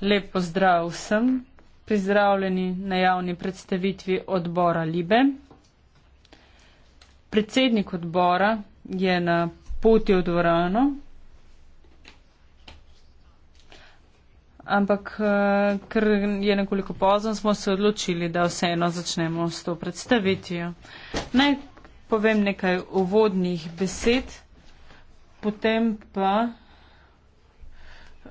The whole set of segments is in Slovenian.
Lep pozdrav vsem. Pozdravljeni na javni predstavitvi odbora Libe. Predsednik odbora je na poti v dvorano. Ampak, eh, ker je nekoliko pozno, smo se odločili, da vseeno začnemo s to predstavitvijo. Naj povem nekaj uvodnih besed potem pa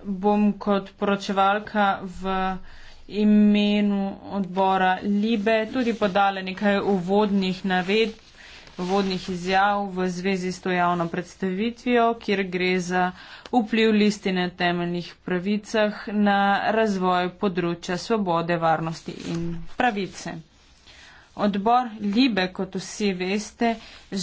bom kot poročevalka v imenu odbora Libe tudi podala nekaj uvodnih naved, uvodnih izjav v zvezi s to javno predstavitvijo, kjer gre za vpliv listine temeljnih pravicah na razvoj področja svobode, varnosti in pravice. Odbor Libe, kot vsi veste,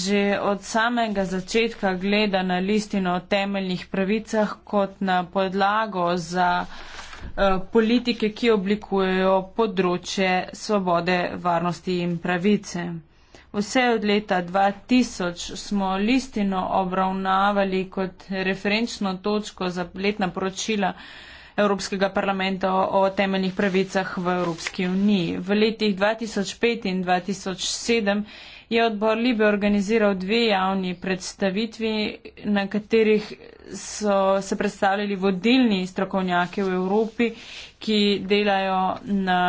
že od samega začetka gleda na listino o temeljnih pravicah kot na podlago za eh, politike, ki oblikujejo področje svobode, varnosti in pravice. Vse od leta 2000 smo listino obravnavali kot referenčno točko za letna poročila Evropskega parlamenta o temeljnih pravicah v Evropski uniji. V letih 2005 in 2007 je odbor Libe organiziral dve javni predstavitvi, na katerih so se predstavljali vodilni strokovnjaki v Evropi, ki delajo na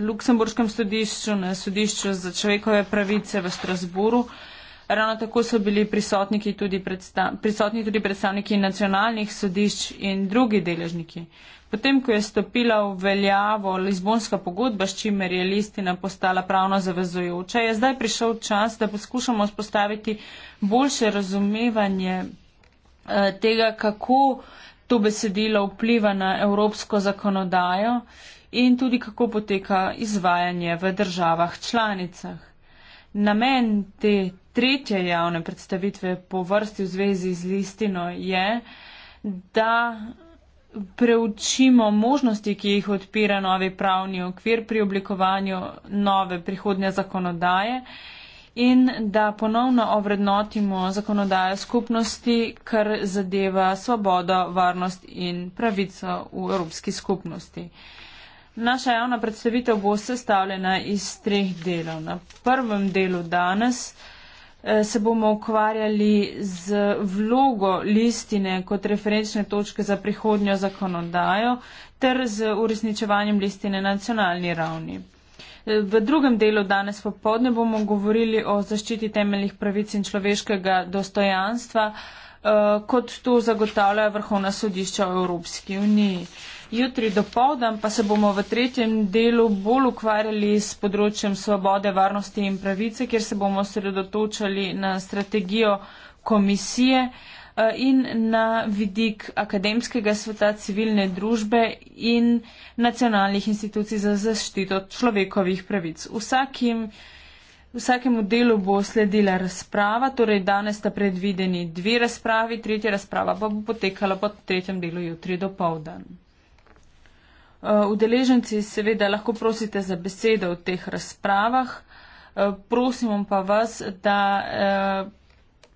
Luksemburskem sodišču, na sodišču za človekove pravice v Strasburu. Ravno tako so bili prisotni tudi, predsta prisotni tudi predstavniki nacionalnih sodišč in drugi deležniki. Potem, ko je stopila v veljavo Lizbonska pogodba, s čimer je listina postala pravno zavezujoča, je zdaj prišel čas, da poskušamo spostaviti boljše razumevanje eh, tega, kako to besedilo vpliva na evropsko zakonodajo in tudi kako poteka izvajanje v državah članicah. Namen te tretje javne predstavitve po vrsti v zvezi z listino je, da preučimo možnosti, ki jih odpira novi pravni okvir pri oblikovanju nove prihodnje zakonodaje in da ponovno ovrednotimo zakonodajo skupnosti, kar zadeva svobodo, varnost in pravico v Evropski skupnosti. Naša javna predstavitev bo sestavljena iz treh delov. Na prvem delu danes Eh, se bomo ukvarjali z vlogo listine kot referenčne točke za prihodnjo zakonodajo ter z uresničevanjem listine na nacionalni ravni. Eh, v drugem delu danes popovdne bomo govorili o zaščiti temeljnih pravic in človeškega dostojanstva, eh, kot to zagotavlja Vrhovna sodišča v Evropski uniji. Jutri do povdan pa se bomo v tretjem delu bolj ukvarjali s področjem svobode, varnosti in pravice, kjer se bomo sredotočali na strategijo komisije eh, in na vidik akademskega sveta civilne družbe in nacionalnih institucij za zaščito človekovih pravic. Vsakim, vsakemu delu bo sledila razprava, torej danes sta predvideni dve razpravi, tretja razprava pa bo potekala po tretjem delu jutri do povdan. Eh, udeleženci seveda lahko prosite za besedo v teh razpravah. Eh, Prosimo pa vas, da eh,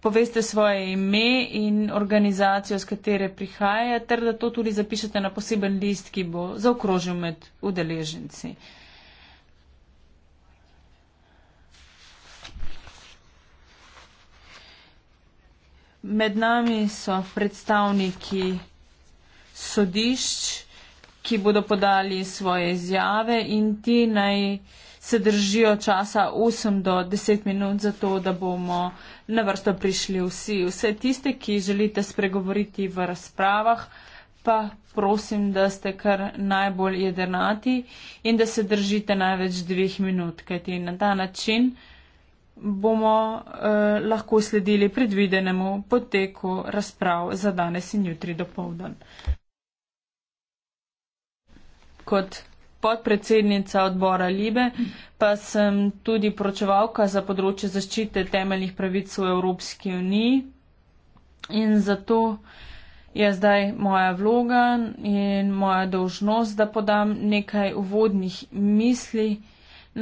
poveste svoje ime in organizacijo, z katere prihaja, ter da to tudi zapišete na poseben list, ki bo zaokrožil med udeleženci. Med nami so predstavniki sodišč, ki bodo podali svoje izjave in ti naj se držijo časa 8 do 10 minut za to, da bomo na vrsto prišli vsi. Vse tiste, ki želite spregovoriti v razpravah, pa prosim, da ste kar najbolj jedernati in da se držite največ dveh minut, kajti na ta način bomo eh, lahko sledili predvidenemu poteku razprav za danes in jutri do povdan kot podpredsednica odbora Libe, pa sem tudi poročevalka za področje zaščite temeljnih pravic v Evropski uniji. In zato je zdaj moja vloga in moja dožnost, da podam nekaj uvodnih misli,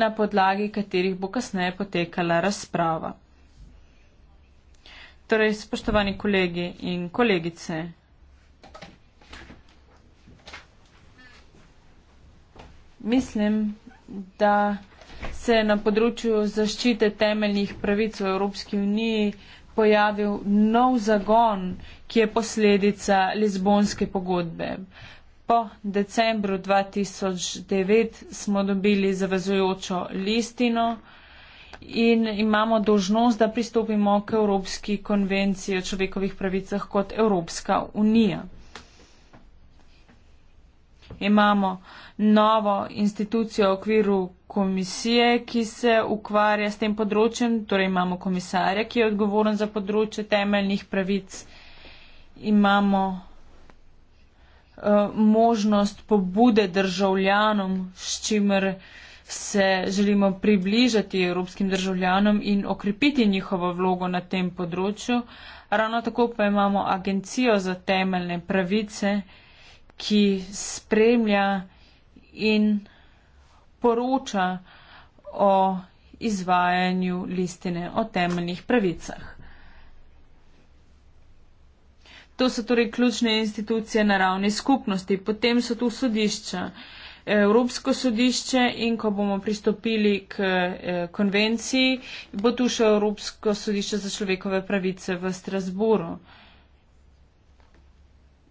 na podlagi katerih bo kasneje potekala razprava. Torej, spoštovani kolegi in kolegice, mislim, da se je na področju zaščite temeljnih pravic v Evropski uniji pojavil nov zagon, ki je posledica Lizbonske pogodbe. Po decembru 2009 smo dobili zavezujočo listino in imamo dožnost, da pristopimo k Evropski konvenciji o človekovih pravicah kot Evropska unija imamo novo institucijo v okviru komisije, ki se ukvarja s tem področjem, torej imamo komisarja, ki je odgovoren za področje temeljnih pravic, imamo uh, možnost pobude državljanom, s čimer se želimo približati evropskim državljanom in okrepiti njihovo vlogo na tem področju. Ravno tako pa imamo agencijo za temeljne pravice, ki spremlja in poroča o izvajanju listine o temeljnih pravicah. To so torej ključne institucije na ravni skupnosti, potem so tu sodišča, Evropsko sodišče in ko bomo pristopili k eh, konvenciji, bo tu še Evropsko sodišče za človekove pravice v Strasburu.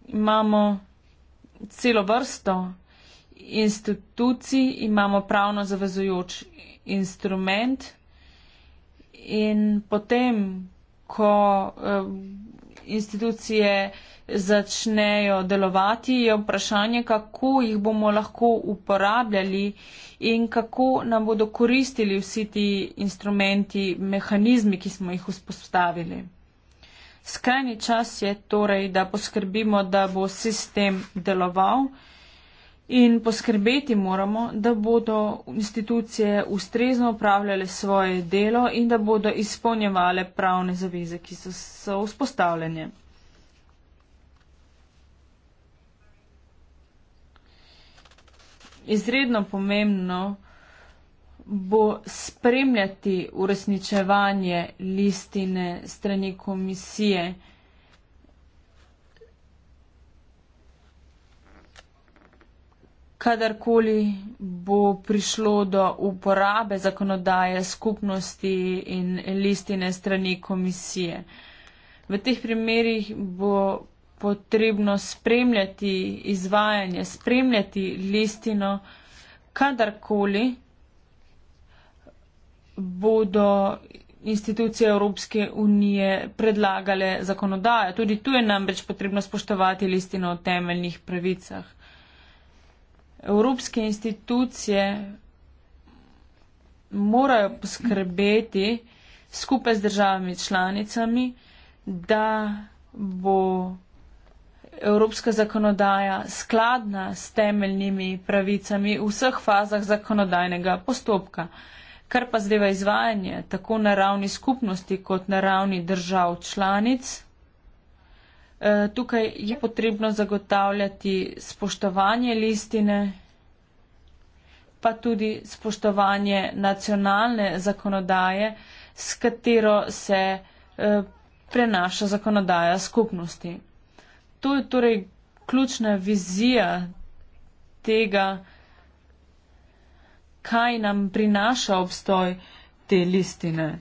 Imamo celo vrsto institucij, imamo pravno zavezujoč instrument in potem, ko eh, institucije začnejo delovati, je vprašanje, kako jih bomo lahko uporabljali in kako nam bodo koristili vsi ti instrumenti, mehanizmi, ki smo jih vzpostavili. Skrajni čas je torej, da poskrbimo, da bo sistem deloval in poskrbeti moramo, da bodo institucije ustrezno upravljale svoje delo in da bodo izpolnjevale pravne zaveze, ki so, so vzpostavljene. Izredno pomembno bo spremljati uresničevanje listine strani komisije. Kadarkoli bo prišlo do uporabe zakonodaje skupnosti in listine strani komisije. V teh primerjih bo potrebno spremljati izvajanje, spremljati listino kadarkoli bodo institucije Evropske unije predlagale zakonodajo. Tudi tu je namreč potrebno spoštovati listino o temeljnih pravicah. Evropske institucije morajo poskrbeti skupaj z državami članicami, da bo evropska zakonodaja skladna s temeljnimi pravicami v vseh fazah zakonodajnega postopka. Kar pa zdajva izvajanje tako na ravni skupnosti kot na ravni držav članic, eh, tukaj je potrebno zagotavljati spoštovanje listine, pa tudi spoštovanje nacionalne zakonodaje, s katero se eh, prenaša zakonodaja skupnosti. To je torej ključna vizija tega, kaj nam prinaša obstoj te listine.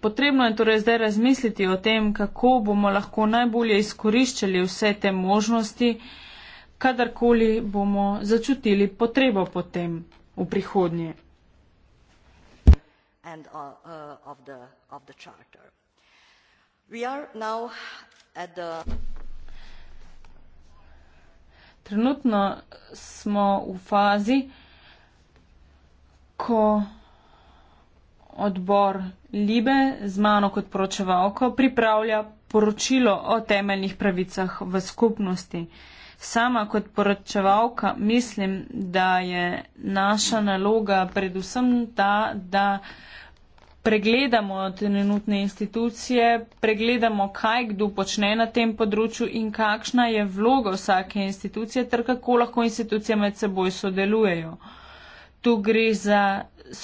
Potrebno je torej zdaj razmisliti o tem, kako bomo lahko najbolje izkoriščali vse te možnosti, kadarkoli bomo začutili potrebo potem v prihodnje. And, uh, uh, of the, of the Trenutno smo v fazi, ko odbor Libe z mano kot poročevalko pripravlja poročilo o temeljnih pravicah v skupnosti. Sama kot poročevalka mislim, da je naša naloga predvsem ta, da. da pregledamo trenutne institucije, pregledamo, kaj kdo počne na tem področju in kakšna je vloga vsake institucije, ter kako lahko institucije med seboj sodelujejo. Tu gre za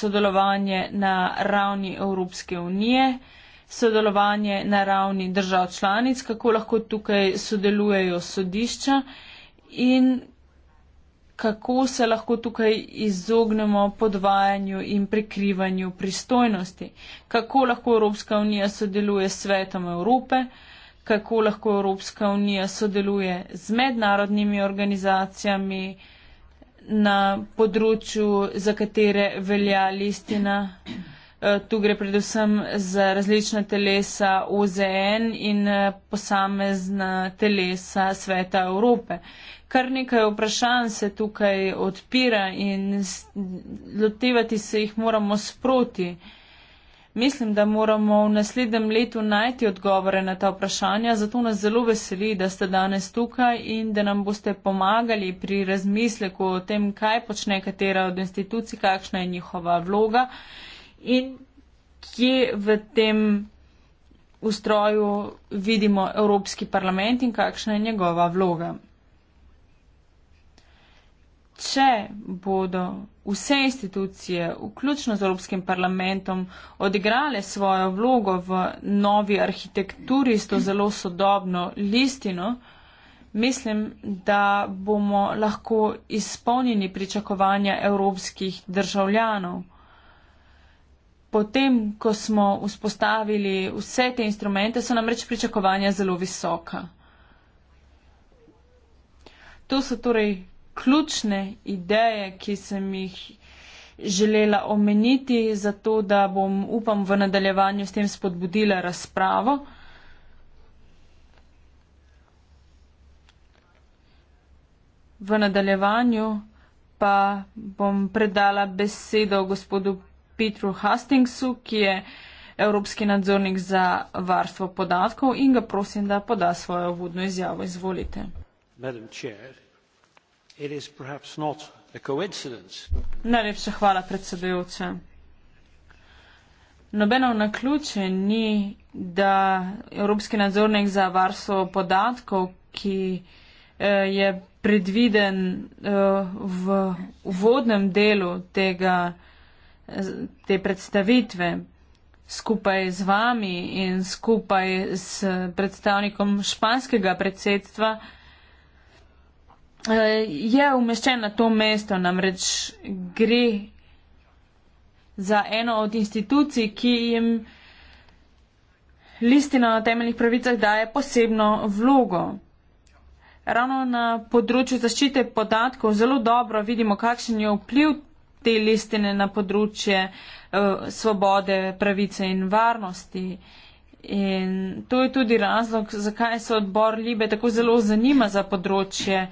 sodelovanje na ravni Evropske unije, sodelovanje na ravni držav članic, kako lahko tukaj sodelujejo sodišča in kako se lahko tukaj izognemo podvajanju in prikrivanju pristojnosti, kako lahko Evropska unija sodeluje s svetom Evrope, kako lahko Evropska unija sodeluje z mednarodnimi organizacijami na področju, za katere velja listina. Eh, tu gre predvsem za različna telesa OZN in eh, posamezna telesa Sveta Evrope. Kar nekaj vprašanj se tukaj odpira in lotevati se jih moramo sproti. Mislim, da moramo v naslednjem letu najti odgovore na ta vprašanja, zato nas zelo veseli, da ste danes tukaj in da nam boste pomagali pri razmisleku o tem, kaj počne katera od institucij, kakšna je njihova vloga in kje v tem ustroju vidimo Evropski parlament in kakšna je njegova vloga. Če bodo vse institucije, vključno z Evropskim parlamentom, odigrale svojo vlogo v novi arhitekturi s to zelo sodobno listino, mislim, da bomo lahko izpolnjeni pričakovanja evropskih državljanov potem, ko smo vzpostavili vse te instrumente, so namreč pričakovanja zelo visoka. To so torej ključne ideje, ki sem jih želela omeniti, zato da bom, upam, v nadaljevanju s tem spodbudila razpravo. V nadaljevanju pa bom predala besedo gospodu Petru Hastingsu, ki je evropski nadzornik za varstvo podatkov in ga prosim, da poda svojo vodno izjavo. Izvolite. Najlepša hvala, predsedujoče. Nobeno na ključe ni, da Evropski nadzornik za varstvo podatkov, ki eh, je predviden eh, v uvodnem delu tega te predstavitve skupaj z vami in skupaj s predstavnikom španskega predsedstva eh, je umeščen na to mesto, namreč gre za eno od institucij, ki jim listina o temeljnih pravicah daje posebno vlogo. Ravno na področju zaščite podatkov zelo dobro vidimo, kakšen je vpliv te listine na področje uh, svobode, pravice in varnosti. In to je tudi razlog, zakaj se odbor Libe tako zelo zanima za področje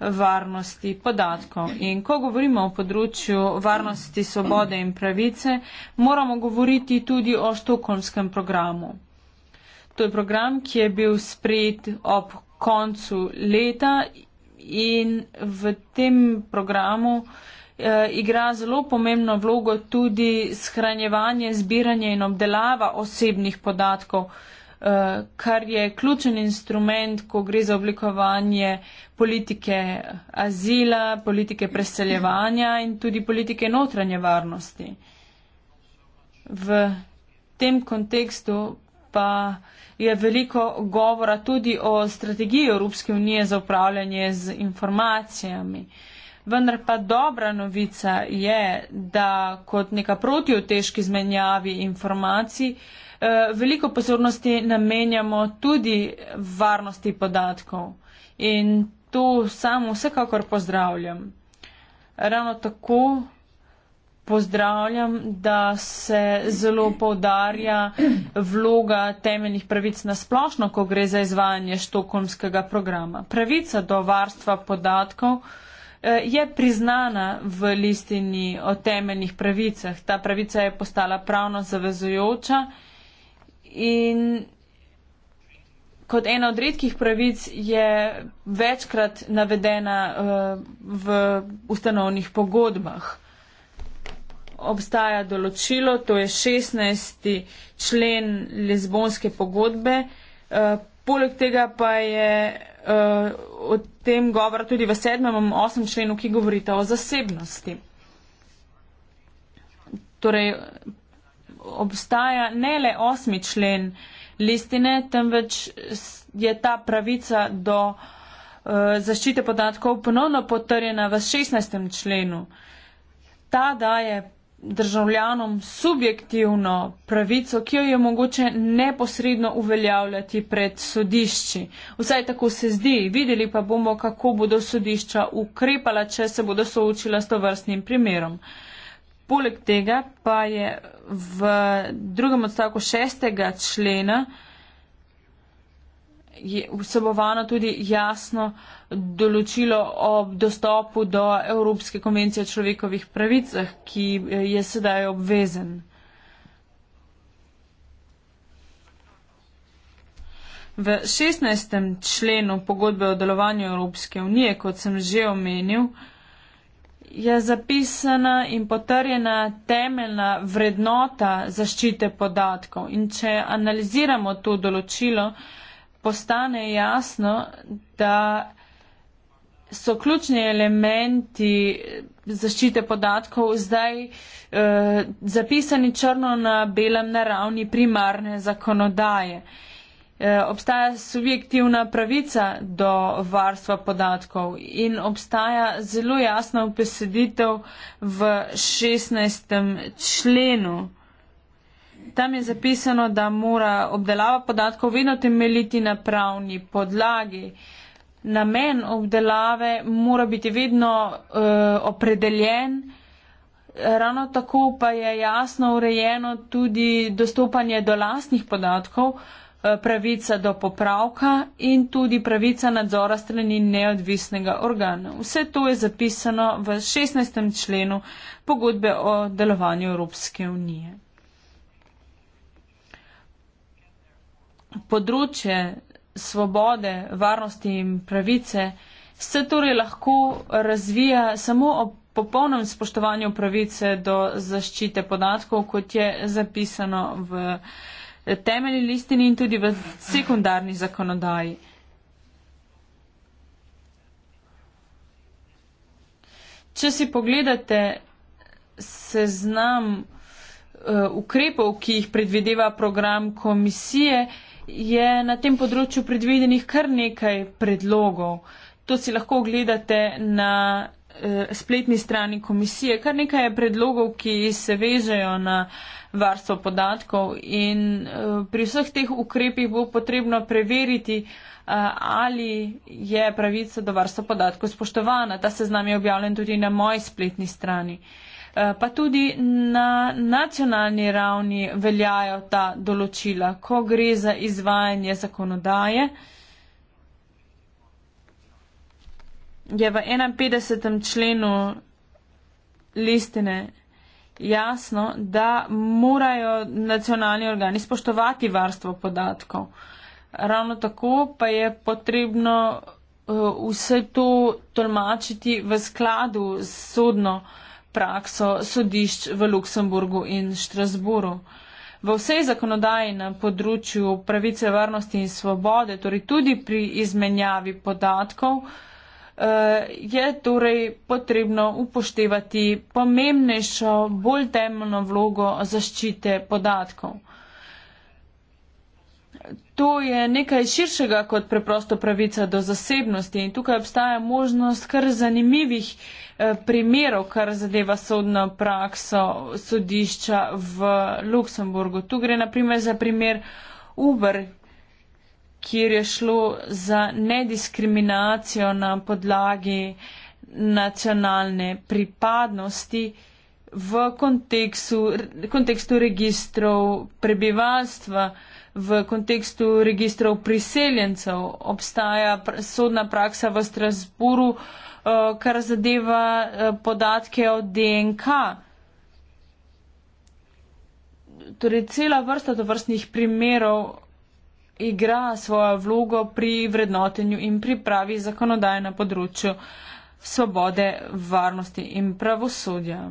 varnosti podatkov. In ko govorimo o področju varnosti, svobode in pravice, moramo govoriti tudi o štokholmskem programu. To je program, ki je bil sprejet ob koncu leta in v tem programu Eh, igra zelo pomembno vlogo tudi shranjevanje, zbiranje in obdelava osebnih podatkov, eh, kar je ključen instrument, ko gre za oblikovanje politike azila, politike preseljevanja in tudi politike notranje varnosti. V tem kontekstu pa je veliko govora tudi o strategiji Evropske unije za upravljanje z informacijami. Uh, Vendar pa dobra novica je, da kot neka protiotežki zmenjavi informacij eh, veliko pozornosti namenjamo tudi varnosti podatkov. In to sam vsekakor pozdravljam. Ravno tako pozdravljam, da se zelo povdarja vloga temeljnih pravic na splošno, ko gre za izvajanje štokomskega programa. Pravica do varstva podatkov Eh, je priznana v listini o temeljnih pravicah. Ta pravica je postala pravno zavezujoča in kot ena od redkih pravic je večkrat navedena eh, v ustanovnih pogodbah. Obstaja določilo, to je 16. člen Lizbonske pogodbe. Eh, poleg tega pa je uh, o tem govora tudi v sedmem in osmem členu, ki govorita o zasebnosti. Torej, obstaja ne le osmi člen listine, temveč je ta pravica do uh, zaščite podatkov ponovno potrjena v 16. členu. Ta daje državljanom subjektivno pravico, ki jo je mogoče neposredno uveljavljati pred sodišči. Vsaj tako se zdi, videli pa bomo, kako bodo sodišča ukrepala, če se bodo soočila s to vrstnim primerom. Poleg tega pa je v drugem odstavku šestega člena vsebovano tudi jasno določilo o dostopu do Evropske konvencije o človekovih pravicah, ki eh, je sedaj obvezen. V 16. členu pogodbe o delovanju Evropske unije, kot sem že omenil, je zapisana in potrjena temeljna vrednota zaščite podatkov. In če analiziramo to določilo, postane jasno, da so ključni elementi zaščite podatkov zdaj eh, zapisani črno na belem na ravni primarne zakonodaje. Eh, obstaja subjektivna pravica do varstva podatkov in obstaja zelo jasna upeseditev v 16. členu tam je zapisano, da mora obdelava podatkov vedno temeljiti na pravni podlagi. Namen obdelave mora biti vedno uh, opredeljen, ravno tako pa je jasno urejeno tudi dostopanje do lastnih podatkov, uh, pravica do popravka in tudi pravica nadzora strani neodvisnega organa. Vse to je zapisano v 16. členu pogodbe o delovanju Evropske unije. področje svobode, varnosti in pravice se torej lahko razvija samo ob popolnem spoštovanju pravice do zaščite podatkov, kot je zapisano v temeljni listini in tudi v sekundarni zakonodaji. Če si pogledate seznam uh, ukrepov, ki jih predvideva program komisije, uh, je na tem področju predvidenih kar nekaj predlogov. To si lahko ogledate na e, spletni strani komisije. Kar nekaj je predlogov, ki se vežejo na varstvo podatkov in e, pri vseh teh ukrepih bo potrebno preveriti, e, ali je pravica do varstva podatkov spoštovana. Ta seznam je objavljen tudi na moji spletni strani. E, Eh, pa tudi na nacionalni ravni veljajo ta določila, ko gre za izvajanje zakonodaje. Je v 51. členu listine jasno, da morajo nacionalni organi spoštovati varstvo podatkov. Ravno tako pa je potrebno eh, vse to tolmačiti v skladu s sodno uh, prakso sodišč v Luksemburgu in Štrasburu. V vsej zakonodaji na področju pravice, varnosti in svobode, torej tudi pri izmenjavi podatkov, eh, je torej potrebno upoštevati pomembnejšo, bolj temeljno vlogo zaščite podatkov to je nekaj širšega kot preprosto pravica do zasebnosti in tukaj obstaja možnost kar zanimivih eh, primerov, kar zadeva sodno prakso sodišča v Luksemburgu. Tu gre naprimer za primer Uber, kjer je šlo za nediskriminacijo na podlagi nacionalne pripadnosti v kontekstu, kontekstu registrov prebivalstva v kontekstu registrov priseljencev obstaja pr sodna praksa v Strasburu, uh, eh, kar zadeva uh, podatke o DNK. Torej, cela vrsta tovrstnih primerov igra svojo vlogo pri vrednotenju in pripravi zakonodaje na področju svobode, varnosti in pravosodja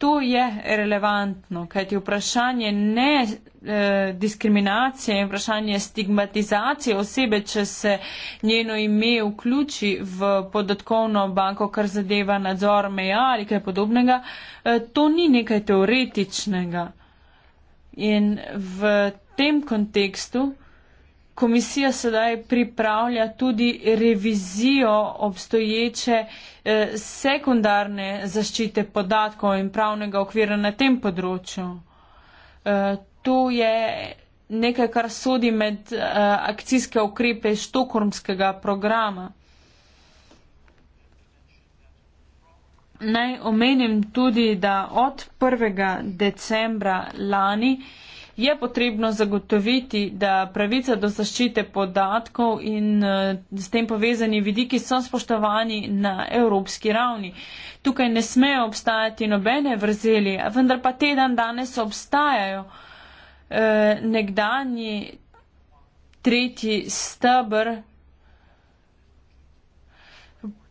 to je relevantno, kajti vprašanje ne eh, diskriminacije in vprašanje stigmatizacije osebe, če se njeno ime vključi v podatkovno banko, kar zadeva nadzor meja ali kaj podobnega, eh, to ni nekaj teoretičnega. In v tem kontekstu komisija sedaj pripravlja tudi revizijo obstoječe eh, sekundarne zaščite podatkov in pravnega okvira na tem področju. Eh, to je nekaj, kar sodi med eh, akcijske ukrepe štokormskega programa. Naj omenim tudi, da od 1. decembra lani eh, je potrebno zagotoviti, da pravica do zaščite podatkov in eh, s tem povezani vidiki so spoštovani na evropski ravni. Tukaj ne smejo obstajati nobene vrzeli, vendar pa te dan danes obstajajo. Eh, nekdanji tretji stebr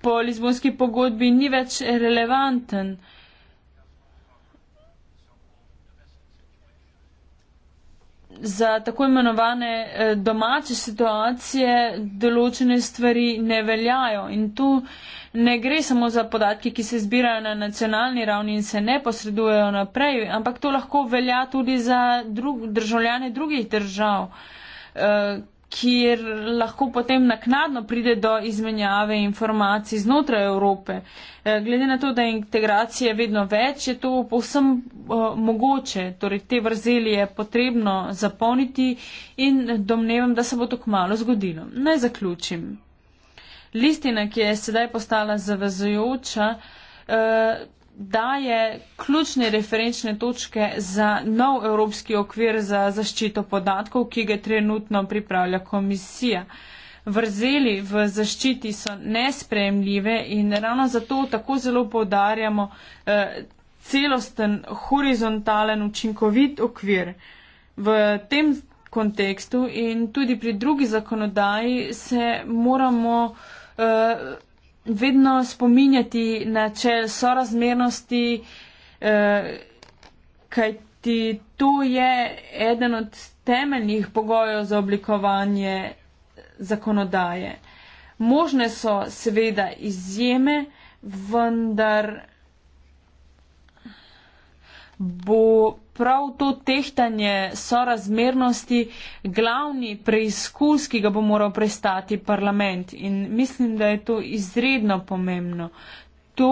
po Lizbonski pogodbi ni več relevanten. za tako imenovane eh, domače situacije določene stvari ne veljajo. In tu ne gre samo za podatke, ki se zbirajo na nacionalni ravni in se ne posredujejo naprej, ampak to lahko velja tudi za drug, državljane drugih držav. Eh, kjer lahko potem naknadno pride do izmenjave informacij znotraj Evrope. Eh, glede na to, da je integracije vedno več, je to povsem eh, mogoče. Torej, te vrzeli je potrebno zapolniti in domnevam, da se bo to kmalo zgodilo. Naj zaključim. Listina, ki je sedaj postala zavezujoča, eh, daje ključne referenčne točke za nov evropski okvir za zaščito podatkov, ki ga trenutno pripravlja komisija. Vrzeli v zaščiti so nespremljive in ravno zato tako zelo povdarjamo eh, celosten, horizontalen, učinkovit okvir. V tem kontekstu in tudi pri drugi zakonodaji se moramo eh, vedno spominjati na čel sorazmernosti, eh, kajti to je eden od temeljnih pogojev za oblikovanje zakonodaje. Možne so seveda izjeme, vendar bo prav to tehtanje sorazmernosti glavni preizkus, ki ga bo moral prestati parlament. In mislim, da je to izredno pomembno. To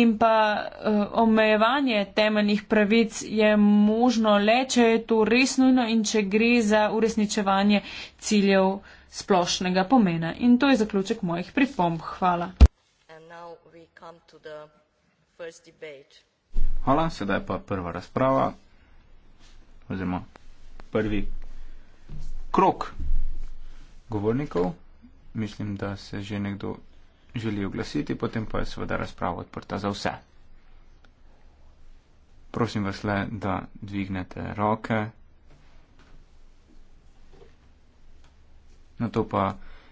in pa uh, omejevanje temeljnih pravic je možno le, če je to resnojno in če gre za uresničevanje ciljev splošnega pomena. In to je zaključek mojih pripomb. Hvala. Debate. Hvala, sedaj pa prva razprava, oziroma prvi krok govornikov. Mislim, da se že nekdo želi oglasiti, potem pa je seveda razprava odprta za vse. Prosim vas le, da dvignete roke. Na to pa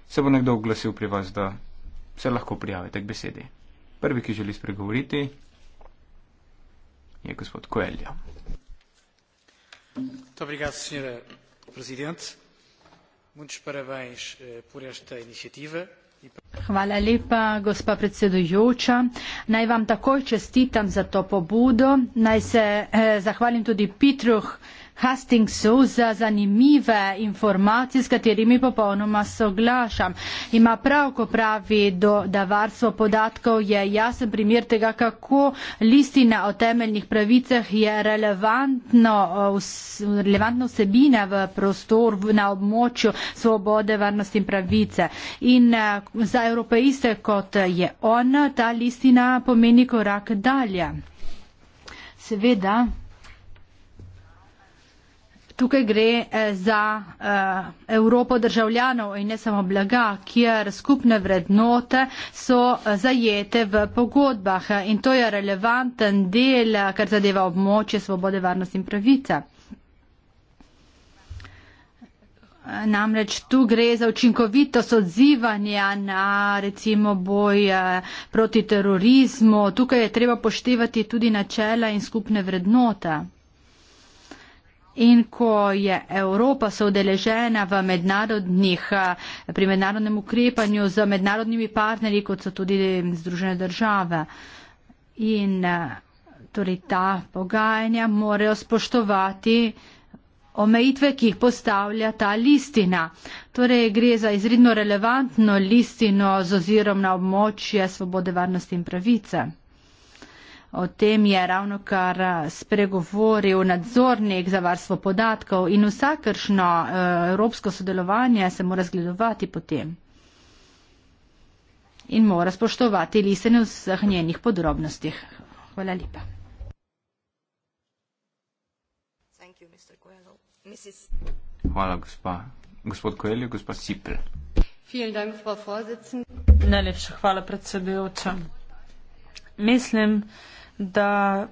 se bo nekdo oglasil pri vas, da se lahko prijavite k besedi. Prvi, ki želi spregovoriti senhora eh, presidente muitos parabéns eh, por esta iniciativa e Hvala lepa, gospa predsedujoča. Naj vam takoj čestitam za to pobudo. Naj se eh, zahvalim tudi Pitruh, eh, Hastings Souza zanimive informacije, s katerimi popolnoma soglašam. Ima prav, ko pravi, do, da varstvo podatkov je jasen primer tega, kako listina o temeljnih pravicah je relevantno, relevantno vsebina v prostor na območju svobode, varnosti in pravice. In eh, za evropejiste, kot je on, ta listina pomeni korak dalje. Seveda. Tukaj gre eh, za eh, Evropo državljanov in ne samo blaga, kjer skupne vrednote so eh, zajete v pogodbah in to je relevanten del, kar zadeva območje svobode, varnost in pravice. Namreč tu gre za učinkovitost odzivanja na recimo boj proti terorizmu. Tukaj je treba poštevati tudi načela in skupne vrednote. In ko je Evropa soodeležena eh, pri mednarodnem ukrepanju z mednarodnimi partnerji, kot so tudi mm, Združene države. In eh, torej ta pogajanja morajo spoštovati omejitve, ki jih postavlja ta listina. Torej gre za izredno relevantno listino z ozirom na območje svobode, varnosti in pravice. O tem je ravno kar eh, spregovoril nadzornik za varstvo podatkov in vsakršno eh, evropsko sodelovanje se mora zgledovati potem in mora spoštovati listene v vseh njenih podrobnostih. Hvala lepa. Hvala, gospa. Gospod Koelj, gospa Sipre. Najlepša hvala predsedujoča. Mislim, da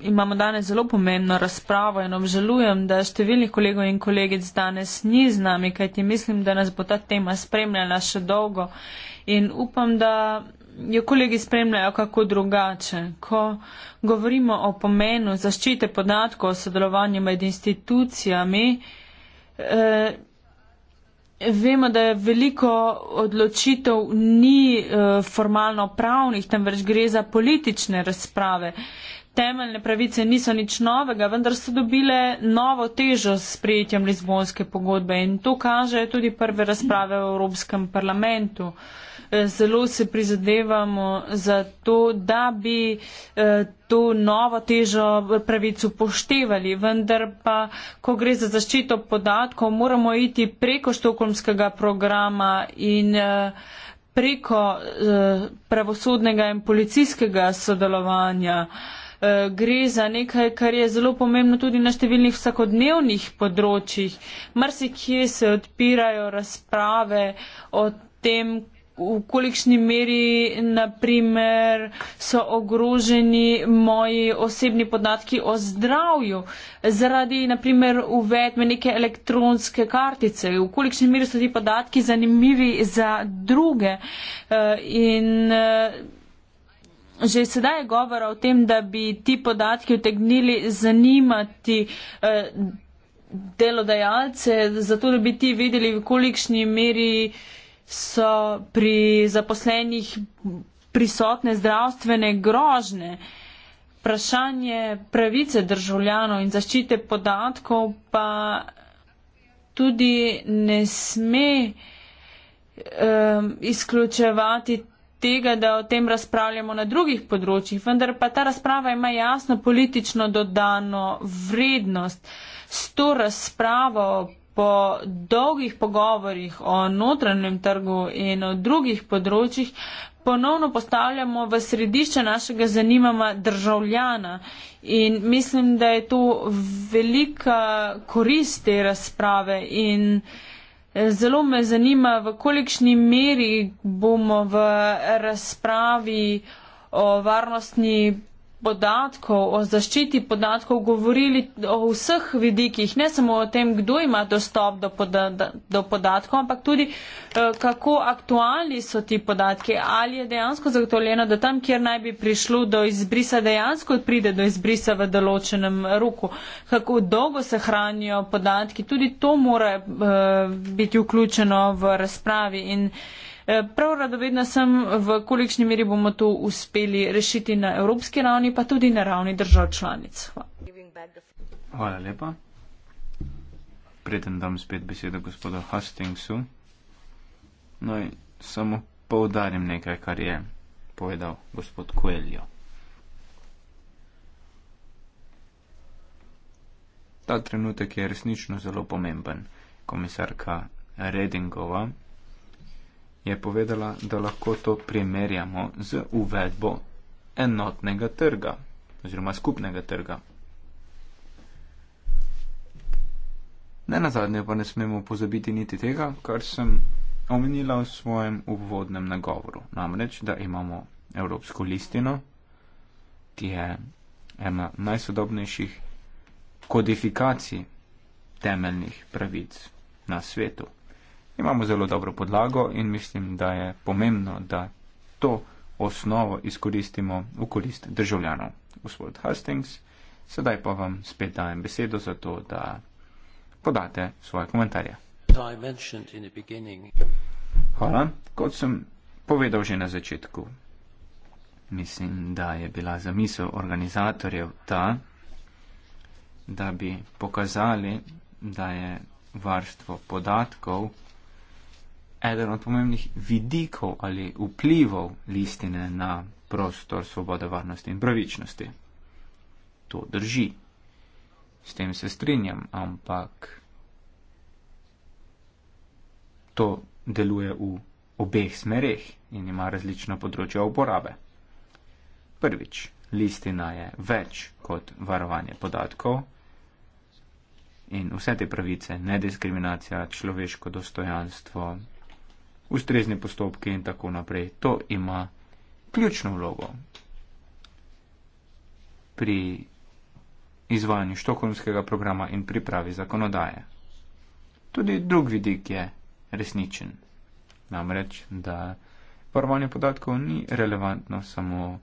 imamo danes zelo pomembno razpravo in obžalujem, da številnih kolegov in kolegic danes ni z nami, kajti mislim, da nas bo ta tema spremljala še dolgo in upam, da jo kolegi spremljajo kako drugače. Ko govorimo o pomenu zaščite podatkov o sodelovanju med institucijami, eh, Vemo, da je veliko odločitev ni uh, formalno pravnih, temveč gre za politične razprave. Temeljne pravice niso nič novega, vendar so dobile novo težo s prijetjem Lizbonske pogodbe in to kaže tudi prve razprave v Evropskem parlamentu. Uh, zelo se prizadevamo za to, da bi eh, to novo težo pravic upoštevali. Vendar pa, ko gre za zaščito podatkov, moramo iti preko štokholmskega programa in eh, preko eh, pravosodnega in policijskega sodelovanja. Gre za nekaj, kar je zelo pomembno tudi na številnih vsakodnevnih področjih. Mrsi, kje se odpirajo razprave o tem, v kolikšni meri, naprimer, so ogroženi moji osebni podatki o zdravju zaradi, naprimer, uvedme neke elektronske kartice, v kolikšni meri so ti podatki zanimivi za druge. Eh, in eh, že sedaj je govora o tem, da bi ti podatki utegnili zanimati eh, delodajalce, zato da bi ti videli, v kolikšni meri so pri zaposlenih prisotne zdravstvene grožne. Vprašanje pravice državljanov in zaščite podatkov pa tudi ne sme um, izključevati tega, da o tem razpravljamo na drugih področjih, vendar pa ta razprava ima jasno politično dodano vrednost. S to razpravo po dolgih pogovorjih o notranjem trgu in o drugih področjih ponovno postavljamo v središče našega zanimama državljana. In mislim, da je to velika korist te razprave in eh, zelo me zanima, v kolikšni meri bomo v razpravi o varnostni podatkov, o zaščiti podatkov govorili o vseh vidikih, ne samo o tem, kdo ima dostop do, poda do podatkov, ampak tudi eh, kako aktualni so ti podatki, ali je dejansko zagotovljeno, da tam, kjer naj bi prišlo do izbrisa, dejansko pride do izbrisa v določenem roku, kako dolgo se hranijo podatki, tudi to mora uh, biti vključeno v razpravi. In, uh, Eh, prav radovedna sem, v kolikšni meri bomo to uspeli rešiti na evropski ravni, pa tudi na ravni držav članic. Hvala, Hvala lepa. Preden dam spet besedo gospodu Hastingsu, naj no samo poudarim nekaj, kar je povedal gospod Coelho. Ta trenutek je resnično zelo pomemben. Komisarka Redingova je povedala, da lahko to primerjamo z uvedbo enotnega trga oziroma skupnega trga. Ne na zadnje pa ne smemo pozabiti niti tega, kar sem omenila v svojem uvodnem nagovoru, namreč, da imamo Evropsko listino, ki je ena najsodobnejših kodifikacij temeljnih pravic na svetu imamo zelo dobro podlago in mislim, da je pomembno, da to osnovo izkoristimo v korist državljanov. Gospod Hastings, sedaj pa vam spet dajem besedo za to, da podate svoje komentarje. Hvala. Kot sem povedal že na začetku, mislim, da je bila zamisel organizatorjev ta, da bi pokazali, da je varstvo podatkov eden od pomembnih vidikov ali vplivov listine na prostor svobode, varnosti in pravičnosti. To drži. S tem se strinjam, ampak to deluje v obeh smereh in ima različna področja uporabe. Prvič, listina je več kot varovanje podatkov in vse te pravice, nediskriminacija, človeško dostojanstvo, ustrezni postopki in tako naprej. To ima ključno vlogo pri izvajanju štokholmskega programa in pripravi zakonodaje. Tudi drug vidik je resničen, namreč, da varovanje podatkov ni relevantno samo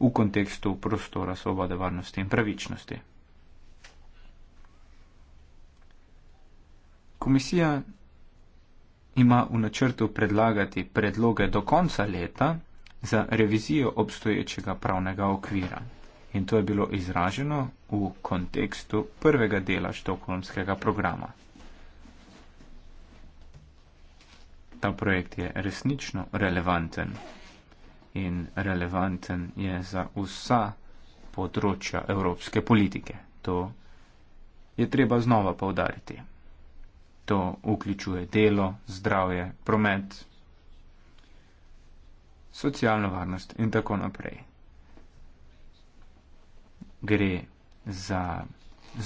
v kontekstu prostora svobode, varnosti in pravičnosti. Komisija ima v načrtu predlagati predloge do konca leta za revizijo obstoječega pravnega okvira. In to je bilo izraženo v kontekstu prvega dela štokholmskega programa. Ta projekt je resnično relevanten in relevanten je za vsa področja evropske politike. To je treba znova povdariti. To vključuje delo, zdravje, promet, socialno varnost in tako naprej. Gre za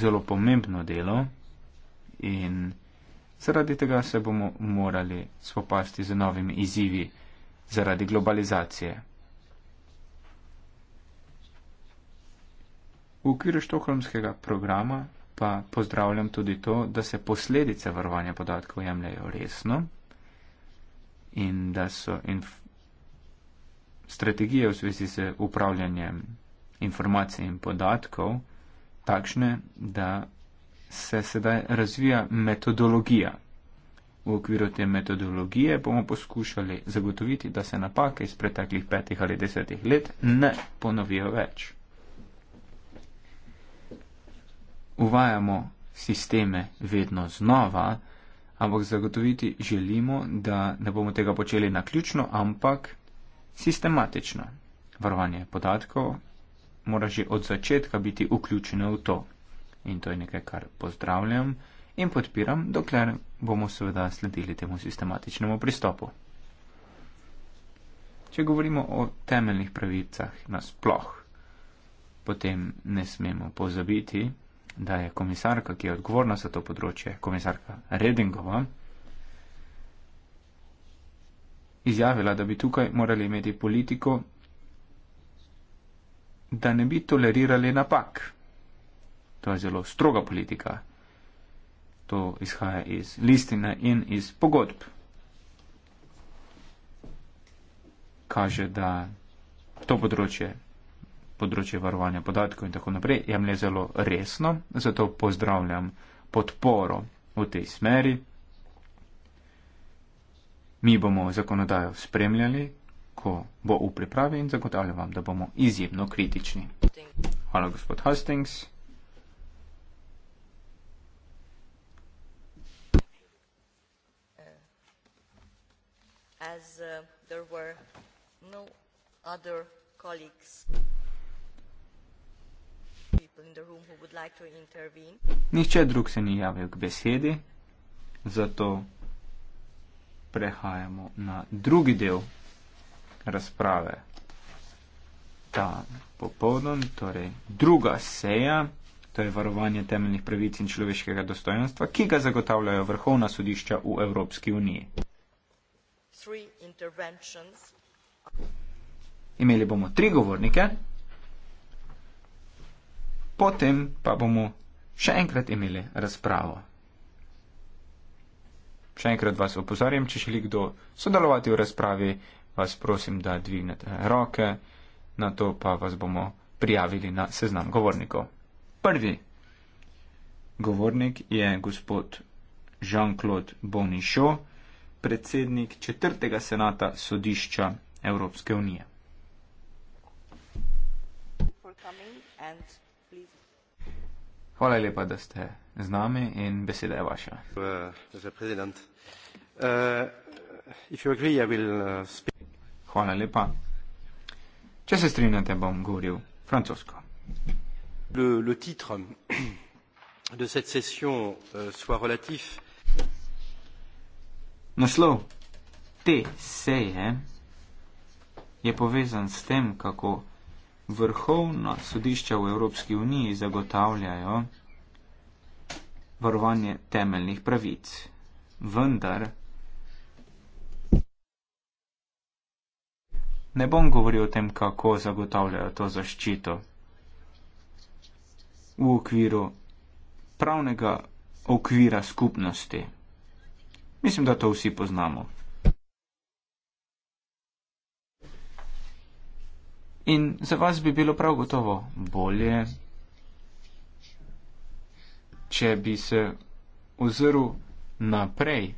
zelo pomembno delo in zaradi tega se bomo morali spopasti z novimi izzivi zaradi globalizacije. V okviru štokholmskega programa pa pozdravljam tudi to, da se posledice varovanja podatkov jemljajo resno in da so inf strategije v zvezi z upravljanjem informacij in podatkov takšne, da se sedaj razvija metodologija. V okviru te metodologije bomo poskušali zagotoviti, da se napake iz preteklih petih ali desetih let ne ponovijo več. uvajamo sisteme vedno znova, ampak zagotoviti želimo, da ne bomo tega počeli na ključno, ampak sistematično. Varovanje podatkov mora že od začetka biti vključeno v to. In to je nekaj, kar pozdravljam in podpiram, dokler bomo seveda sledili temu sistematičnemu pristopu. Če govorimo o temeljnih pravicah nasploh, potem ne smemo pozabiti, da je komisarka, ki je odgovorna za to področje, komisarka Redingova, izjavila, da bi tukaj morali imeti politiko, da ne bi tolerirali napak. To je zelo stroga politika. To izhaja iz listine in iz pogodb. Kaže, da to področje področje varovanja podatkov in tako naprej, jemlje zelo resno, zato pozdravljam podporo v tej smeri. Mi bomo zakonodajo spremljali, ko bo v pripravi in zagotavljam vam, da bomo izjemno kritični. Hvala, gospod Hastings. As uh, there were no other colleagues. Nihče drug se ni javil k besedi, zato prehajamo na drugi del razprave. Ta popoldan, torej druga seja, to je varovanje temeljnih pravic in človeškega dostojenstva, ki ga zagotavljajo vrhovna sodišča v Evropski uniji. Imeli bomo tri govornike potem pa bomo še enkrat imeli razpravo. Še enkrat vas opozarjam, če želi kdo sodelovati v razpravi, vas prosim, da dvignete roke, na to pa vas bomo prijavili na seznam govornikov. Prvi govornik je gospod Jean-Claude Bonichot, predsednik četrtega senata sodišča Evropske unije. Hvala lepa, da ste z nami in beseda je vaša. Uh, uh, uh, Hvala lepa. Če se strinjate, bom govoril francosko. Le, le titre de cette session euh, soit relatif. Naslov te seje je povezan s tem, kako vrhovna sodišča v Evropski uniji zagotavljajo varovanje temeljnih pravic. Vendar ne bom govoril o tem, kako zagotavljajo to zaščito. V okviru pravnega okvira skupnosti. Mislim, da to vsi poznamo. In za vas bi bilo prav gotovo bolje, če bi se ozrl naprej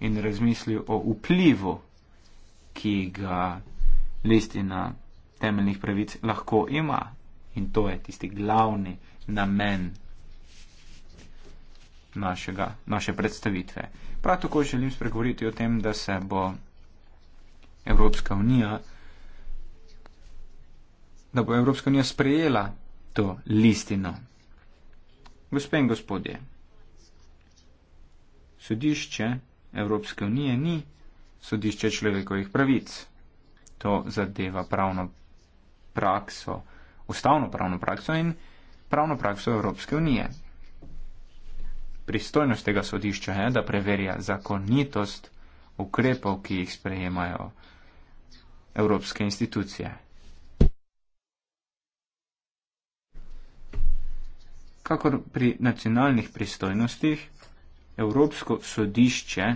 in razmislil o vplivu, ki ga listina temeljnih pravic lahko ima. In to je tisti glavni namen našega, naše predstavitve. Prav tako želim spregovoriti o tem, da se bo Evropska unija da bo Evropska unija sprejela to listino. Gospe in gospodje, sodišče Evropske unije ni sodišče človekovih pravic. To zadeva pravno prakso, ustavno pravno prakso in pravno prakso Evropske unije. Pristojnost tega sodišča je, da preverja zakonitost ukrepov, ki jih sprejemajo evropske institucije. kakor pri nacionalnih pristojnostih, Evropsko sodišče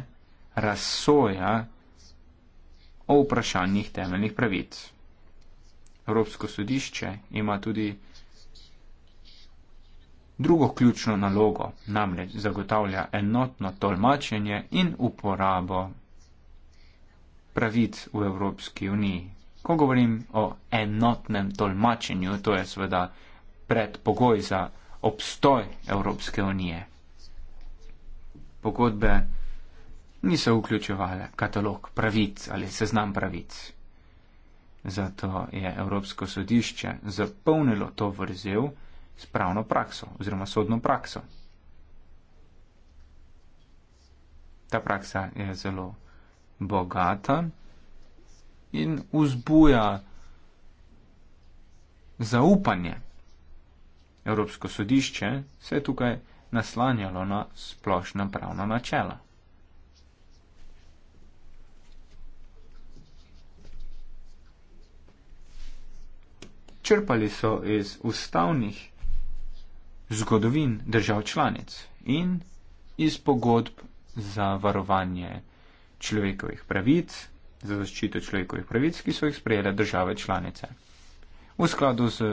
razsoja o vprašanjih temeljnih pravic. Evropsko sodišče ima tudi drugo ključno nalogo, namreč zagotavlja enotno tolmačenje in uporabo pravic v Evropski uniji. Ko govorim o enotnem tolmačenju, to je seveda predpogoj za obstoj Evropske unije. Pogodbe niso vključevale katalog pravic ali seznam pravic. Zato je Evropsko sodišče zapolnilo to vrzel s pravno prakso oziroma sodno prakso. Ta praksa je zelo bogata in vzbuja zaupanje Evropsko sodišče se je tukaj naslanjalo na splošna pravna načela. Črpali so iz ustavnih zgodovin držav članic in iz pogodb za varovanje človekovih pravic, za zaščito človekovih pravic, ki so jih sprejele države članice. V skladu z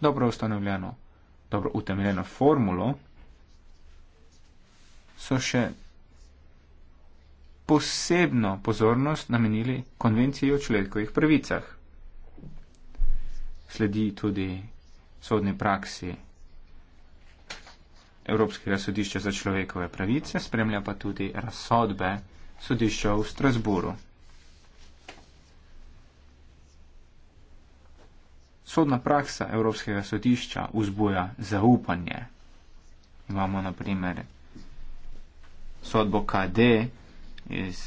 dobro ustanovljeno dobro utemeljeno formulo, so še posebno pozornost namenili konvenciji o človekovih pravicah. Sledi tudi sodni praksi Evropskega sodišča za človekove pravice, spremlja pa tudi razsodbe sodišča v Strasburu. Sodna praksa Evropskega sodišča vzbuja zaupanje. Imamo naprimer sodbo KD iz,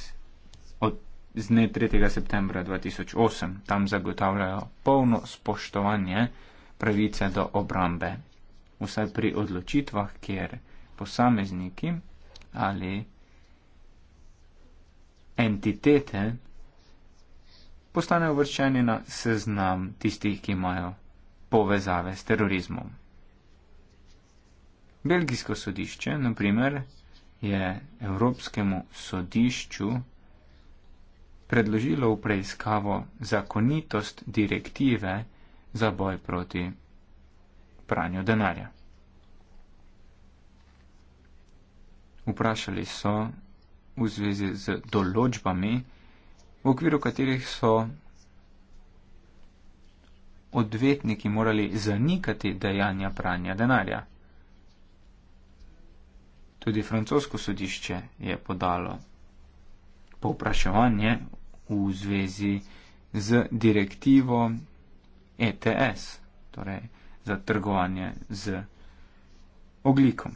od, iz dne 3. septembra 2008. Tam zagotavljajo polno spoštovanje pravice do obrambe. Vsaj pri odločitvah, kjer posamezniki ali entitete postanejo vrščeni na seznam tistih, ki imajo povezave s terorizmom. Belgijsko sodišče, naprimer, je Evropskemu sodišču predložilo v preiskavo zakonitost direktive za boj proti pranju denarja. Vprašali so v zvezi z določbami, v okviru katerih so odvetniki morali zanikati dejanja pranja denarja. Tudi francosko sodišče je podalo povpraševanje v zvezi z direktivo ETS, torej za trgovanje z oglikom.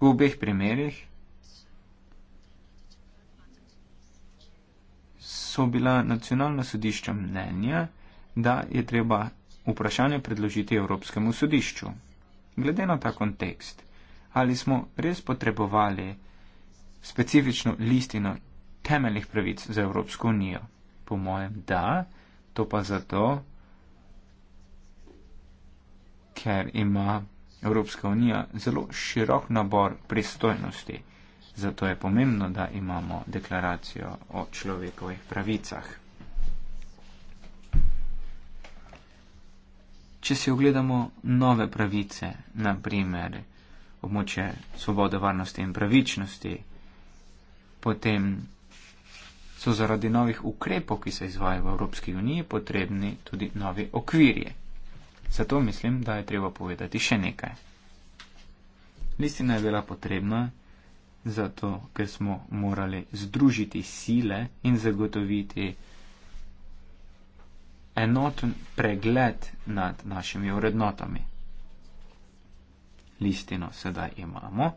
V obeh primerjih so bila nacionalna sodišča mnenja, da je treba vprašanje predložiti Evropskemu sodišču. Glede na ta kontekst, ali smo res potrebovali specifično listino temeljnih pravic za Evropsko unijo? Po mojem, da, to pa zato, ker ima Evropska unija zelo širok nabor pristojnosti. Zato je pomembno, da imamo deklaracijo o človekovih pravicah. Če si ogledamo nove pravice, naprimer območje svobode, varnosti in pravičnosti, potem so zaradi novih ukrepov, ki se izvajajo v Evropski uniji, potrebni tudi novi okvirje. Zato mislim, da je treba povedati še nekaj. Listina je bila potrebna zato ker smo morali združiti sile in zagotoviti enoten pregled nad našimi vrednotami. Listino sedaj imamo,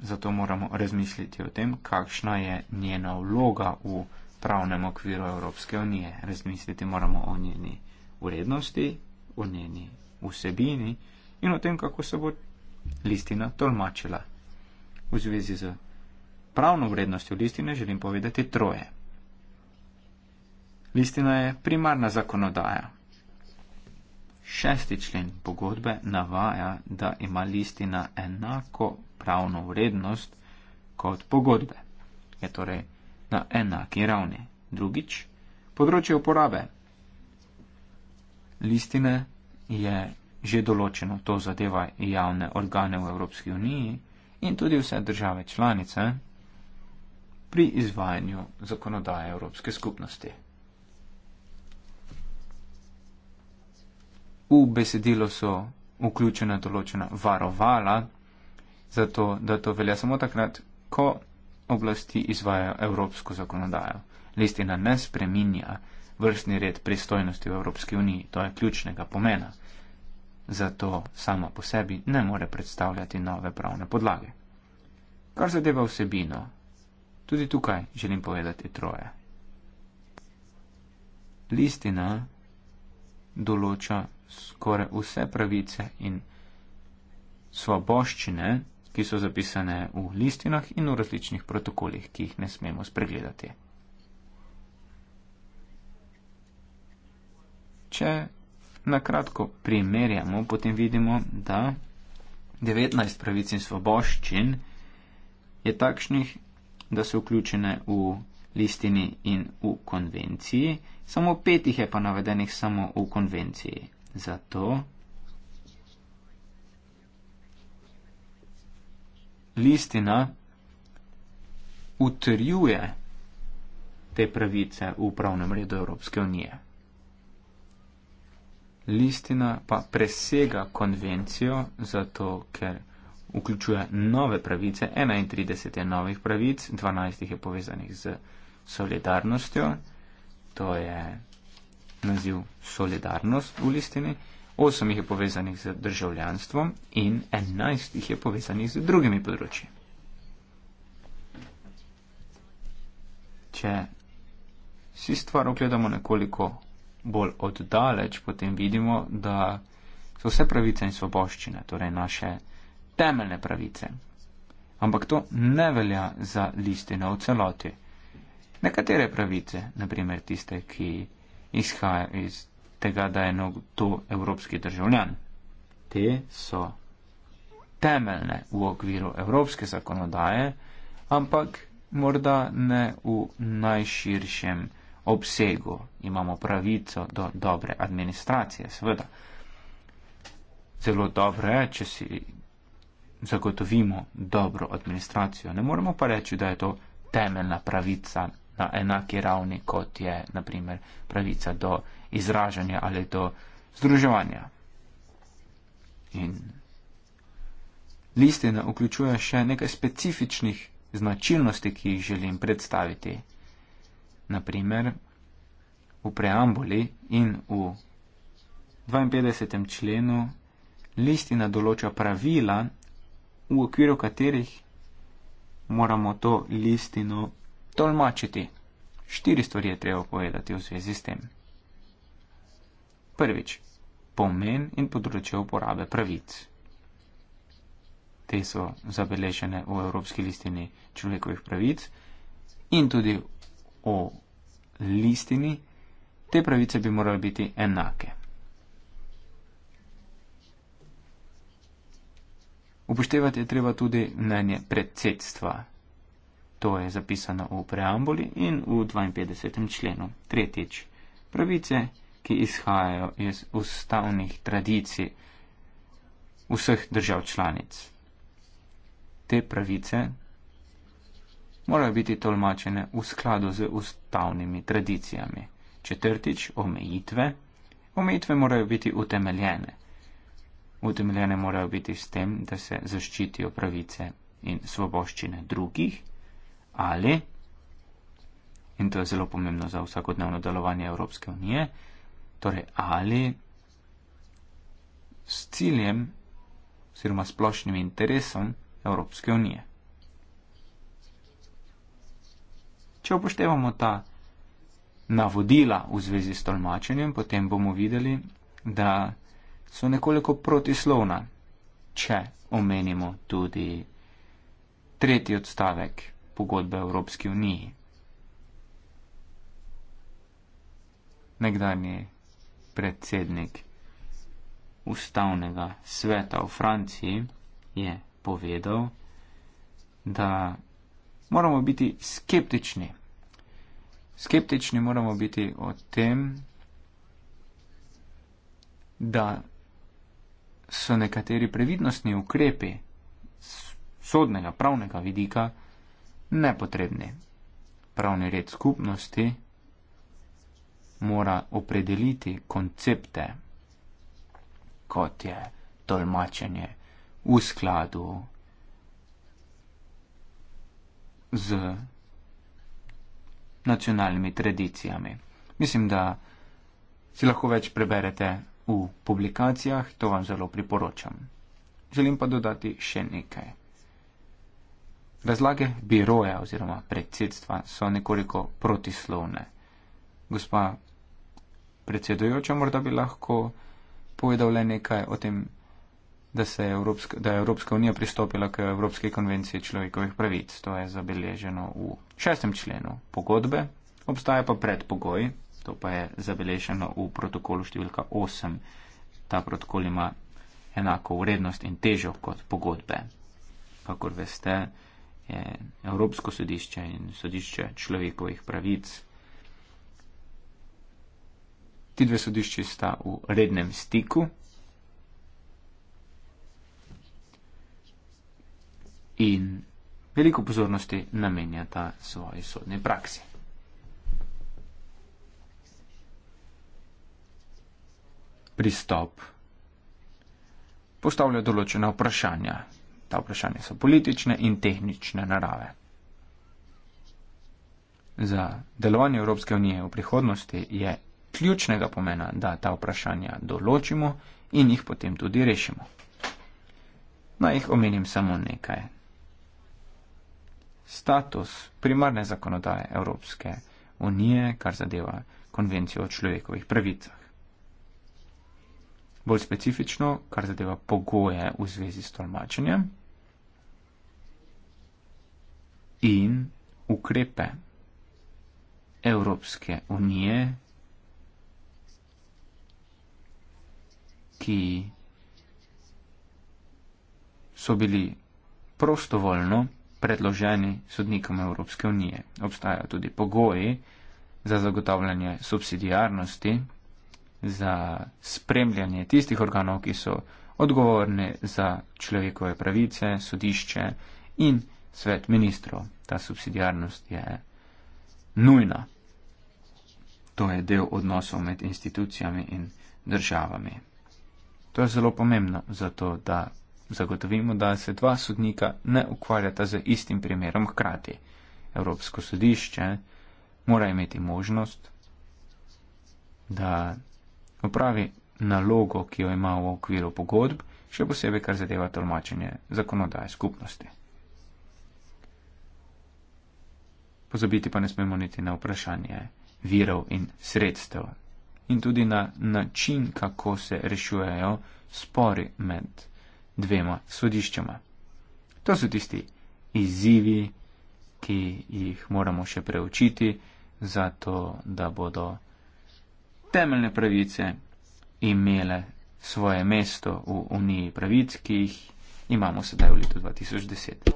zato moramo razmisliti o tem, kakšna je njena vloga v pravnem okviru Evropske unije. Razmisliti moramo o njeni urednosti, o njeni vsebini in o tem, kako se bo listina tolmačila. V zvezi z pravno vrednostjo listine želim povedati troje. Listina je primarna zakonodaja. Šesti člen pogodbe navaja, da ima listina enako pravno vrednost kot pogodbe. Je torej na enaki ravni. Drugič, področje uporabe. Listine je že določeno, to zadeva javne organe v Evropski uniji, in tudi vse države članice pri izvajanju zakonodaje Evropske skupnosti. V besedilo so vključena določena varovala, zato da to velja samo takrat, ko oblasti izvajajo evropsko zakonodajo. Listina ne spreminja vrstni red pristojnosti v Evropski uniji, to je ključnega pomena zato sama po sebi ne more predstavljati nove pravne podlage. Kar zadeva vsebino, tudi tukaj želim povedati troje. Listina določa skoraj vse pravice in svoboščine, ki so zapisane v listinah in v različnih protokolih, ki jih ne smemo spregledati. Če na kratko primerjamo, potem vidimo, da 19 pravic in svoboščin je takšnih, da so vključene v listini in v konvenciji, samo petih je pa navedenih samo v konvenciji. Zato listina utrjuje te pravice v pravnem redu Evropske unije listina pa presega konvencijo, zato ker vključuje nove pravice, 31 je novih pravic, 12 jih je povezanih z solidarnostjo, to je naziv solidarnost v listini, 8 jih je povezanih z državljanstvom in 11 jih je povezanih z drugimi področji. Če si stvar ogledamo nekoliko bolj oddaleč, potem vidimo, da so vse pravice in svoboščine, torej naše temeljne pravice. Ampak to ne velja za listine v celoti. Nekatere pravice, naprimer tiste, ki izhajajo iz tega, da je to evropski državljan, te so temeljne v okviru evropske zakonodaje, ampak morda ne v najširšem obsegu imamo pravico do dobre administracije, seveda. Zelo dobro je, če si zagotovimo dobro administracijo. Ne moremo pa reči, da je to temeljna pravica na enaki ravni, kot je naprimer pravica do izražanja ali do združevanja. In listina vključuje še nekaj specifičnih značilnosti, ki jih želim predstaviti naprimer v preambuli in v 52. členu listina določa pravila, v okviru katerih moramo to listino tolmačiti. Štiri stvari je treba povedati v zvezi s tem. Prvič, pomen in področje uporabe pravic. Te so zabeležene v Evropski listini človekovih pravic in tudi o listini, te pravice bi morali biti enake. Upoštevati je treba tudi mnenje predsedstva. To je zapisano v preambuli in v 52. členu. Tretjič. Pravice, ki izhajajo iz ustavnih tradicij vseh držav članic. Te pravice morajo biti tolmačene v skladu z ustavnimi tradicijami. Četrtič, omejitve. Omejitve morajo biti utemeljene. Utemeljene morajo biti s tem, da se zaščitijo pravice in svoboščine drugih ali, in to je zelo pomembno za vsakodnevno delovanje Evropske unije, torej ali s ciljem oziroma splošnim interesom Evropske unije. Če upoštevamo ta navodila v zvezi s tolmačenjem, potem bomo videli, da so nekoliko protislovna, če omenimo tudi tretji odstavek pogodbe Evropske unije. Nekdanji predsednik ustavnega sveta v Franciji je povedal, da moramo biti skeptični Skeptični moramo biti o tem, da so nekateri previdnostni ukrepi sodnega pravnega vidika nepotrebni. Pravni red skupnosti mora opredeliti koncepte, kot je tolmačenje v skladu z nacionalnimi tradicijami. Mislim, da si lahko več preberete v publikacijah, to vam zelo priporočam. Želim pa dodati še nekaj. Razlage biroja oziroma predsedstva so nekoliko protislovne. Gospa predsedujoča, morda bi lahko povedal le nekaj o tem da, je Evropska, da je Evropska unija pristopila k Evropski konvenciji človekovih pravic. To je zabeleženo v šestem členu pogodbe, obstaja pa predpogoj, to pa je zabeleženo v protokolu številka 8. Ta protokol ima enako vrednost in težo kot pogodbe. Kakor veste, je Evropsko sodišče in sodišče človekovih pravic. Ti dve sodišči sta v rednem stiku, in veliko pozornosti namenjata svoji sodni praksi. Pristop postavlja določena vprašanja. Ta vprašanja so politične in tehnične narave. Za delovanje Evropske unije v prihodnosti je ključnega pomena, da ta vprašanja določimo in jih potem tudi rešimo. Naj jih omenim samo nekaj status primarne zakonodaje Evropske unije, kar zadeva konvencijo o človekovih pravicah. Bolj specifično, kar zadeva pogoje v zvezi s tolmačenjem in ukrepe Evropske unije, ki so bili prostovoljno predloženi sodnikom Evropske unije. Obstajajo tudi pogoji za zagotavljanje subsidijarnosti, za spremljanje tistih organov, ki so odgovorni za človekove pravice, sodišče in svet ministrov. Ta subsidijarnost je nujna. To je del odnosov med institucijami in državami. To je zelo pomembno, zato da Zagotovimo, da se dva sodnika ne ukvarjata z istim primerom hkrati. Evropsko sodišče mora imeti možnost, da opravi nalogo, ki jo ima v okviru pogodb, še posebej, kar zadeva tolmačenje zakonodaje skupnosti. Pozabiti pa ne smemo niti na vprašanje virov in sredstev in tudi na način, kako se rešujejo spori med dvema sodiščama. To so tisti izzivi, ki jih moramo še preučiti, zato da bodo temeljne pravice imele svoje mesto v Uniji pravic, ki jih imamo sedaj v letu 2010.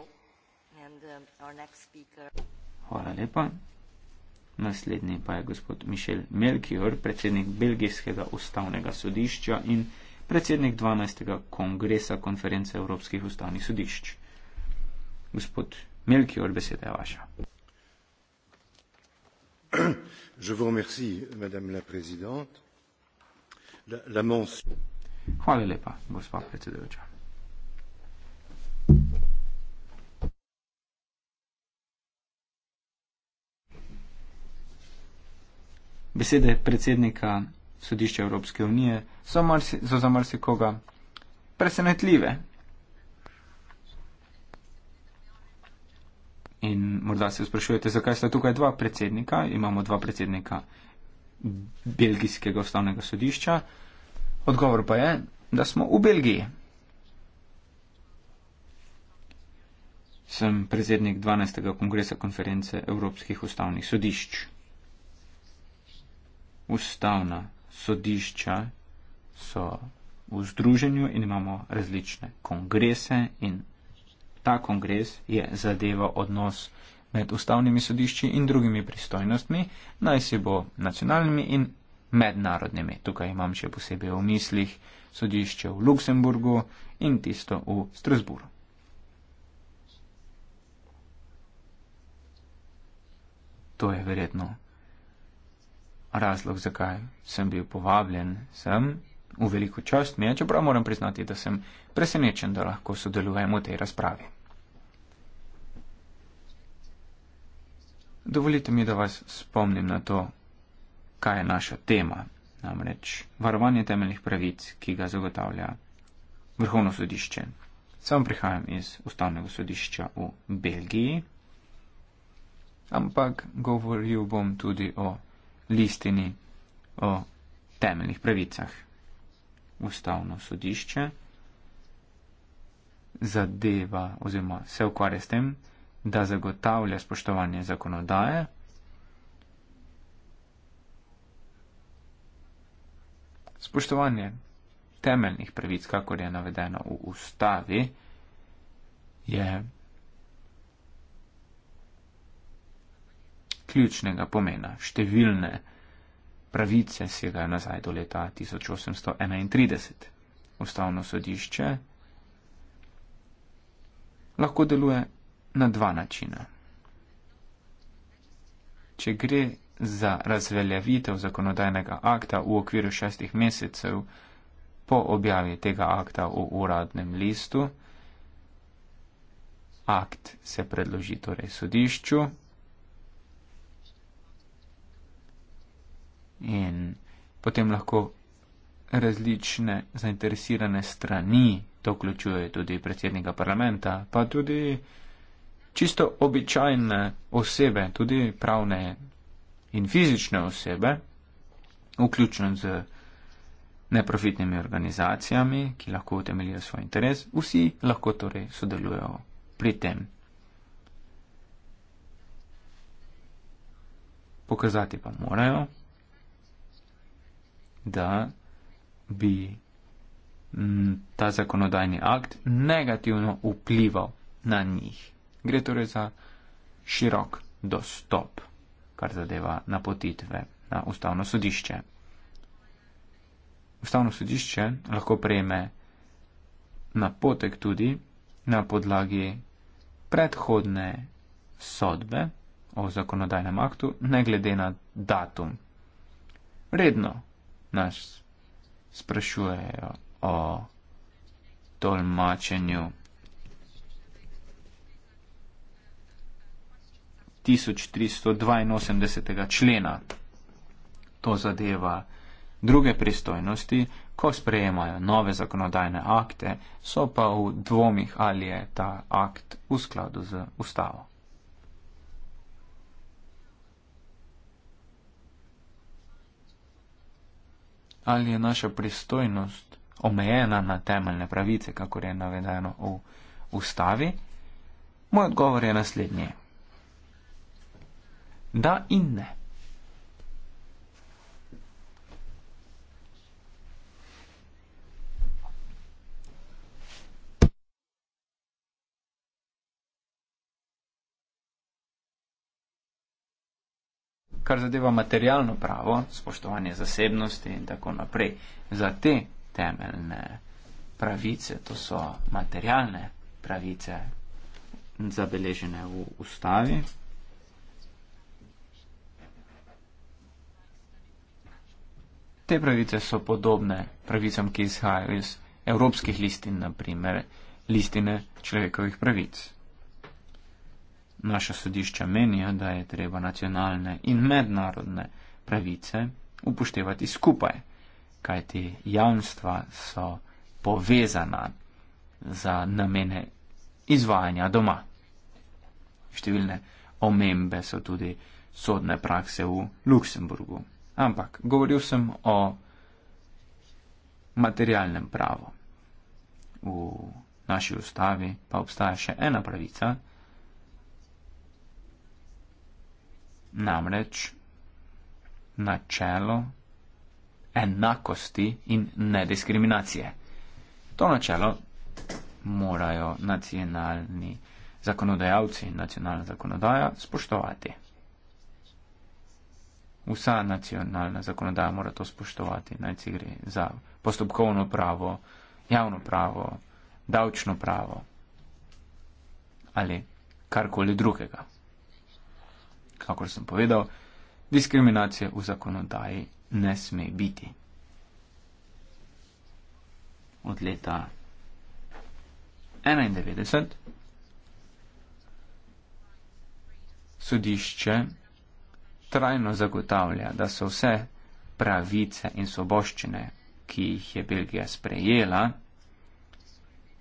Um, Hvala lepa. Naslednji pa je gospod Mišel Melkior, predsednik Belgijskega ustavnega sodišča in predsednik 12. kongresa konference Evropskih ustavnih sodišč. Gospod Melkior, beseda je vaša. Hvala lepa, gospa predsedujoča. Besede predsednika sodišča Evropske unije so, marsi, so za marsikoga presenetljive. In morda se sprašujete, zakaj sta tukaj dva predsednika. Imamo dva predsednika Belgijskega ustavnega sodišča. Odgovor pa je, da smo v Belgiji. Sem predsednik 12. kongresa konference Evropskih ustavnih sodišč. Ustavna sodišča so v združenju in imamo različne kongrese in ta kongres je zadeva odnos med ustavnimi sodišči in drugimi pristojnostmi, naj si bo nacionalnimi in mednarodnimi. Tukaj imam še posebej v mislih sodišče v Luksemburgu in tisto v Strasburu. To je verjetno razlog, zakaj sem bil povabljen sem v veliko čast mi je, čeprav moram priznati, da sem presenečen, da lahko sodelujem v tej razpravi. Dovolite mi, da vas spomnim na to, kaj je naša tema, namreč varovanje temeljnih pravic, ki ga zagotavlja Vrhovno sodišče. Sam prihajam iz Ustavnega sodišča v Belgiji, ampak govoril bom tudi o listini o temeljnih pravicah ustavno sodišče zadeva oziroma se ukvarja s tem, da zagotavlja spoštovanje zakonodaje, spoštovanje temeljnih pravic, kakor je navedeno v ustavi, je ključnega pomena. Številne pravice segajo nazaj do leta 1831. Ustavno sodišče lahko deluje na dva načina. Če gre za razveljavitev zakonodajnega akta v okviru šestih mesecev po objavi tega akta v uradnem listu, akt se predloži torej sodišču, in potem lahko različne zainteresirane strani, to vključuje tudi predsednika parlamenta, pa tudi čisto običajne osebe, tudi pravne in fizične osebe, vključno z neprofitnimi organizacijami, ki lahko utemeljijo svoj interes, vsi lahko torej sodelujo pri tem. Pokazati pa morajo, da bi mm, ta zakonodajni akt negativno vplival na njih. Gre torej za širok dostop, kar zadeva napotitve na ustavno sodišče. Ustavno sodišče lahko prejme napotek tudi na podlagi predhodne sodbe o zakonodajnem aktu, ne glede na datum. Redno nas sprašujejo o tolmačenju tisoč tristo dvainosemdesetega člena. To zadeva druge pristojnosti, ko sprejemajo nove zakonodajne akte, so pa v dvomih, ali je ta akt v skladu z ustavo. ali je naša pristojnost omejena na temeljne pravice, kako je navedeno v ustavi? Moj odgovor je naslednji. Da in ne. kar zadeva materialno pravo, spoštovanje zasebnosti in tako naprej. Za te temeljne pravice, to so materialne pravice zabeležene v ustavi. Te pravice so podobne pravicam, ki izhajajo iz evropskih listin, naprimer listine človekovih pravic. Naša sodišča menijo, da je treba nacionalne in mednarodne pravice upoštevati skupaj, kajti jamstva so povezana za namene izvajanja doma. Številne omembe so tudi sodne prakse v Luksemburgu. Ampak govoril sem o materialnem pravu. V naši ustavi pa obstaja še ena pravica, namreč načelo enakosti in nediskriminacije. To načelo morajo nacionalni zakonodajalci in nacionalna zakonodaja spoštovati. Vsa nacionalna zakonodaja mora to spoštovati, naj si gre za postopkovno pravo, javno pravo, davčno pravo ali karkoli drugega kakor sem povedal, diskriminacije v zakonodaji ne sme biti. Od leta 91 sodišče trajno zagotavlja, da so vse pravice in soboščine, ki jih je Belgija sprejela,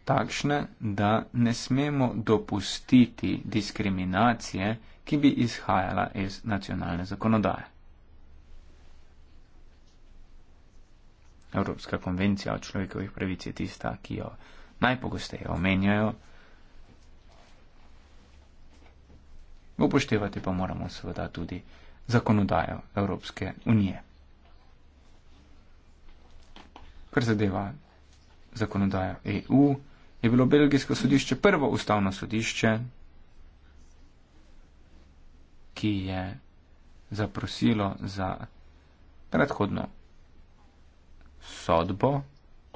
takšne, da ne smemo dopustiti diskriminacije, ki bi izhajala iz nacionalne zakonodaje. Evropska konvencija o človekovih pravic je tista, ki jo najpogosteje omenjajo. Upoštevati pa moramo seveda tudi zakonodajo Evropske unije. Kar zadeva zakonodajo EU, je bilo Belgijsko sodišče prvo ustavno sodišče, ki je zaprosilo za predhodno sodbo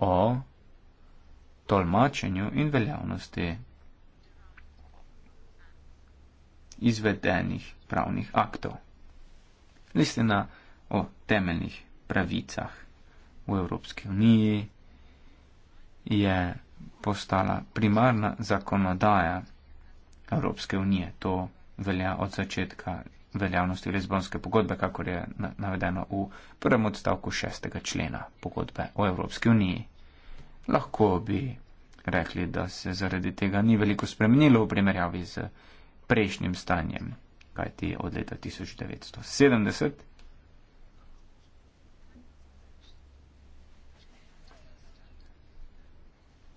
o tolmačenju in veljavnosti izvedenih pravnih aktov. Listina o temeljnih pravicah v Evropski uniji je postala primarna zakonodaja Evropske unije. To je velja od začetka veljavnosti Lizbonske pogodbe, kakor je navedeno v prvem odstavku šestega člena pogodbe o Evropski uniji. Lahko bi rekli, da se zaradi tega ni veliko spremenilo v primerjavi z prejšnjim stanjem, kajti od leta 1970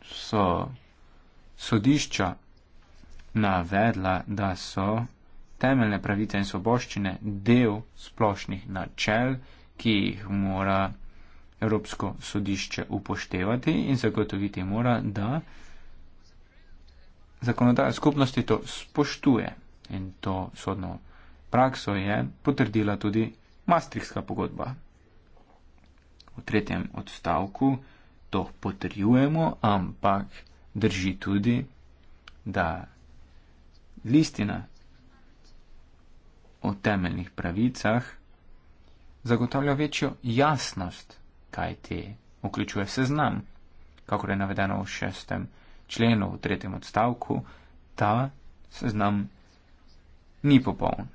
so sodišča navedla, da so temeljne pravice in svoboščine del splošnih načel, ki jih mora Evropsko sodišče upoštevati in zagotoviti mora, da zakonodaja skupnosti to spoštuje. In to sodno prakso je potrdila tudi Maastrichtska pogodba. V tretjem odstavku to potrjujemo, ampak drži tudi, da listina o temeljnih pravicah zagotavlja večjo jasnost, kaj te vključuje seznam, kako je navedeno v šestem členu v tretjem odstavku, ta seznam ni popoln.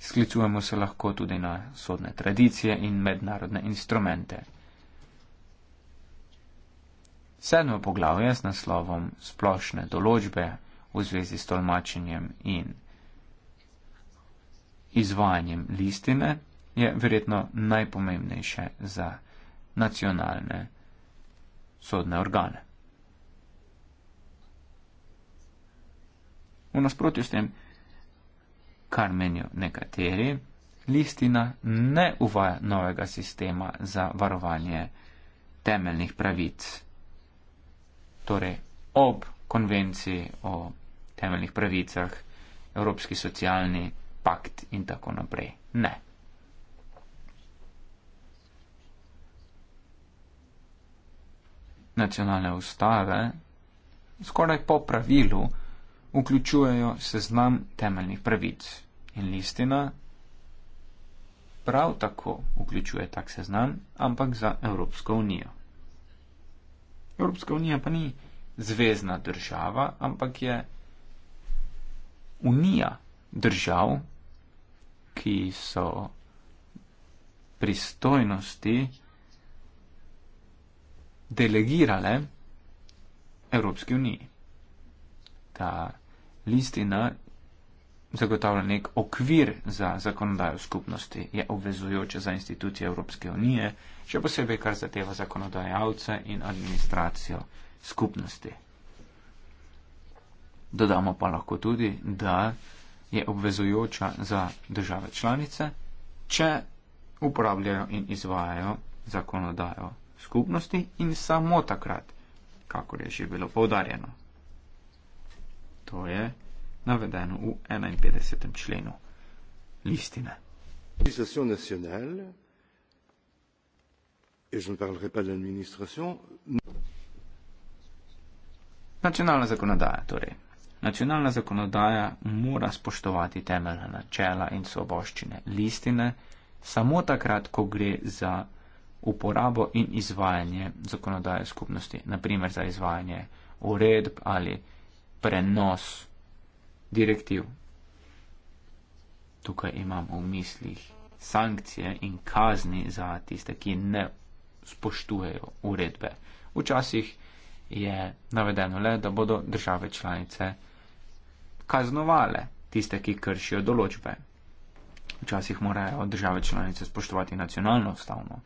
Sklicujemo se lahko tudi na sodne tradicije in mednarodne instrumente. Sedmo poglavje s naslovom Splošne določbe v zvezi s tolmačenjem in izvajanjem listine je verjetno najpomembnejše za nacionalne sodne organe. V nasprotju s tem, kar menijo nekateri, listina ne uvaja novega sistema za varovanje temeljnih pravic torej ob konvenciji o temeljnih pravicah, Evropski socialni pakt in tako naprej. Ne. Nacionalne ustave skoraj po pravilu vključujejo seznam temeljnih pravic in listina prav tako vključuje tak seznam, ampak za Evropsko unijo. Evropska unija pa ni zvezdna država, ampak je unija držav, ki so pristojnosti delegirale Evropski uniji. Ta listina zagotavlja nek okvir za zakonodajo skupnosti, je obvezujoče za institucije Evropske unije, še posebej kar zateva zakonodajalce in administracijo skupnosti. Dodamo pa lahko tudi, da je obvezujoča za države članice, če uporabljajo in izvajajo zakonodajo skupnosti in samo takrat, kako je že bilo poudarjeno. To je navedeno v 51. členu listine. Nacionalna zakonodaja, torej. Nacionalna zakonodaja mora spoštovati temeljna načela in svoboščine listine, samo takrat, ko gre za uporabo in izvajanje zakonodaje skupnosti, naprimer za izvajanje uredb ali prenos direktiv. Tukaj imam v mislih sankcije in kazni za tiste, ki ne spoštujejo uredbe. Včasih je navedeno le, da bodo države članice kaznovale tiste, ki kršijo določbe. Včasih morajo države članice spoštovati nacionalno ustavno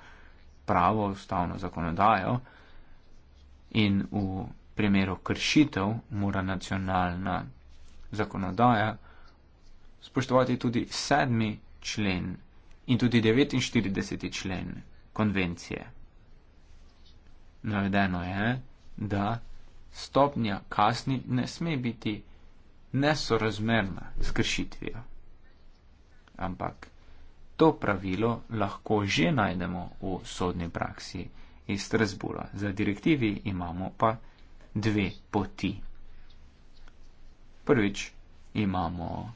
pravo, ustavno zakonodajo in v primeru kršitev mora nacionalna zakonodaje, spoštovati tudi sedmi člen in tudi 49. člen konvencije. Navedeno je, da stopnja kasni ne sme biti nesorazmerna s kršitvijo. Ampak to pravilo lahko že najdemo v sodni praksi iz Strasbula. Za direktivi imamo pa dve poti. Prvič imamo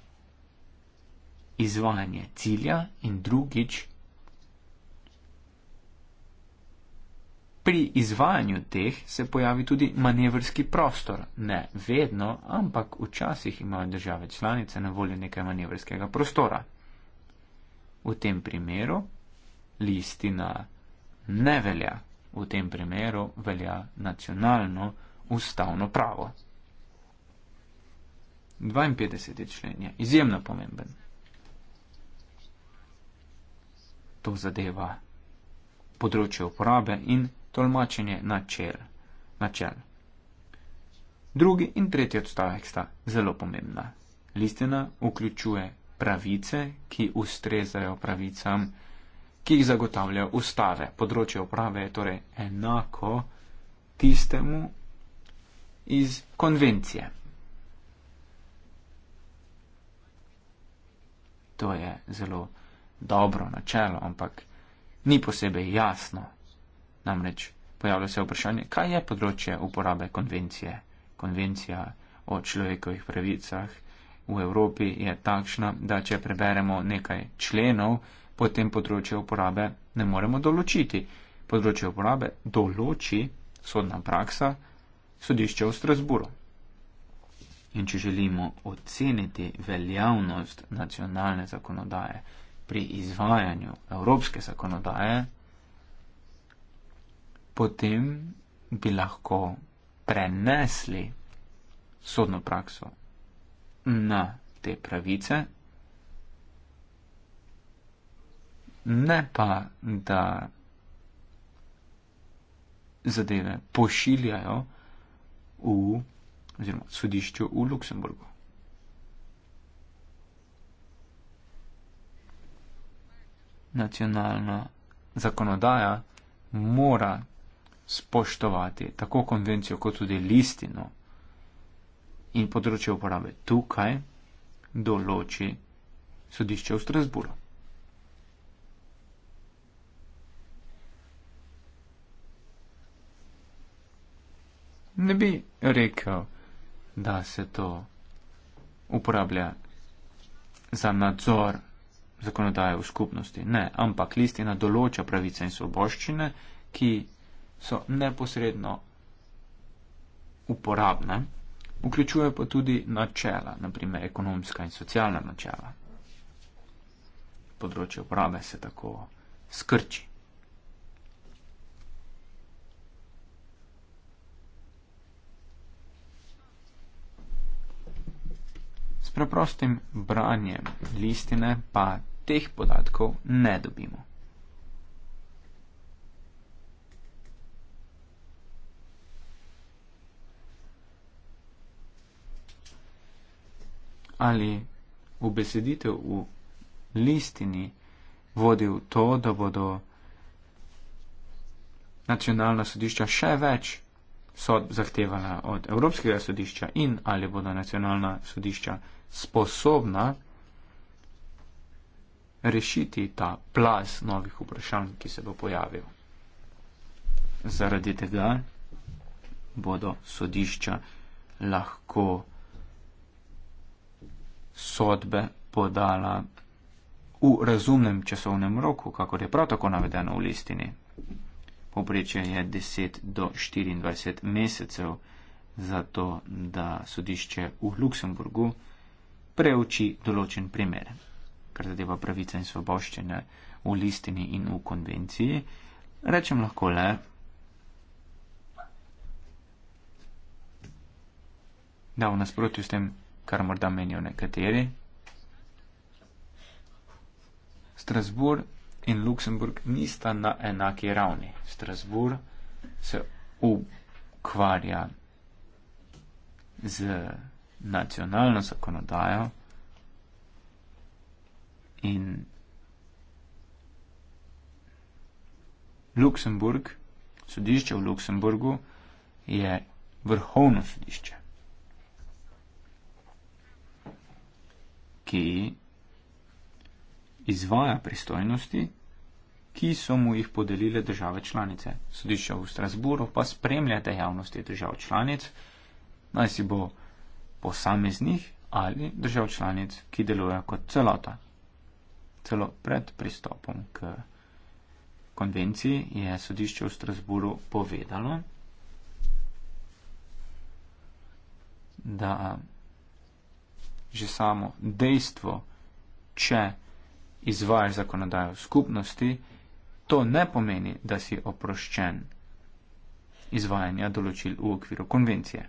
izvajanje cilja in drugič pri izvajanju teh se pojavi tudi manevrski prostor. Ne vedno, ampak včasih imajo države članice na voljo nekaj manevrskega prostora. V tem primeru listina ne velja. V tem primeru velja nacionalno ustavno pravo. 52. člen je izjemno pomemben. To zadeva področje uporabe in tolmačenje načel. načel. Drugi in tretji odstavek sta zelo pomembna. Listina vključuje pravice, ki ustrezajo pravicam, ki jih zagotavljajo ustave. Področje uprave je torej enako tistemu iz konvencije. to je zelo dobro načelo, ampak ni posebej jasno. Namreč pojavlja se vprašanje, kaj je področje uporabe konvencije. Konvencija o človekovih pravicah v Evropi je takšna, da če preberemo nekaj členov, potem področje uporabe ne moremo določiti. Področje uporabe določi sodna praksa sodišča v Strasburu. In če želimo oceniti veljavnost nacionalne zakonodaje pri izvajanju evropske zakonodaje, potem bi lahko prenesli sodno prakso na te pravice, ne pa da zadeve pošiljajo v oziroma sodišču v Luksemburgu. Nacionalna zakonodaja mora spoštovati tako konvencijo, kot tudi listino in področje uporabe tukaj določi sodišče v Strasburu. Ne bi rekel, da se to uporablja za nadzor zakonodaje v skupnosti. Ne, ampak listina določa pravice in svoboščine, ki so neposredno uporabne, vključuje pa tudi načela, naprimer ekonomska in socialna načela. Področje uporabe se tako skrči. preprostim branjem listine pa teh podatkov ne dobimo. Ali ubeseditev v listini vodi v to, da bodo nacionalna sodišča še več sod zahtevala od Evropskega sodišča in ali bodo nacionalna sodišča sposobna rešiti ta plas novih vprašanj, ki se bo pojavil. Zaradi tega bodo sodišča lahko sodbe podala v razumnem časovnem roku, kakor je prav tako navedeno v listini. Poprečje je 10 do 24 mesecev za to, da sodišče v Luksemburgu preuči določen primer. Kar zadeva pravice in svoboščine v listini in v konvenciji, rečem lahko le. Da, v nasprotju s tem, kar morda menijo nekateri, Strasbourg in Luksemburg nista na enaki ravni. Strasbourg se ukvarja z nacionalno zakonodajo in Luksemburg, sodišče v Luksemburgu je vrhovno sodišče, ki izvaja pristojnosti, ki so mu jih podelile države članice. Sodišče v Strasburu pa spremlja dejavnosti držav članic, naj si bo posameznih ali držav članic, ki delujejo kot celota. Celo pred pristopom k konvenciji je sodišče v Strasburu povedalo, da že samo dejstvo, če izvajaš zakonodajo skupnosti, to ne pomeni, da si oproščen izvajanja določil v okviru konvencije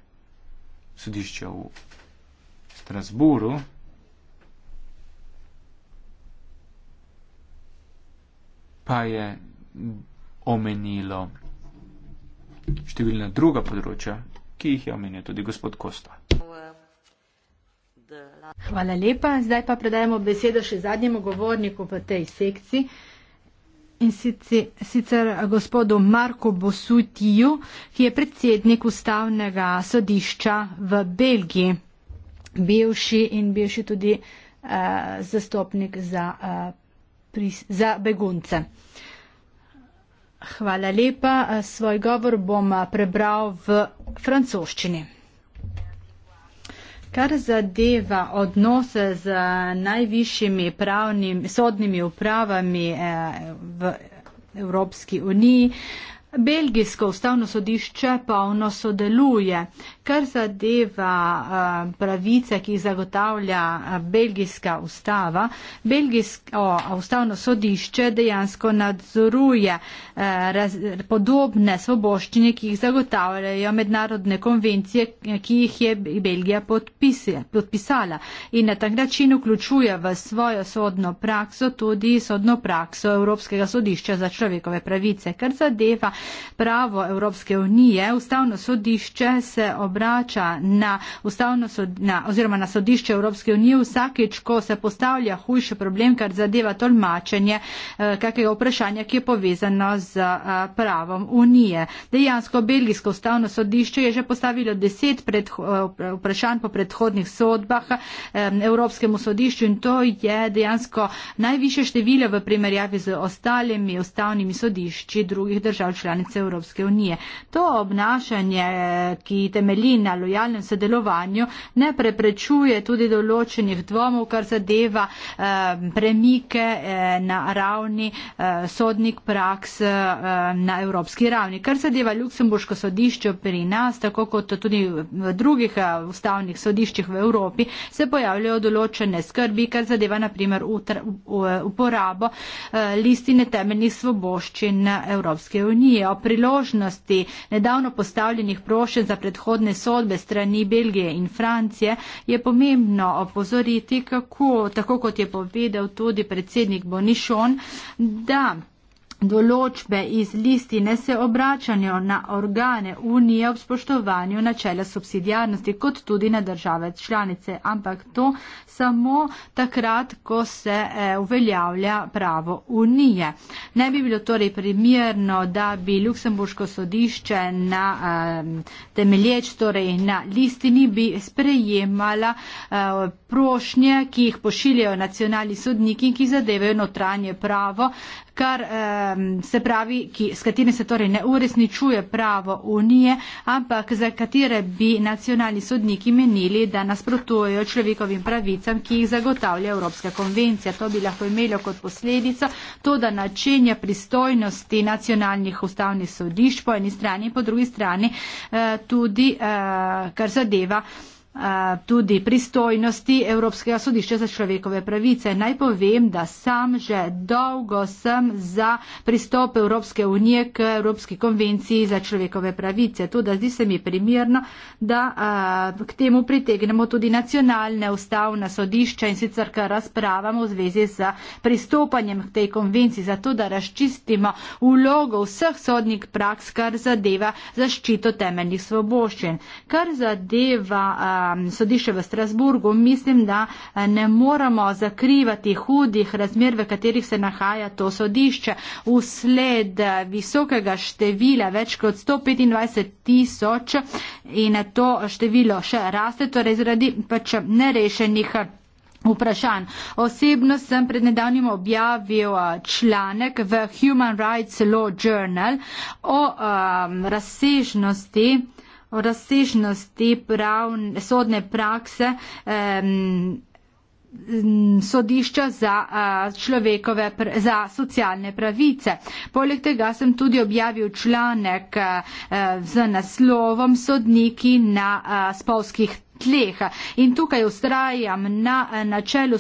sodišča v Strasburu. Pa je omenilo številna druga področja, ki jih je omenil tudi gospod Kosta. Hvala lepa. Zdaj pa predajemo besedo še zadnjemu govorniku v tej sekciji in sicer gospodu Marko Bosutiju, ki je predsednik ustavnega sodišča v Belgiji, bivši in bivši tudi uh, zastopnik za, uh, pri, za begunce. Hvala lepa, svoj govor bom eh, prebral v francoščini. Kar zadeva odnose z najvišjimi pravnimi sodnimi upravami eh, v Evropski uniji, Belgijsko ustavno sodišče pa ono sodeluje, kar zadeva eh, pravice, ki jih zagotavlja eh, belgijska ustava. Belgijsko eh, ustavno sodišče dejansko nadzoruje raz, podobne svoboščine, ki jih zagotavljajo mednarodne konvencije, ki jih je Belgija podpise, podpisala in na tak način vključuje v svojo sodno prakso tudi sodno prakso Evropskega sodišča za človekove pravice, kar zadeva pravo Evropske unije, ustavno sodišče se obrača na, ustavno, na, oziroma na sodišče Evropske unije vsakeč, ko se postavlja hujši problem, kar zadeva tolmačenje eh, kakega vprašanja, ki je povezano z eh, pravom unije. Dejansko belgijsko ustavno sodišče je že postavilo deset eh, vprašanj po predhodnih sodbah eh, Evropskemu sodišču in to je dejansko najviše število v primerjavi z ostalimi ustavnimi sodišči drugih držav članov članice Evropske unije. To obnašanje, ki temelji na lojalnem sodelovanju, ne preprečuje tudi določenih dvomov, kar zadeva eh, premike eh, na ravni eh, sodnik praks na evropski ravni. Kar zadeva Luksemburško sodišče pri nas, tako kot tudi v drugih ustavnih sodiščih v Evropi, se pojavljajo določene skrbi, kar zadeva naprimer uporabo listine temeljnih svoboščin Evropske unije. Unije o priložnosti nedavno postavljenih prošen za predhodne sodbe strani Belgije in Francije, je pomembno opozoriti, kako, tako kot je povedal tudi predsednik Bonišon, da določbe iz listine se obračanjo na organe Unije ob spoštovanju načela subsidijarnosti, kot tudi na države članice, ampak to samo takrat, ko se e, uveljavlja pravo Unije. Ne bi bilo torej primerno, da bi Luksemburško sodišče na e, temelječ, torej na listini, bi sprejemala e, prošnje, ki jih pošiljajo nacionalni sodniki, ki zadevajo notranje pravo, kar, eh, se pravi, ki, s katerim se torej ne uresničuje pravo Unije, ampak za katere bi nacionalni sodniki menili, da nasprotujejo človekovim pravicam, ki jih zagotavlja Evropska konvencija. To bi lahko imelo kot posledico to, da načenja pristojnosti nacionalnih ustavnih sodišč po eni strani in po drugi strani eh, tudi, eh, kar zadeva tudi pristojnosti Evropskega sodišča za človekove pravice. Naj povem, da sam že dolgo sem za pristop Evropske unije k Evropski konvenciji za človekove pravice. To, da zdi se mi primerno, da a, k temu pritegnemo tudi nacionalne ustavna sodišča in sicer k razpravam v zvezi z pristopanjem k tej konvenciji, zato da razčistimo vlogo vseh sodnik praks, kar zadeva zaščito temeljnih svoboščin. Kar zadeva a, Um, sodišče v Strasburgu, mislim, da eh, ne moramo zakrivati hudih razmer, v katerih se nahaja to sodišče. Usled eh, visokega števila več kot 125 tisoč in to število še raste, torej zaradi pač nerešenih. Eh, vprašanj. Osebno sem pred nedavnim objavil članek v Human Rights Law Journal o um, razsežnosti o razsežnosti pravn, sodne prakse eh, sodišča za, eh, pr, za socialne pravice. Poleg tega sem tudi objavil članek eh, z naslovom Sodniki na eh, spolskih tržih tleh. In tukaj ustrajam na eh, načelu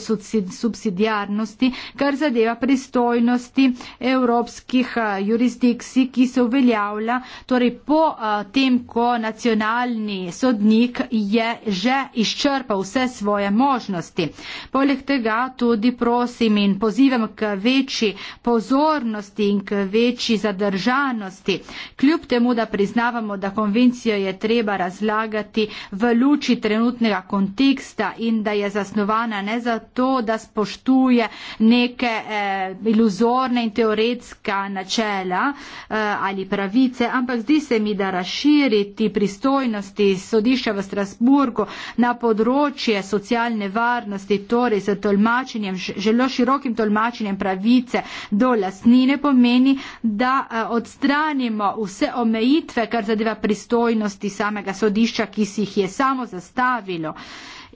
subsidijarnosti, kar zadeva pristojnosti evropskih eh, jurisdikcij, ki se uveljavlja, torej po eh, tem, ko nacionalni sodnik je že izčrpal vse svoje možnosti. Poleg tega tudi prosim in pozivam k večji pozornosti in k večji zadržanosti. Kljub temu, da priznavamo, da konvencijo je treba razlagati v luči trenutka, trenutnega konteksta in da je zasnovana ne zato, da spoštuje neke eh, iluzorne in teoretska načela eh, ali pravice, ampak zdi se mi, da razširiti pristojnosti sodišča v Strasburgu na področje socialne varnosti, torej z tolmačenjem, zelo širokim tolmačenjem pravice do lasnine pomeni, da eh, odstranimo vse omejitve, kar zadeva pristojnosti samega sodišča, ki si jih je samo zastavilo izpostavilo.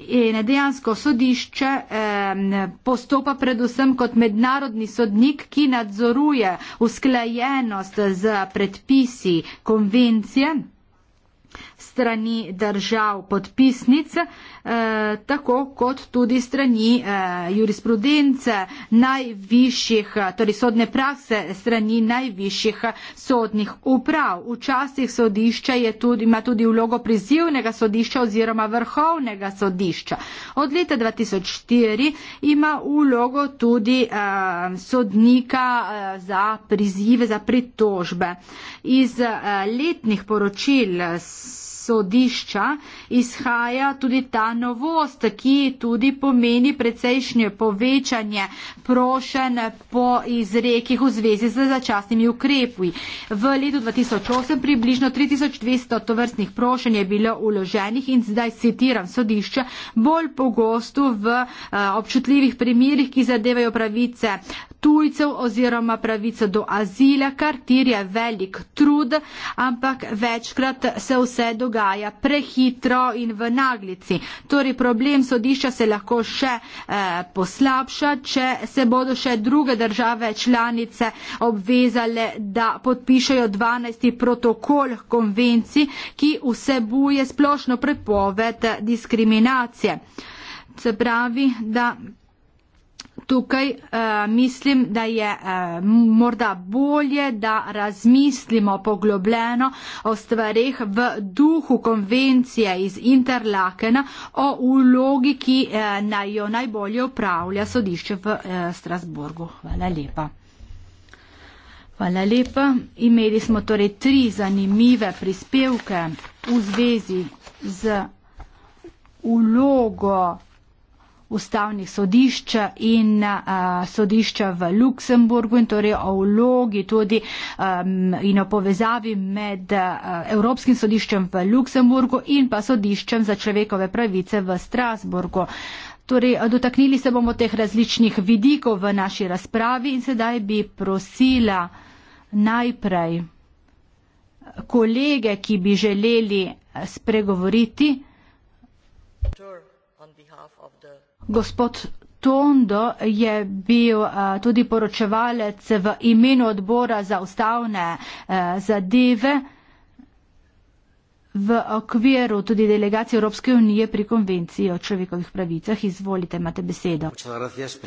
In dejansko sodišče eh, postopa predvsem kot mednarodni sodnik, ki nadzoruje usklajenost z predpisi konvencije strani držav podpisnice. Eh, tako kot tudi strani eh, jurisprudence najvišjih, torej sodne prakse strani najvišjih sodnih uprav. Včasih sodišče je tudi, ima tudi vlogo prizivnega sodišča oziroma vrhovnega sodišča. Od leta 2004 ima vlogo tudi eh, sodnika eh, za prizive, za pritožbe. Iz eh, letnih poročil sodišča izhaja tudi ta novost, ki tudi pomeni precejšnje povečanje prošen po izrekih v zvezi z začasnimi ukrepi. V letu 2008 približno 3200 tovrstnih prošen je bilo uloženih in zdaj citiram sodišče bolj pogosto v eh, občutljivih primerjih, ki zadevajo pravice tujcev oziroma pravico do azila, kar tirja velik trud, ampak večkrat se vse dogaja prehitro in v naglici. Torej problem sodišča se lahko še eh, poslabša, če se bodo še druge države članice obvezale, da podpišajo 12. protokol konvenciji, ki vsebuje splošno prepoved diskriminacije. Se pravi, da tukaj uh, mislim, da je uh, morda bolje, da razmislimo poglobljeno o stvarih v duhu konvencije iz Interlakena o ulogi, ki uh, naj jo najbolje upravlja sodišče v uh, Strasburgu. Hvala lepa. Hvala lepa. Imeli smo torej tri zanimive prispevke v zvezi z ulogo ustavnih sodišč in a, eh, sodišča v Luksemburgu in torej o vlogi tudi a, in o povezavi med a, eh, Evropskim sodiščem v Luksemburgu in pa sodiščem za človekove pravice v Strasburgu. Torej, dotaknili se bomo teh različnih vidikov v naši razpravi in sedaj bi prosila najprej kolege, ki bi želeli spregovoriti. Gospod Tondo je bil eh, tudi poročevalec v imenu odbora za ustavne eh, zadeve v okviru tudi delegacije Evropske unije pri konvenciji o človekovih pravicah. Izvolite, imate besedo. Gracias,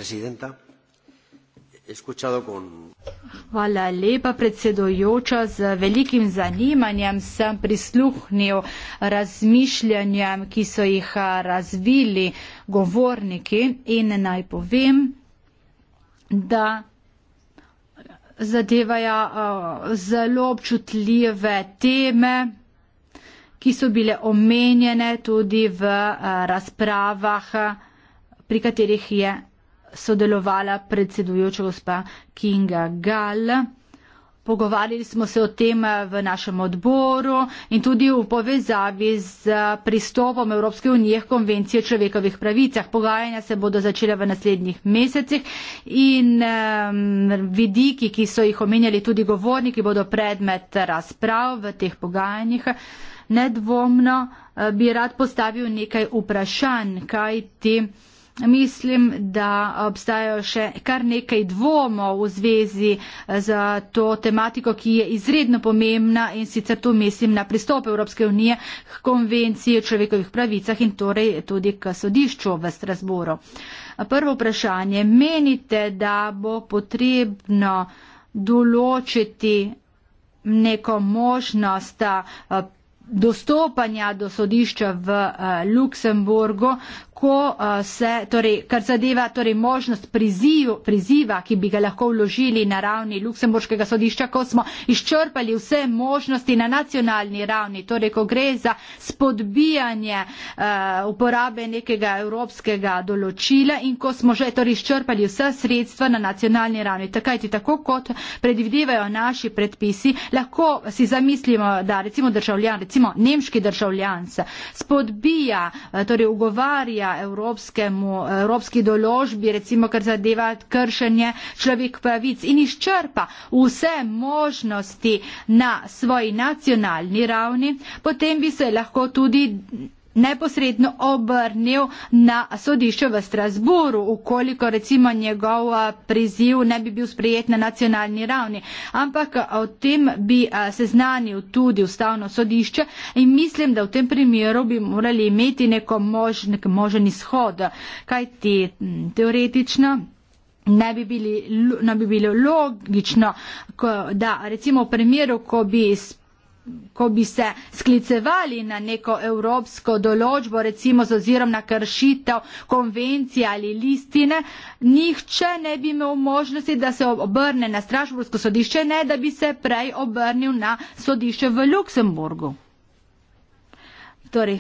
Hvala lepa, predsedojoča. Z velikim zanimanjem sem prisluhnil razmišljanjem, ki so jih razvili govorniki in naj povem, da zadevajo zelo občutljive teme, ki so bile omenjene tudi v razpravah, pri katerih je sodelovala predsedujoča gospa Kinga Gall. Pogovarjali smo se o tem v našem odboru in tudi v povezavi z pristopom Evropske unije konvencije o človekovih pravicah. Pogajanja se bodo začela v naslednjih mesecih in vidiki, ki so jih omenjali tudi govorniki, bodo predmet razprav v teh pogajanjih. Nedvomno eh, bi rad postavil nekaj vprašanj, kaj ti. Te Mislim, da obstajajo še kar nekaj dvomov v zvezi eh, z to tematiko, ki je izredno pomembna in sicer tu mislim na pristop Evropske unije k konvenciji o človekovih pravicah in torej tudi k sodišču v Strasboru. Prvo vprašanje. Menite, da bo potrebno določiti neko možnost eh, dostopanja do sodišča v eh, Luksemburgu, ko uh, se, torej, kar zadeva torej možnost priziv, priziva, ki bi ga lahko vložili na ravni Luksemburškega sodišča, ko smo izčrpali vse možnosti na nacionalni ravni, torej, ko gre za spodbijanje uh, uporabe nekega evropskega določila in ko smo že torej izčrpali vse sredstva na nacionalni ravni. Takajti, tako kot predvidevajo naši predpisi, lahko si zamislimo, da recimo državljan, recimo nemški državljan se spodbija, uh, torej ugovarja, odgovarja evropskemu, evropski doložbi, recimo kar zadeva kršenje človek pravic in izčrpa vse možnosti na svoji nacionalni ravni, potem bi se lahko tudi neposredno obrnil na sodišče v Strasburu, ukoliko recimo njegov priziv ne bi bil sprejet na nacionalni ravni. Ampak o tem bi seznanil tudi ustavno sodišče in mislim, da v tem primeru bi morali imeti neko mož, nek možen izhod, kaj ti hm, teoretično. Ne bi, bili, ne bi bilo logično, ko, da recimo v primeru, ko bi ko bi se sklicevali na neko evropsko določbo, recimo z ozirom na kršitev konvencije ali listine, nihče ne bi imel možnosti, da se obrne na Strašburgsko sodišče, ne da bi se prej obrnil na sodišče v Luksemburgu. Torej,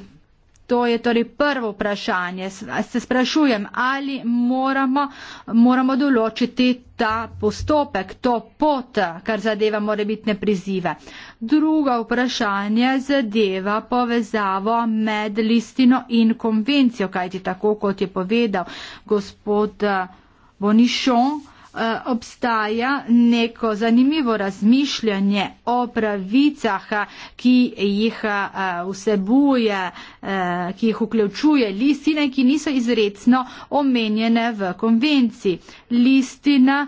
to je torej prvo vprašanje. Se sprašujem, ali moramo, moramo določiti ta postopek, to pot, kar zadeva morebitne prizive. Uh, Druga vprašanja zadeva povezavo med listino in konvencijo, kajti tako kot je povedal gospod eh, Bonišon, eh, obstaja neko zanimivo razmišljanje o pravicah, ki jih eh, vsebuje, ki jih vključuje listine, ki niso izredno omenjene v konvenciji. Listina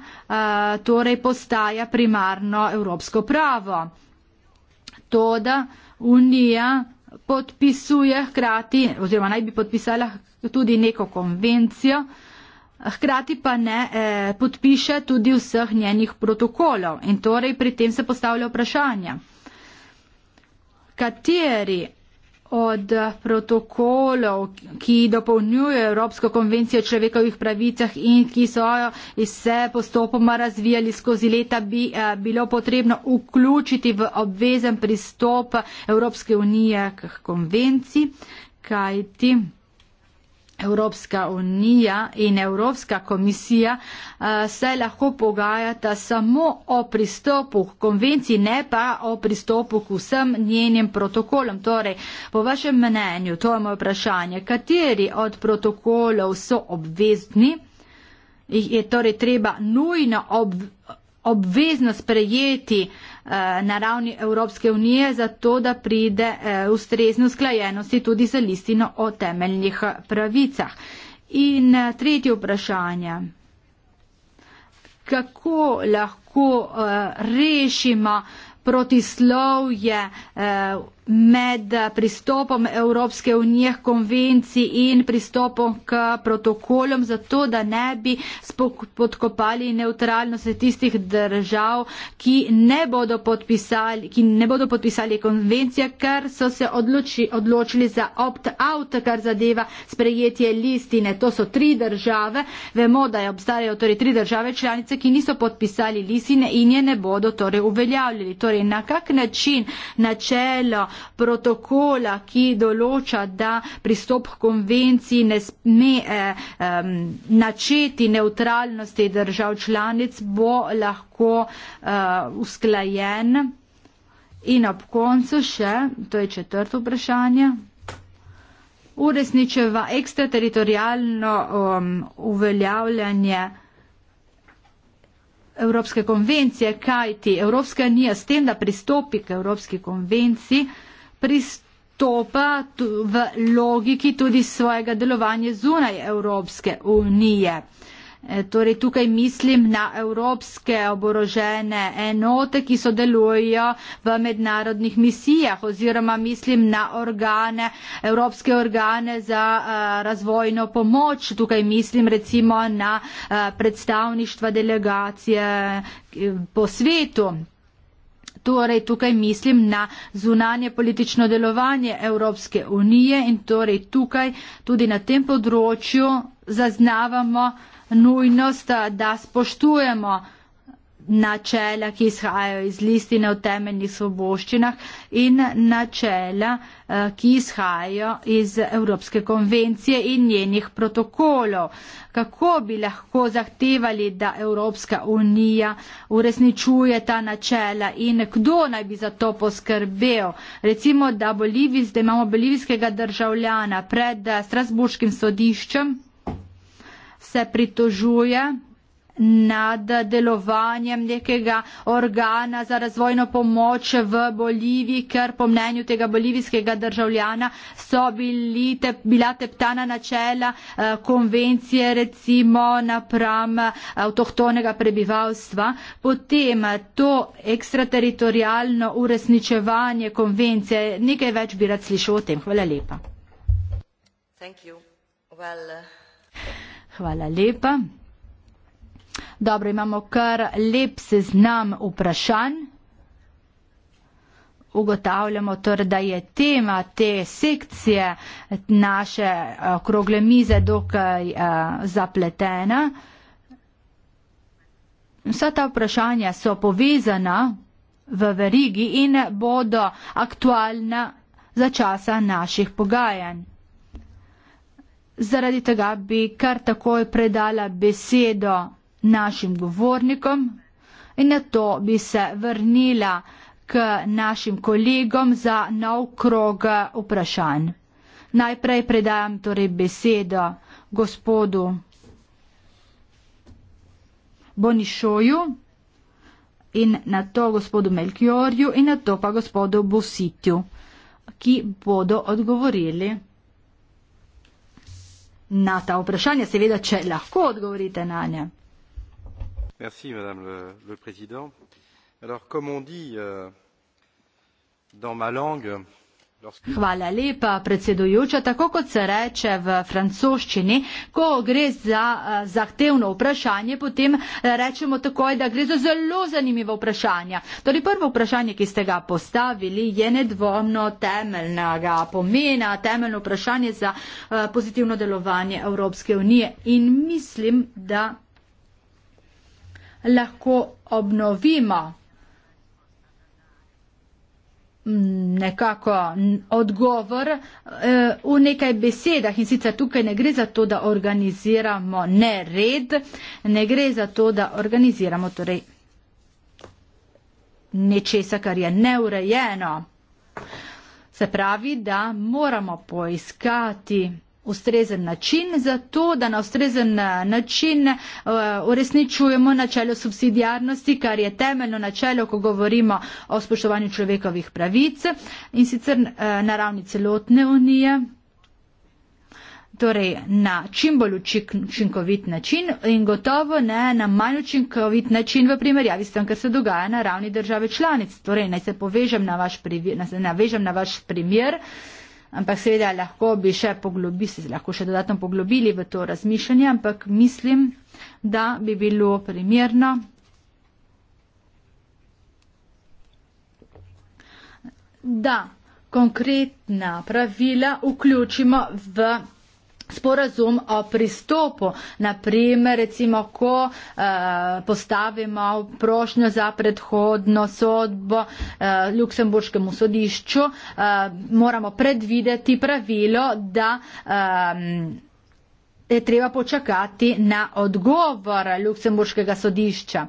torej postaja primarno evropsko pravo to, da Unija podpisuje hkrati, oziroma naj bi podpisala tudi neko konvencijo, hkrati pa ne eh, podpiše tudi vseh njenih protokolov. In torej pri tem se postavlja vprašanje, kateri od protokolov, ki dopolnjujejo Evropsko konvencijo o človekovih pravicah in ki so se postopoma razvijali skozi leta, bi eh, bilo potrebno vključiti v obvezen pristop Evropske unije k konvenciji, kajti. Evropska unija in Evropska komisija eh, se lahko pogajata samo o pristopu k konvenciji, ne pa o pristopu k vsem njenim protokolom. Torej, po vašem mnenju, to je moje vprašanje, kateri od protokolov so obvezni, je torej treba nujno ob, obvezno sprejeti uh, Eh, na ravni Evropske unije, zato da pride eh, ustrezno sklajenosti tudi za listino o temeljnih pravicah. In eh, tretje vprašanje. Kako lahko rešimo protislovje? med pristopom Evropske unije k konvenciji in pristopom k protokolom, zato da ne bi podkopali neutralnosti tistih držav, ki ne bodo podpisali, ki ne bodo podpisali konvencije, ker so se odloči, odločili za opt-out, kar zadeva sprejetje listine. To so tri države, vemo, da je obstajajo torej tri države članice, ki niso podpisali listine in je ne bodo torej uveljavljali. Torej, na kak način načelo, protokola, ki določa, da pristop k konvenciji ne sme eh, um, načeti neutralnosti držav članic, bo lahko eh, usklajen. In ob koncu še, to je četrto vprašanje. Uresničeva ekstrateritorijalno um, uveljavljanje Evropske konvencije, kajti Evropska unija s tem, da pristopi k Evropski konvenciji, pristopa v logiki tudi svojega delovanja zunaj Evropske unije. E, torej tukaj mislim na evropske oborožene enote, ki sodelujejo v mednarodnih misijah oziroma mislim na organe, evropske organe za e, razvojno pomoč. Tukaj mislim recimo na e, predstavništva delegacije po svetu torej tukaj mislim na zunanje politično delovanje Evropske unije in torej tukaj tudi na tem področju zaznavamo nujnost, da spoštujemo načela, ki izhajajo iz listine o temeljnih svoboščinah in načela, eh, ki izhajajo iz Evropske konvencije in njenih protokolov. Kako bi lahko zahtevali, da Evropska unija uresničuje ta načela in kdo naj bi za to poskrbel? Recimo, da, Boliviz, da imamo bolivijskega državljana pred eh, Strasburškim sodiščem, se pritožuje nad delovanjem nekega organa za razvojno pomoč v Boliviji, ker po mnenju tega bolivijskega državljana so bili te, bila teptana načela eh, konvencije recimo napram eh, avtohtonega prebivalstva. Potem eh, to ekstrateritorijalno uresničevanje konvencije, nekaj več bi rad slišal o tem. Hvala lepa. Eh. Hvala lepa. Dobro, imamo kar lep seznam vprašanj. Ugotavljamo torej, da je tema te sekcije naše eh, okrogle mize dokaj eh, zapletena. Vsa ta vprašanja so povezana v verigi in bodo aktualna za časa naših pogajanj. Zaradi tega bi kar takoj predala besedo našim govornikom in na to bi se vrnila k našim kolegom za nov krog eh, vprašanj. Najprej predajam torej besedo gospodu Bonišoju in na to gospodu Melkjorju in na to pa gospodu Busitju, ki bodo odgovorili na ta vprašanja, seveda, če lahko odgovorite na nje madame la présidente comme on dit euh, dans ma langue Hvala lepa, predsedujoča. Tako kot se reče v francoščini, ko gre za eh, zahtevno vprašanje, potem eh, rečemo takoj, da gre za zelo zanimivo vprašanje. Torej, prvo vprašanje, ki ste ga postavili, je nedvomno temeljnega pomena, temeljno vprašanje za eh, pozitivno delovanje Evropske unije. In mislim, da lahko obnovimo mm, nekako odgovor eh, v nekaj besedah in sicer tukaj ne gre za to, da organiziramo nered, ne gre za to, da organiziramo torej nečesa, kar je neurejeno. Se pravi, da moramo poiskati ustrezen način za to, da na ustrezen eh, način eh, uresničujemo načelo subsidijarnosti, kar je temeljno načelo, ko govorimo o spoštovanju človekovih pravic in sicer eh, na ravni celotne unije. Torej, na čim bolj učinkovit način in gotovo ne na manj učinkovit način v primerjavi s tem, kar se dogaja na ravni države članic. Torej, naj se povežem na vaš, privi, na, na vaš primer. Uh, ampak seveda lahko bi še poglobi, se lahko še dodatno poglobili v to razmišljanje, ampak mislim, da bi bilo primerno. Da konkretna pravila vključimo v sporazum o pristopu. Naprimer, recimo, ko eh, postavimo prošnjo za predhodno sodbo eh, Luksemburškemu sodišču, eh, moramo predvideti pravilo, da. Eh, je treba počakati na odgovor Luksemburškega sodišča.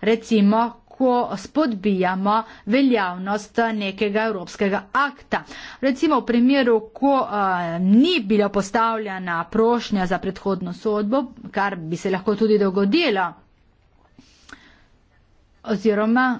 Recimo, lahko spodbijamo veljavnost nekega evropskega akta. Recimo v primeru, ko uh, ni bila postavljena prošnja za predhodno sodbo, kar bi se lahko tudi dogodilo, oziroma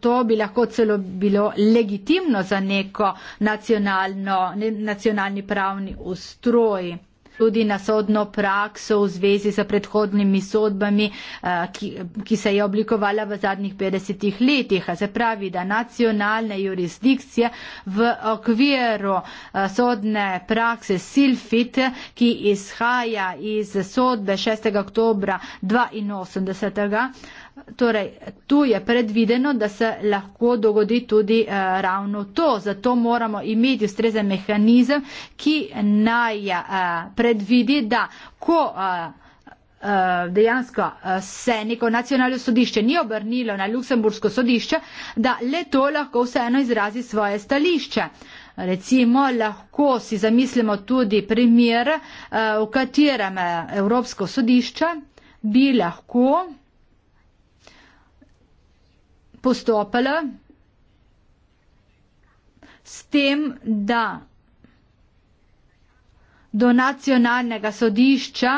to bi lahko celo bilo legitimno za neko nacionalno, ne, nacionalni pravni ustroj tudi na sodno prakso v zvezi z predhodnimi sodbami, eh, ki se je oblikovala v zadnjih 50 letih. Se pravi, da nacionalne jurisdikcije v okviru eh, sodne prakse Silfit, ki izhaja iz sodbe 6. oktobra 82. Torej, tu je predvideno, da se lahko dogodi tudi uh, ravno to. Zato moramo imeti ustrezen mehanizem, ki naj uh, predvidi, da ko uh, dejansko se neko nacionalno sodišče ni obrnilo na Luksemburgsko sodišče, da le to lahko vseeno izrazi svoje stališče. Recimo lahko si zamislimo tudi primer, v katerem Evropsko sodišče bi lahko postopala s tem, da do nacionalnega sodišča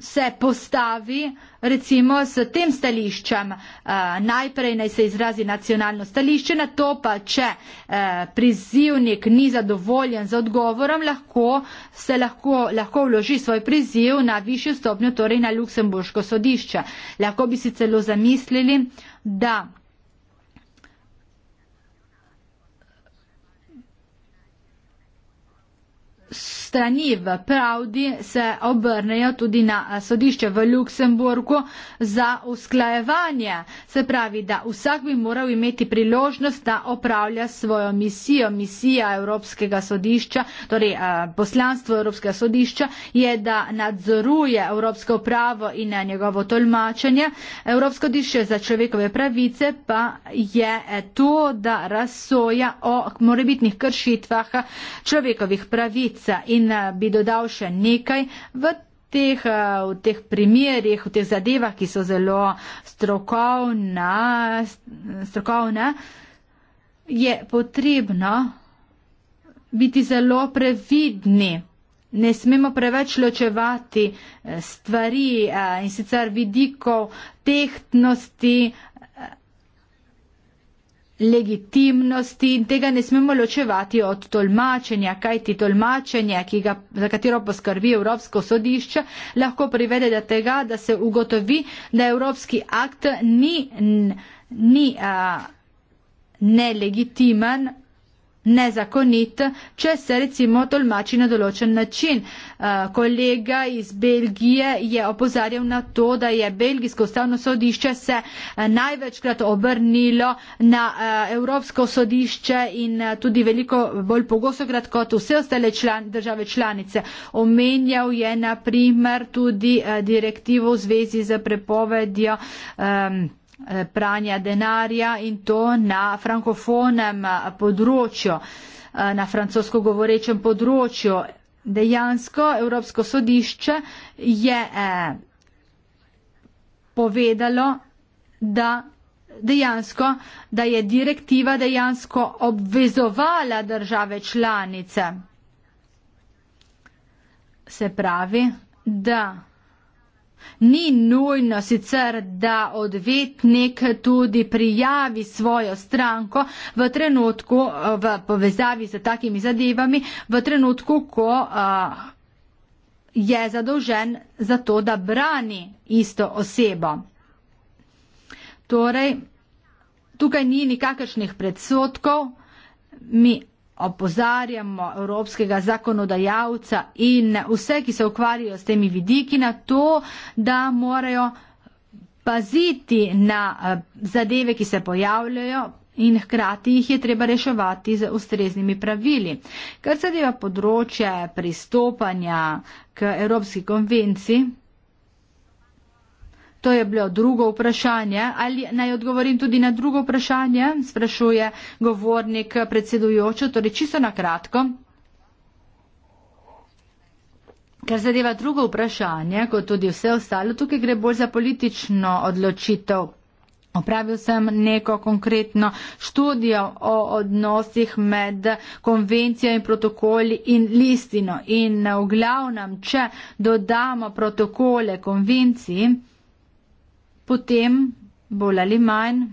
se postavi recimo s tem stališčem. Eh, najprej naj se izrazi nacionalno stališče, na to pa, če eh, prizivnik ni zadovoljen z odgovorom, lahko se lahko, lahko vloži svoj priziv na višjo stopnjo, torej na Luksemburško sodišče. Lahko bi si celo zamislili, da straniv pravdi se obrnejo tudi na eh, sodišče v Luksemburgu za usklajevanje. Se pravi, da vsak bi moral imeti priložnost, da opravlja svojo misijo. Misija Evropskega sodišča, torej eh, poslanstvo Evropskega sodišča je, da nadzoruje Evropsko pravo in eh, njegovo tolmačenje. Evropsko sodišče za človekove pravice pa je to, da razsoja o morebitnih kršitvah človekovih pravic in in eh, bi dodal še nekaj v teh, eh, v teh primerjih, v teh zadevah, ki so zelo strokovna, strokovna, je potrebno biti zelo previdni. Ne smemo preveč ločevati eh, stvari in sicer vidikov tehtnosti, legitimnosti in tega ne smemo ločevati od tolmačenja, kaj ti tolmačenje, ga, za katero poskrbi Evropsko sodišče, lahko privede do tega, da se ugotovi, da Evropski akt ni, ni a, nelegitimen nezakonit, če se recimo tolmači na določen način. Eh, kolega iz Belgije je opozarjal na to, da je Belgijsko ustavno sodišče se eh, največkrat obrnilo na eh, Evropsko sodišče in tudi veliko bolj pogostokrat kot vse ostale član, države članice. Omenjal je na primer tudi direktivo v zvezi z prepovedjo um, Eh, pranja denarja in to na frankofonem eh, področju, eh, na francosko govorečem področju. Dejansko Evropsko sodišče je povedalo, da dejansko, da je direktiva dejansko obvezovala države članice. Se pravi, da Ni nujno sicer, da odvetnik tudi prijavi svojo stranko v trenutku, eh, v povezavi z takimi zadevami, v trenutku, ko a, eh, je zadolžen za to, da brani isto osebo. Torej, tukaj ni nikakršnih predsotkov, mi opozarjamo evropskega zakonodajalca in vse, ki se ukvarjajo s temi vidiki na to, da morajo paziti na eh, zadeve, ki se pojavljajo in hkrati jih je treba reševati z ustreznimi pravili. Kar zadeva področje pristopanja k Evropski konvenciji, To je bilo drugo vprašanje. Ali naj odgovorim tudi na drugo vprašanje, sprašuje govornik predsedujočo, torej čisto na kratko. Kar zadeva drugo vprašanje, kot tudi vse ostalo, tukaj gre bolj za politično odločitev. Opravil sem neko konkretno študijo o odnosih med konvencijo in protokoli in listino. In v glavnem, če dodamo protokole konvenciji, potem bolj ali manj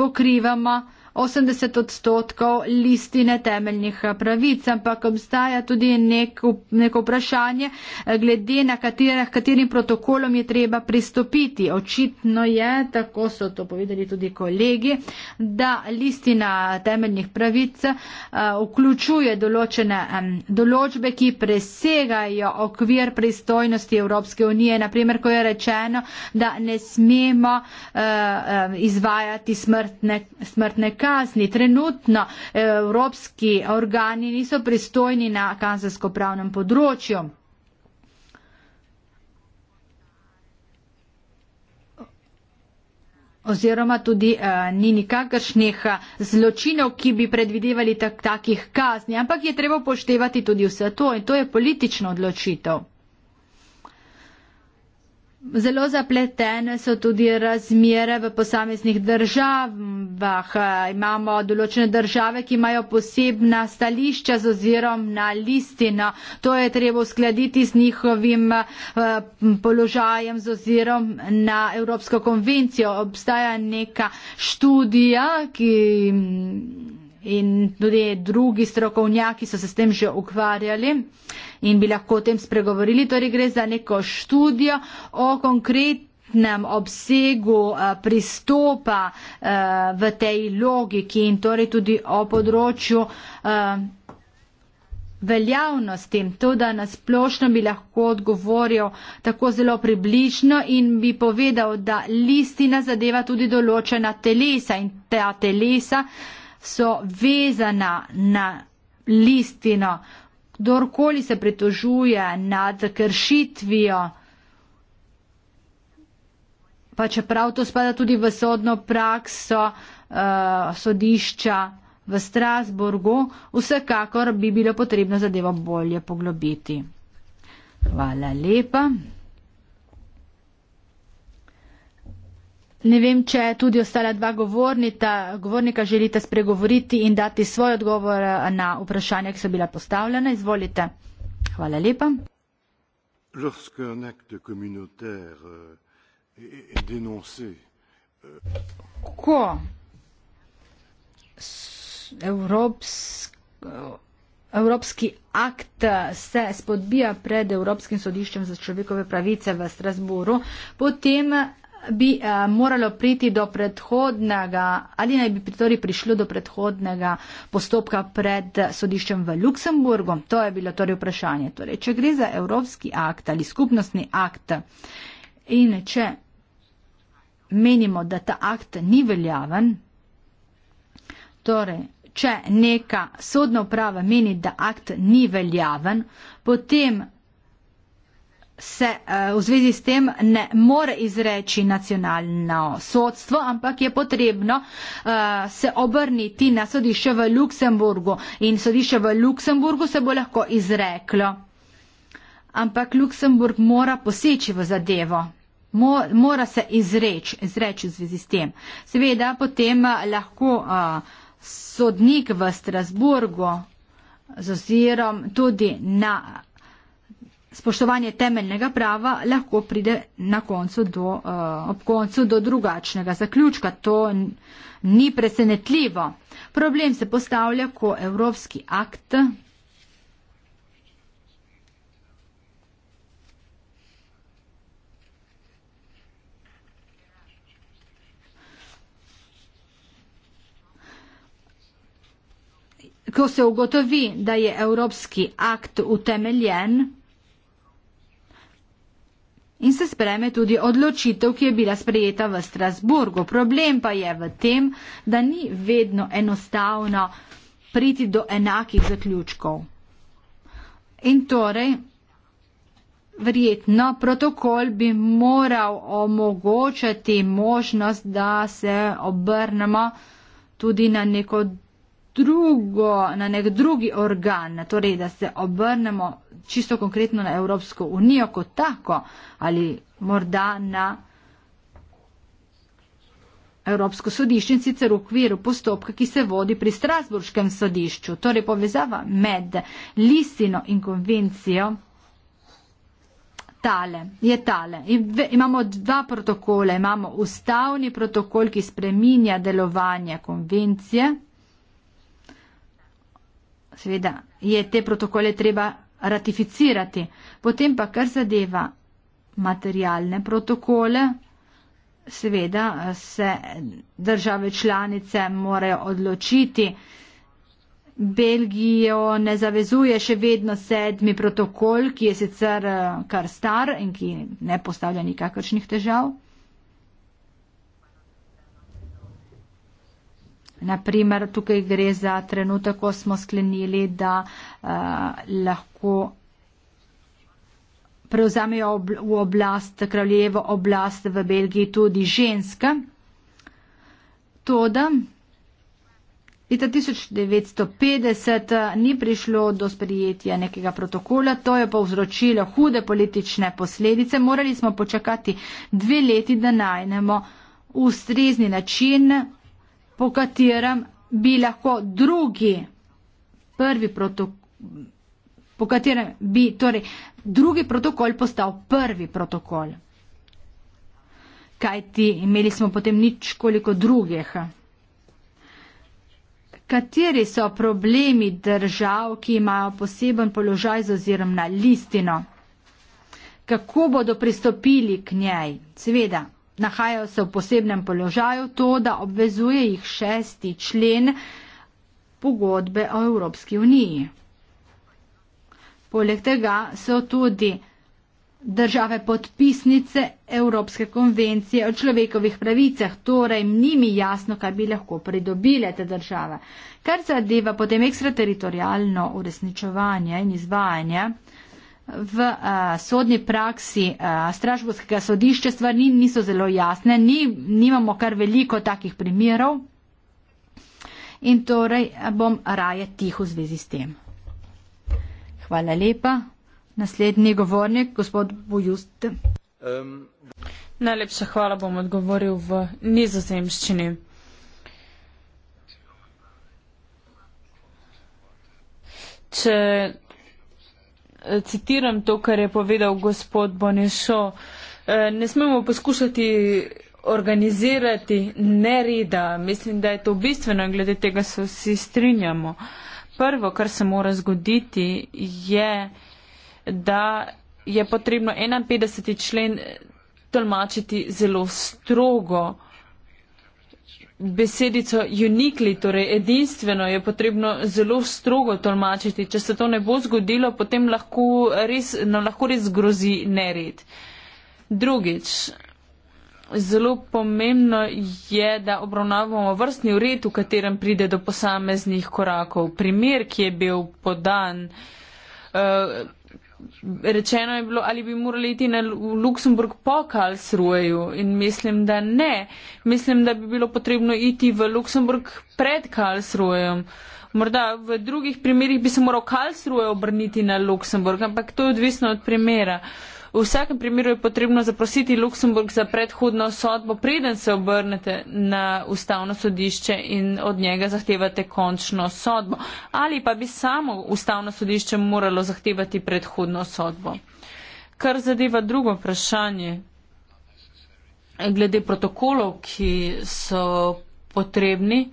pokrivamo 80 odstotkov listine temeljnih pravic, ampak obstaja tudi nek, neko vprašanje, eh, glede na katera, katerim protokolom je treba pristopiti. Očitno je, tako so to povedali tudi kolegi, da listina temeljnih pravic eh, vključuje določene določbe, ki presegajo okvir pristojnosti Evropske unije. Naprimer, ko je rečeno, da ne smemo eh, izvajati smrtne, smrtne kazni prekasni. Trenutno eh, evropski organi niso pristojni na kanzasko pravnem področju. oziroma tudi uh, ni nikakršnih eh, zločinov, ki bi predvidevali tak, takih kazni, ampak je treba poštevati tudi vse to in to je politična odločitev. Zelo zapletene so tudi razmere v posameznih državah. Imamo določene države, ki imajo posebna stališča z ozirom na listino. To je treba uskladiti z njihovim eh, položajem z ozirom na Evropsko konvencijo. Obstaja neka študija, ki in tudi drugi strokovnjaki so se s tem že ukvarjali in bi lahko o tem spregovorili. Torej gre za neko študijo o konkretnih obsegu eh, pristopa eh, v tej logiki in torej tudi o področju eh, veljavnosti. To, da nasplošno bi lahko odgovoril tako zelo približno in bi povedal, da listina zadeva tudi določena telesa in ta telesa so vezana na listino. Kdorkoli se pritožuje nad kršitvijo, pa čeprav to spada tudi v sodno prakso uh, sodišča v Strasburgu, vsekakor bi bilo potrebno zadevo bolje poglobiti. Hvala lepa. Ne vem, če tudi ostale dva govornita, govornika želite spregovoriti in dati svoj odgovor eh, na vprašanja, ki so bila postavljena. Izvolite. Hvala lepa. Eh, euh, Ko evropski, evropski akt se spodbija pred Evropskim sodiščem za človekove pravice v Strasburu, potem bi uh, moralo priti do predhodnega ali naj bi torej prišlo do predhodnega postopka pred sodiščem v Luksemburgu. To je bilo torej vprašanje. Torej, če gre za evropski akt ali skupnostni akt in če menimo, da ta akt ni veljaven, torej, če neka sodna uprava meni, da akt ni veljaven, potem se eh, v zvezi s tem ne more izreči nacionalno sodstvo, ampak je potrebno eh, se obrniti na sodišče v Luksemburgu in sodišče v Luksemburgu se bo lahko izreklo. Ampak Luksemburg mora poseči v zadevo, mora se izreči, izreči v zvezi s tem. Seveda potem eh, lahko sodnik v Strasburgu z ozirom tudi na spoštovanje temeljnega prava lahko pride na koncu do, uh, ob koncu do drugačnega zaključka. To ni presenetljivo. Problem se postavlja, ko evropski akt Ko se ugotovi, da je evropski akt utemeljen, in se spreme tudi odločitev, ki je bila sprejeta v Strasburgu. Problem pa je v tem, da ni vedno enostavno priti do enakih zaključkov. In torej, verjetno, protokol bi moral omogočati možnost, da se obrnemo tudi na neko drugo, na nek drugi organ, torej da se obrnemo čisto konkretno na Evropsko unijo kot tako ali morda na Evropsko sodišče in sicer v okviru postopka, ki se vodi pri Strasburškem sodišču, torej povezava med listino in konvencijo. Tale, je tale. Imamo dva protokola. Imamo ustavni protokol, ki spreminja delovanje konvencije seveda je te protokole treba ratificirati. Potem pa, kar zadeva materialne protokole, seveda se države članice morajo odločiti. Belgijo ne zavezuje še vedno sedmi protokol, ki je sicer eh, kar star in ki ne postavlja nikakršnih težav. Naprimer, tukaj gre za trenutek, ko smo sklenili, da uh, lahko prevzamejo v oblast, kraljevo oblast v Belgiji tudi ženske. Toda leta 1950 eh, ni prišlo do sprijetja nekega protokola, to je povzročilo hude politične posledice. Morali smo počakati dve leti, da najnemo ustrezni način po katerem bi lahko drugi, prvi protokol, po katerem bi torej drugi protokol postal prvi protokol. Kajti imeli smo potem nič koliko drugih. Kateri so problemi držav, ki imajo poseben položaj z oziroma listino? Kako bodo pristopili k njej? Seveda, nahajajo se v posebnem položaju, to, da obvezuje jih šesti člen pogodbe o Evropski uniji. Poleg tega so tudi države podpisnice Evropske konvencije o človekovih pravicah, torej njimi jasno, kaj bi lahko pridobile te države. Kar zadeva potem ekstrateritorijalno uresničevanje in izvajanje, v a, eh, sodni praksi eh, Strasburskega sodišča stvari niso zelo jasne, ni, nimamo kar veliko takih primerov in torej eh, bom raje tiho v zvezi s tem. Hvala lepa. Naslednji govornik, gospod Bujust. Um. Najlepša hvala bom odgovoril v nizozemščini. Če citiram to, kar je povedal gospod Bonešo. E, ne smemo poskušati organizirati nereda. Mislim, da je to bistveno in glede tega se vsi strinjamo. Prvo, kar se mora zgoditi, je, da je potrebno 51. člen tolmačiti zelo strogo besedico unikli, torej edinstveno, je potrebno zelo strogo tolmačiti. Če se to ne bo zgodilo, potem lahko res, no, lahko res grozi nered. Drugič, zelo pomembno je, da obravnavamo vrstni ured, v katerem pride do posameznih korakov. Primer, ki je bil podan. Uh, rečeno je bilo, ali bi morali iti na Luksemburg po Karlsruheju in mislim, da ne. Mislim, da bi bilo potrebno iti v Luksemburg pred Karlsruhejem. Morda v drugih primerjih bi se moral Karlsruhe obrniti na Luksemburg, ampak to je odvisno od primera. Uh, V vsakem primeru je potrebno zaprositi Luksemburg za predhodno sodbo, preden se obrnete na ustavno sodišče in od njega zahtevate končno sodbo. Ali pa bi samo ustavno sodišče moralo zahtevati predhodno sodbo. Kar zadeva drugo vprašanje, glede protokolov, ki so potrebni.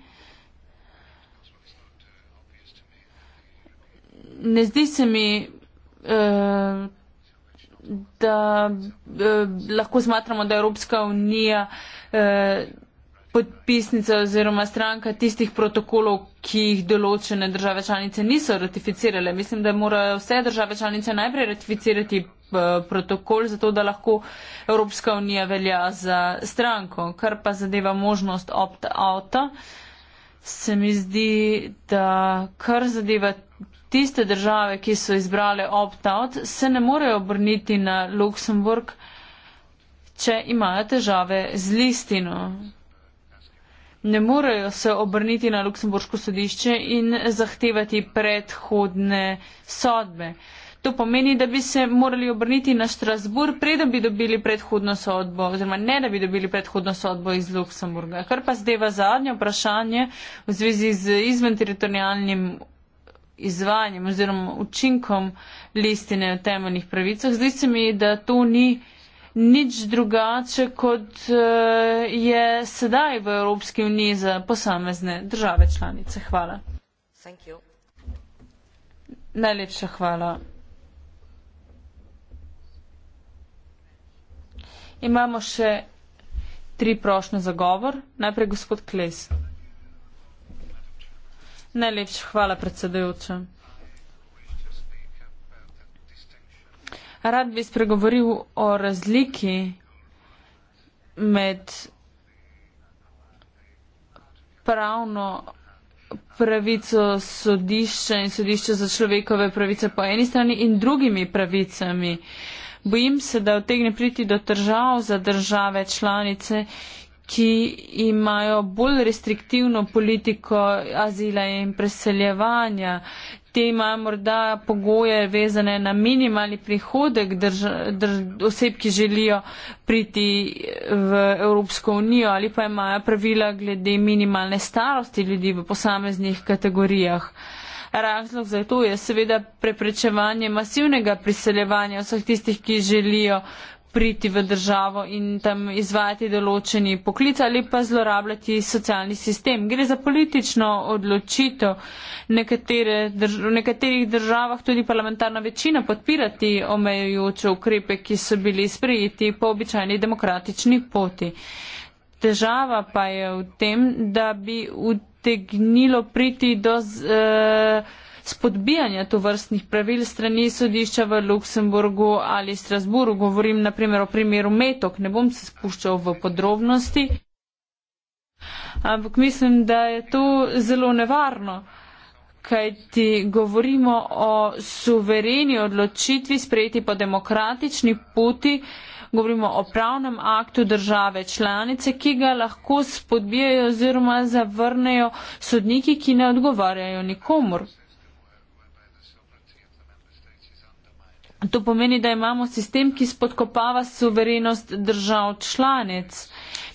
Ne zdi se mi. Eh, da eh, lahko smatramo, da je Evropska unija eh, podpisnica oziroma stranka tistih protokolov, ki jih določene države članice niso ratificirale. Mislim, da morajo vse države članice najprej ratificirati eh, protokol, zato da lahko Evropska unija velja za stranko. Kar pa zadeva možnost opt-outa, se mi zdi, da kar zadeva Tiste države, ki so izbrale opt-out, se ne morejo obrniti na Luksemburg, če imajo težave z listino. Ne morejo se obrniti na Luksemburško sodišče in zahtevati predhodne sodbe. To pomeni, da bi se morali obrniti na Strasbourg, preden bi dobili predhodno sodbo, oziroma ne, da bi dobili predhodno sodbo iz Luksemburga. Kar pa zdaj v zadnje vprašanje v zvezi z izventeritorijalnim izvajanjem oziroma učinkom listine o temeljnih pravicah. Zdi se mi, da to ni nič drugače, kot eh, je sedaj v Evropski uniji za posamezne države članice. Hvala. Najlepša hvala. Imamo še tri prošlje za govor. Najprej gospod Kles. Najlepša hvala, predsedujoča. Rad bi spregovoril o razliki med pravno pravico sodišča in sodišča za človekove pravice po eni strani in drugimi pravicami. Bojim se, da otegne priti do držav za države članice ki imajo bolj restriktivno politiko azila in preseljevanja. Te imajo morda pogoje vezane na minimalni prihodek drž, drž, oseb, ki želijo priti v Evropsko unijo ali pa imajo pravila glede minimalne starosti ljudi v posameznih kategorijah. Razlog za to je seveda preprečevanje masivnega priseljevanja vseh tistih, ki želijo priti v državo in tam izvajati določeni poklic ali pa zlorabljati socialni sistem. Gre za politično odločitev. Nekatere, drž, v nekaterih državah tudi parlamentarna večina podpirati omejujoče ukrepe, ki so bili sprejeti po običajni demokratični poti. Težava pa je v tem, da bi utegnilo priti do. Z, eh, spodbijanja to vrstnih pravil strani sodišča v Luksemburgu ali Strasburu. Govorim naprimer o primeru Metok, ne bom se spuščal v podrobnosti, ampak mislim, da je to zelo nevarno kaj ti govorimo o suvereni odločitvi sprejeti po demokratični puti, govorimo o pravnem aktu države članice, ki ga lahko spodbijajo oziroma zavrnejo sodniki, ki ne odgovarjajo nikomor. To pomeni, da imamo sistem, ki spodkopava suverenost držav članic.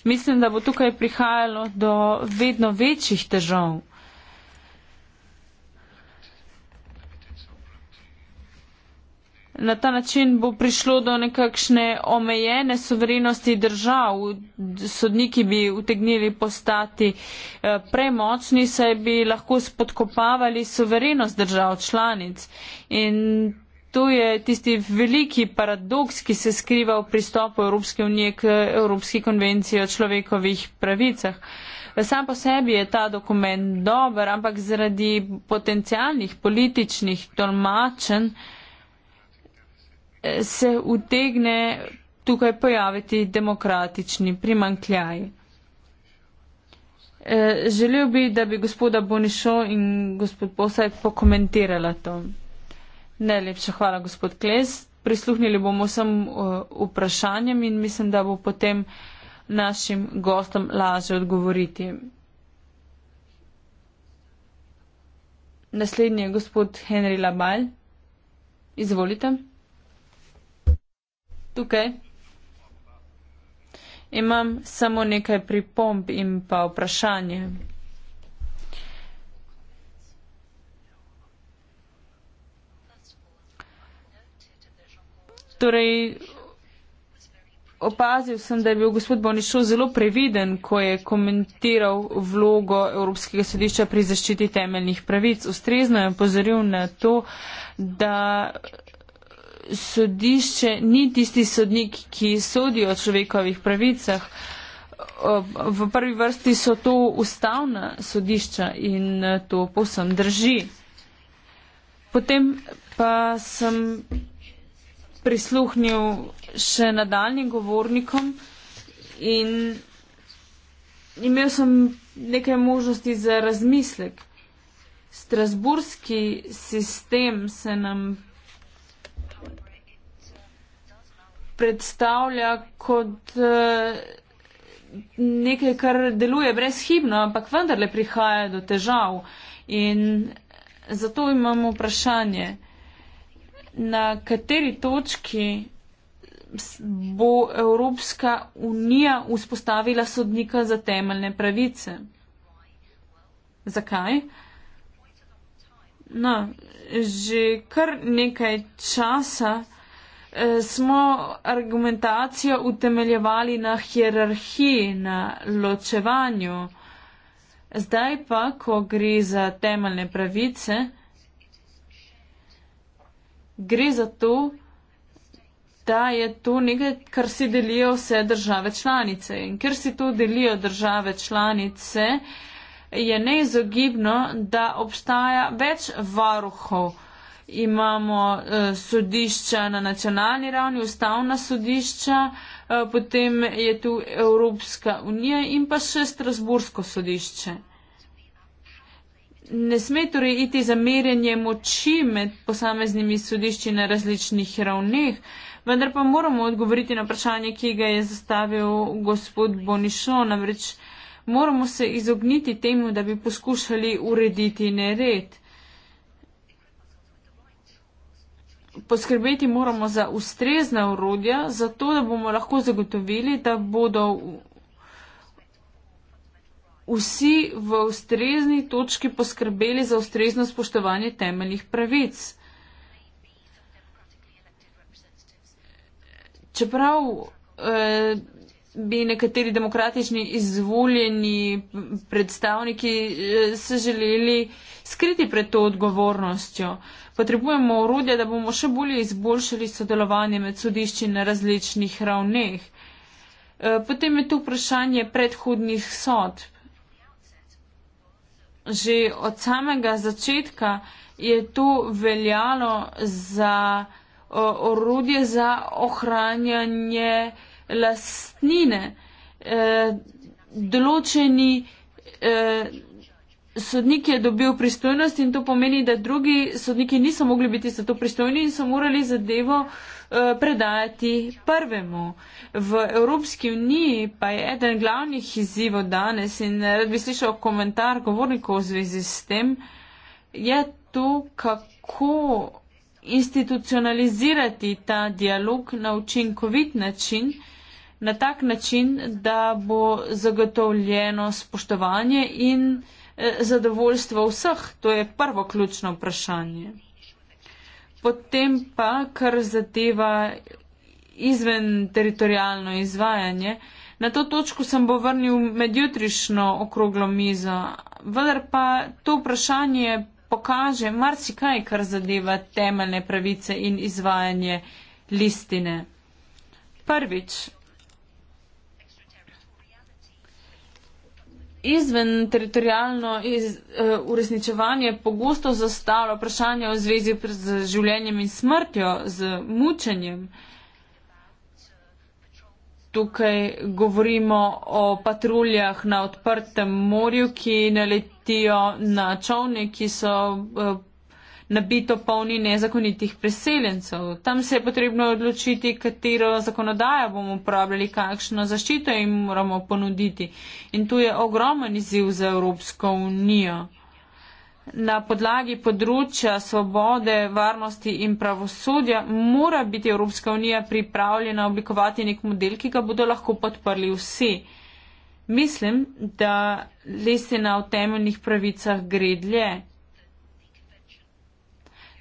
Mislim, da bo tukaj prihajalo do vedno večjih težav. Na ta način bo prišlo do nekakšne omejene suverenosti držav. Sodniki bi utegnili postati eh, premočni, saj bi lahko spodkopavali suverenost držav članic. In to je tisti veliki paradoks, ki se skriva v pristopu Evropske unije k Evropski konvenciji o človekovih pravicah. Sam po sebi je ta dokument dober, ampak zaradi potencijalnih političnih tolmačen eh, se utegne tukaj pojaviti demokratični primankljaj. Eh, želel bi, da bi gospoda Bonišo in gospod Posaj pokomentirala to. Najlepša hvala, gospod Kles. Prisluhnili bomo vsem uh, vprašanjem in mislim, da bo potem našim gostom laže odgovoriti. Naslednji je gospod Henry Labal. Izvolite. Tukaj. Imam samo nekaj pripomb in pa vprašanje. Torej, opazil sem, da je bil gospod Bonišov zelo previden, ko je komentiral vlogo Evropskega sodišča pri zaščiti temeljnih pravic. Ustrezno je pozoril na to, da sodišče ni tisti sodnik, ki sodi o človekovih pravicah. V prvi vrsti so to ustavna sodišča in eh, to posem drži. Potem pa sem prisluhnil še nadaljnjim govornikom in imel sem nekaj možnosti za razmislek. Strasburski sistem se nam predstavlja kot eh, nekaj, kar deluje brezhibno, ampak vendarle prihaja do težav. In zato imamo vprašanje na kateri točki bo Evropska unija vzpostavila sodnika za temeljne pravice. Zakaj? No, že kar nekaj časa eh, smo argumentacijo utemeljevali na hierarhiji, na ločevanju. Zdaj pa, ko gre za temeljne pravice, gre za to, da je to nekaj, kar si delijo vse države članice. In ker si to delijo države članice, je neizogibno, da obstaja več varuhov. Imamo eh, sodišča na nacionalni ravni, ustavna sodišča, eh, potem je tu Evropska unija in pa še Strasbursko sodišče. Ne sme torej iti za merjenje moči med posameznimi sodišči na različnih ravneh, vendar pa moramo odgovoriti na vprašanje, ki ga je zastavil gospod Bonišo, namreč moramo se izogniti temu, da bi poskušali urediti nered. Poskrbeti moramo za ustrezna urodja, zato da bomo lahko zagotovili, da bodo vsi v ustrezni točki poskrbeli za ustrezno spoštovanje temeljnih pravic. Čeprav eh, bi nekateri demokratični izvoljeni predstavniki eh, se želeli skriti pred to odgovornostjo, potrebujemo urodja, da bomo še bolje izboljšali sodelovanje med sodišči na različnih ravneh. Eh, potem je tu vprašanje predhodnih sodb že od samega začetka je to veljalo za orodje za ohranjanje lastnine. E, določeni e, sodnik je dobil pristojnost in to pomeni, da drugi sodniki niso mogli biti za to pristojni in so morali zadevo Eh, predajati prvemu. V Evropski uniji pa je eden glavnih izzivov danes in rad bi slišal komentar govornikov v zvezi s tem, je to, kako institucionalizirati ta dialog na učinkovit način, na tak način, da bo zagotovljeno spoštovanje in eh, zadovoljstvo vseh. To je prvo ključno vprašanje potem pa, kar zadeva izven teritorijalno izvajanje, na to točko sem bo vrnil medjutrišno okroglo mizo, vendar pa to vprašanje pokaže marsikaj, kar zadeva temeljne pravice in izvajanje listine. Prvič, izven teritorijalno iz, uh, uresničevanje pogosto zastalo vprašanje v zvezi z življenjem in smrtjo, z mučenjem. Tukaj govorimo o patruljah na odprtem morju, ki naletijo na čovne, ki so uh, nabito polni nezakonitih preseljencev. Tam se je potrebno odločiti, katero zakonodajo bomo uporabljali, kakšno zaščito jim moramo ponuditi. In tu je ogromen izziv za Evropsko unijo. Na podlagi področja svobode, varnosti in pravosodja mora biti Evropska unija pripravljena oblikovati nek model, ki ga bodo lahko podprli vsi. Mislim, da lesena v temeljnih pravicah gre dlje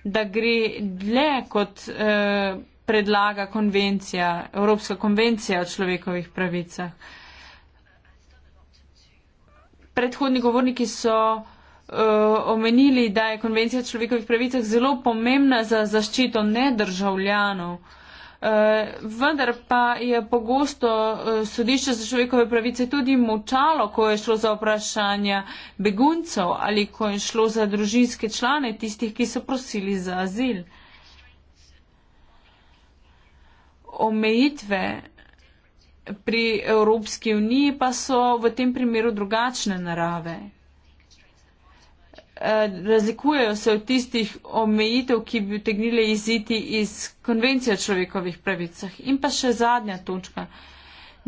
da gre dlje kot eh, predlaga konvencija, Evropska konvencija o človekovih pravicah. Predhodni govorniki so eh, omenili, da je konvencija o človekovih pravicah zelo pomembna za zaščito nedržavljanov. Eh, Eh, vendar pa je pogosto eh, sodišče za človekove pravice tudi močalo, ko je šlo za vprašanja beguncev ali ko je šlo za družinske člane tistih, ki so prosili za azil. Omejitve pri Evropski uniji pa so v tem primeru drugačne narave. Eh, razlikujejo se od tistih omejitev, ki bi utegnile iziti iz konvencije o človekovih pravicah. In pa še zadnja točka.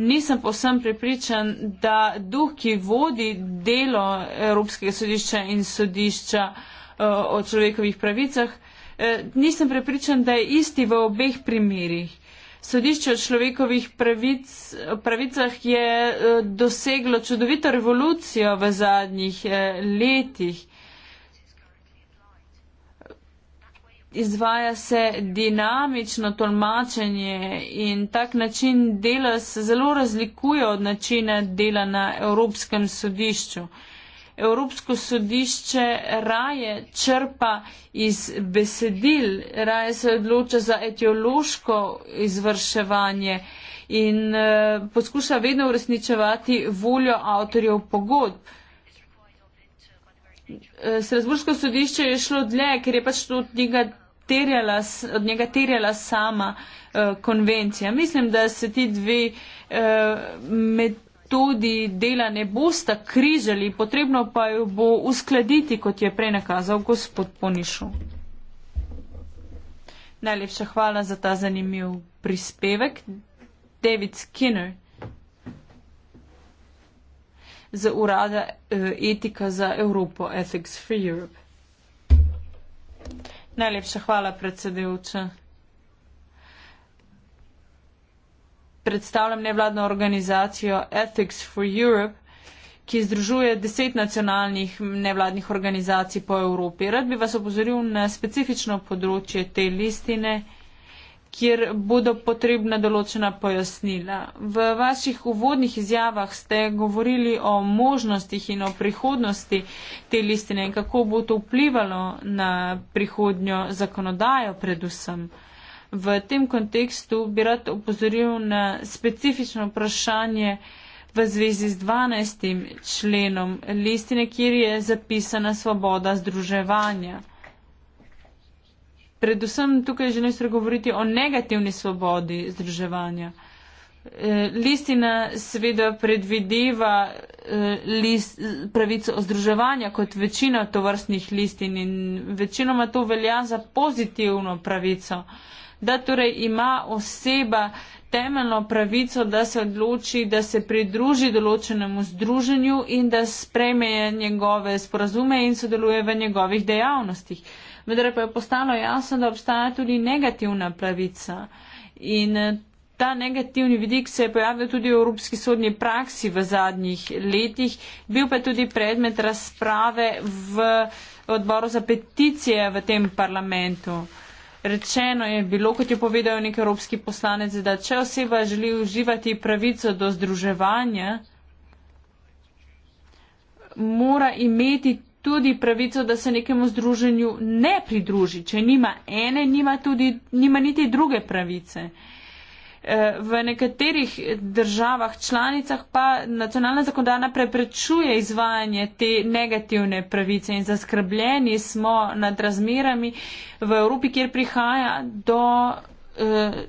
Nisem posem prepričan, da duh, ki vodi delo Evropskega sodišča in sodišča eh, o človekovih pravicah, eh, nisem prepričan, da je isti v obeh primerih. Sodišče o človekovih pravic, pravicah je doseglo čudovito revolucijo v zadnjih letih. izvaja se dinamično tolmačenje in tak način dela se zelo razlikuje od načina dela na Evropskem sodišču. Evropsko sodišče raje črpa iz besedil, raje se odloča za etiološko izvrševanje in e, poskuša vedno uresničevati voljo avtorjev pogodb. E, eh, Sredzbursko sodišče je šlo dlje, ker je pač to od njega terjala, od njega terjala sama uh, konvencija. Mislim, da se ti dve uh, metodi dela ne bosta križali, potrebno pa jo bo uskladiti, kot je prej nakazal gospod Ponišu. Najlepša hvala za ta zanimiv prispevek. David Skinner z Urada eh, Etika za Evropo, Ethics for Europe. Najlepša hvala, predsedujoča. Predstavljam nevladno organizacijo Ethics for Europe, ki združuje deset nacionalnih nevladnih organizacij po Evropi. Rad bi vas opozoril na specifično področje te listine kjer bodo potrebna določena pojasnila. V vaših uvodnih izjavah ste govorili o možnostih in o prihodnosti te listine in kako bo to vplivalo na prihodnjo zakonodajo predvsem. V tem kontekstu bi rad upozoril na specifično vprašanje v zvezi s 12. členom listine, kjer je zapisana svoboda združevanja predvsem tukaj želim spregovoriti o negativni svobodi združevanja. E, listina seveda predvideva e, list, pravico združevanja kot večina tovrstnih listin in večinoma to velja za pozitivno pravico, da torej ima oseba temeljno pravico, da se odloči, da se pridruži določenemu združenju in da sprejme njegove sporazume in sodeluje v njegovih dejavnostih vendar pa je postalo jasno, da obstaja tudi negativna pravica. In eh, ta negativni vidik se je pojavil tudi v evropski sodni praksi v zadnjih letih, bil pa tudi predmet razprave v odboru za peticije v tem parlamentu. Rečeno je bilo, kot je povedal nek evropski poslanec, da če oseba želi uživati pravico do združevanja, mora imeti tudi pravico, da se nekemu združenju ne pridruži. Če nima ene, nima, tudi, nima niti druge pravice. Eh, v nekaterih državah članicah pa nacionalna zakonodana preprečuje izvajanje te negativne pravice in zaskrbljeni smo nad razmerami v Evropi, kjer prihaja do eh,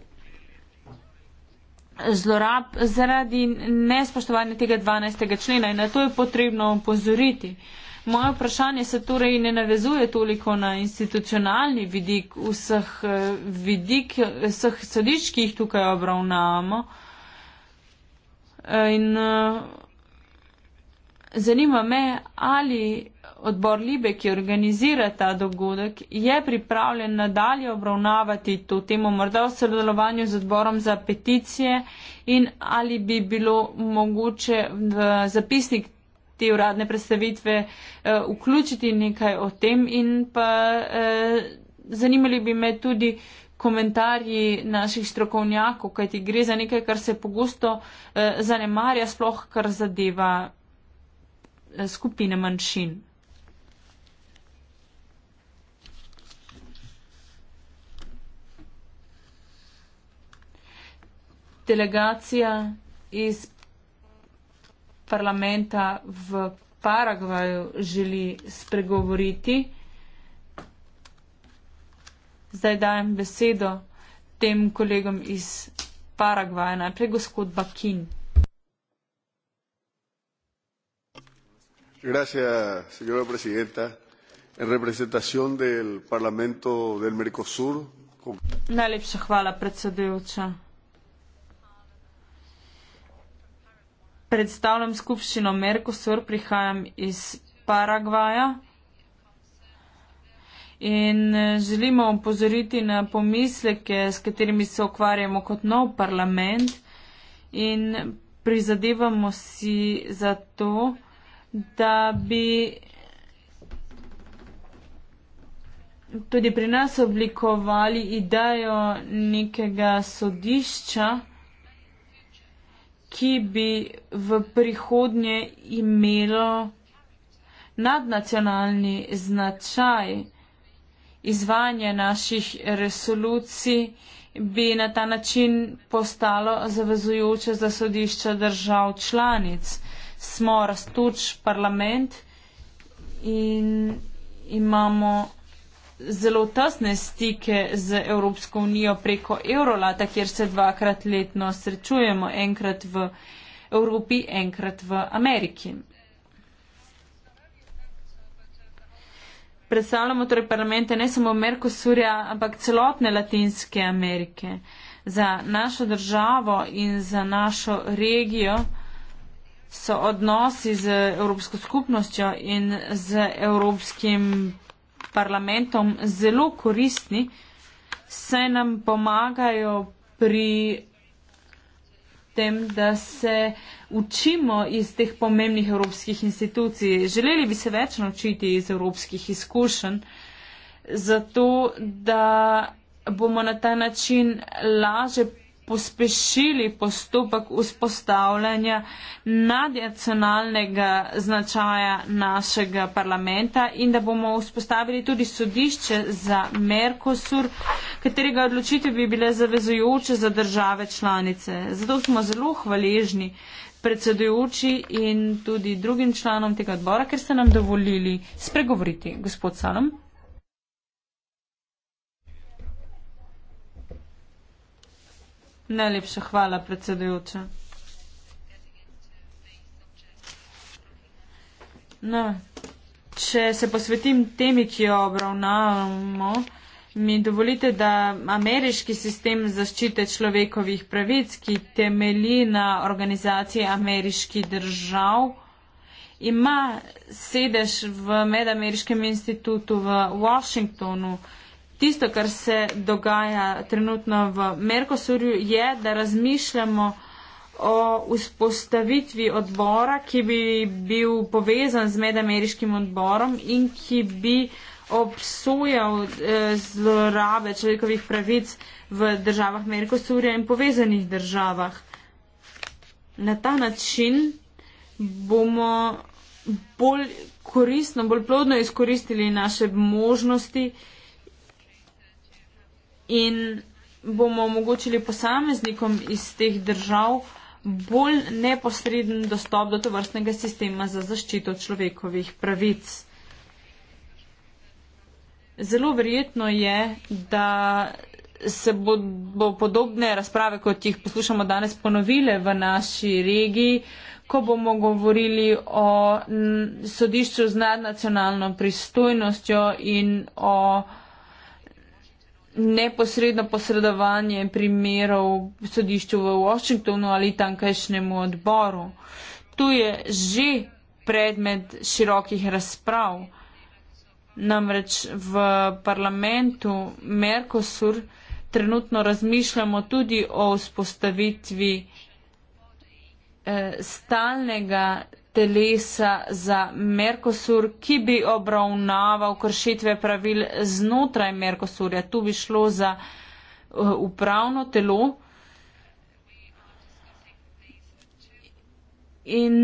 zlorab zaradi nespoštovanja tega 12. člena in na to je potrebno upozoriti. Eh, Moje vprašanje se torej ne navezuje toliko na institucionalni vidik vseh eh, vidik, eh, vseh sodišč, ki jih tukaj obravnavamo. Eh, in zanima me, ali odbor Libe, ki organizira ta dogodek, je pripravljen nadalje obravnavati to temo, morda v sodelovanju z odborom za peticije in ali bi bilo mogoče v zapisnik te uradne predstavitve eh, vključiti nekaj o tem in pa eh, zanimali bi me tudi komentarji naših strokovnjakov, kajti gre za nekaj, kar se pogosto eh, zanemarja, sploh kar zadeva eh, skupine manjšin. Delegacija iz parlamenta v Paragvaju želi spregovoriti. Zdaj dajem besedo tem kolegom iz Paragvaja, najprej gospod Bakin. Gracias, señora presidenta. En representación del Parlamento del Mercosur. Najlepša hvala, predsedujoča. predstavljam skupščino Merkosur, prihajam iz Paragvaja in eh, želimo upozoriti na pomisleke, s katerimi se ukvarjamo kot nov parlament in prizadevamo si za to, da bi tudi pri nas oblikovali idejo nekega sodišča, ki bi v prihodnje imelo nadnacionalni značaj izvanje naših resolucij, bi na ta način postalo zavezujoče za sodišča držav članic. Smo rastuč parlament in imamo zelo tesne stike z Evropsko unijo preko Eurolata, kjer se dvakrat letno srečujemo, enkrat v Evropi, enkrat v Ameriki. Predstavljamo torej parlamente ne samo Merkosurja, ampak celotne Latinske Amerike. Za našo državo in za našo regijo so odnosi z Evropsko skupnostjo in z Evropskim parlamentom zelo koristni, saj nam pomagajo pri tem, da se učimo iz teh pomembnih evropskih institucij. Želeli bi se več naučiti iz evropskih izkušenj, zato da bomo na ta način laže pospešili postopek vzpostavljanja nadnacionalnega značaja našega parlamenta in da bomo vzpostavili tudi sodišče za Merkosur, katerega odločitev bi bile zavezujoče za države članice. Zato smo zelo hvaležni predsedujoči in tudi drugim članom tega odbora, ker ste nam dovolili spregovoriti. Gospod Salom. Najlepša hvala, predsedujoča. No, če se posvetim temi, ki jo obravnavamo, mi dovolite, da ameriški sistem zaščite človekovih pravic, ki temelji na organizaciji ameriški držav, ima sedež v Medameriškem institutu v Washingtonu tisto, kar se dogaja trenutno v Merkosurju, je, da razmišljamo o vzpostavitvi odbora, ki bi bil povezan z medameriškim odborom in ki bi obsojal eh, zlorabe človekovih pravic v državah Merkosurja in povezanih državah. Na ta način bomo bolj koristno, bolj plodno izkoristili naše možnosti eh, in bomo omogočili posameznikom iz teh držav bolj neposreden dostop do tovrstnega sistema za zaščito človekovih pravic. Zelo verjetno je, da se bo, bo podobne razprave, kot jih poslušamo danes, ponovile v naši regiji, ko bomo govorili o sodišču z nadnacionalno pristojnostjo in o neposredno posredovanje primerov v sodišču v Washingtonu ali tamkajšnjemu odboru. Tu je že predmet širokih razprav. Namreč v parlamentu Mercosur trenutno razmišljamo tudi o vzpostavitvi eh, stalnega telesa za Merkosur, ki bi obravnaval kršitve pravil znotraj Merkosurja. Tu bi šlo za eh, upravno telo. In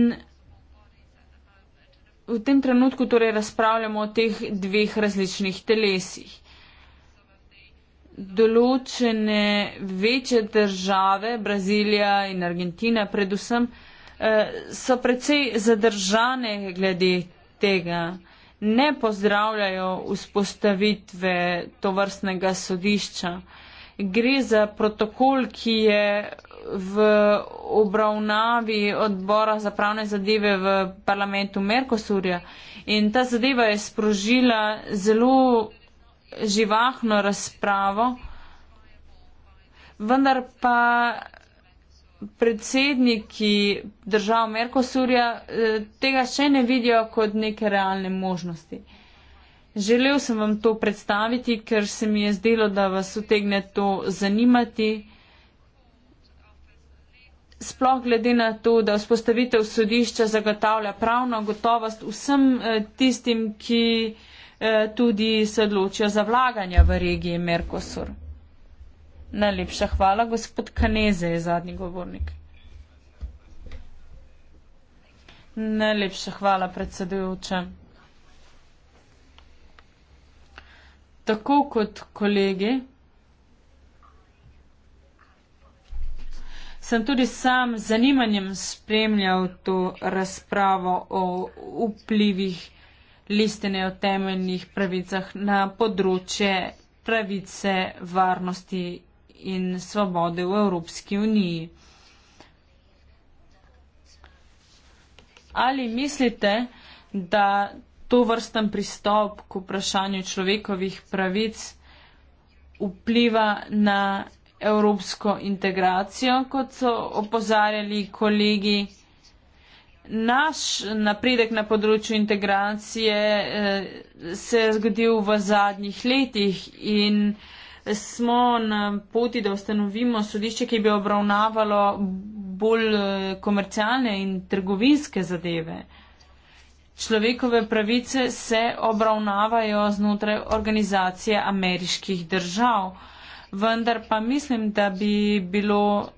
v tem trenutku torej razpravljamo o teh dveh različnih telesih. Določene večje države, Brazilija in Argentina predvsem, Eh, so precej zadržane glede tega. Ne pozdravljajo vzpostavitve tovrstnega sodišča. Gre za protokol, ki je v obravnavi odbora za pravne zadeve v parlamentu Merkosurja in ta zadeva je sprožila zelo živahno razpravo, vendar pa predsedniki držav Merkosurja eh, tega še ne vidijo kot neke realne možnosti. Želel sem vam to predstaviti, ker se mi je zdelo, da vas utegne to zanimati. Sploh glede na to, da vzpostavitev sodišča zagotavlja pravno gotovost vsem eh, tistim, ki eh, tudi se odločijo za vlaganja v regiji Merkosur. Najlepša hvala, gospod Kaneze je zadnji govornik. Najlepša hvala, predsedujoča. Tako kot kolegi, sem tudi sam zanimanjem spremljal to razpravo o vplivih listine o temeljnih pravicah na področje pravice, varnosti in svobode v Evropski uniji. Ali mislite, da to vrsten pristop k vprašanju človekovih pravic vpliva na evropsko integracijo, kot so opozarjali kolegi? Naš napredek na področju integracije eh, se je zgodil v zadnjih letih in smo na poti, da ustanovimo sodišče, ki bi obravnavalo bolj eh, komercialne in trgovinske zadeve. Človekove pravice se obravnavajo znotraj organizacije ameriških držav, vendar pa mislim, da bi bilo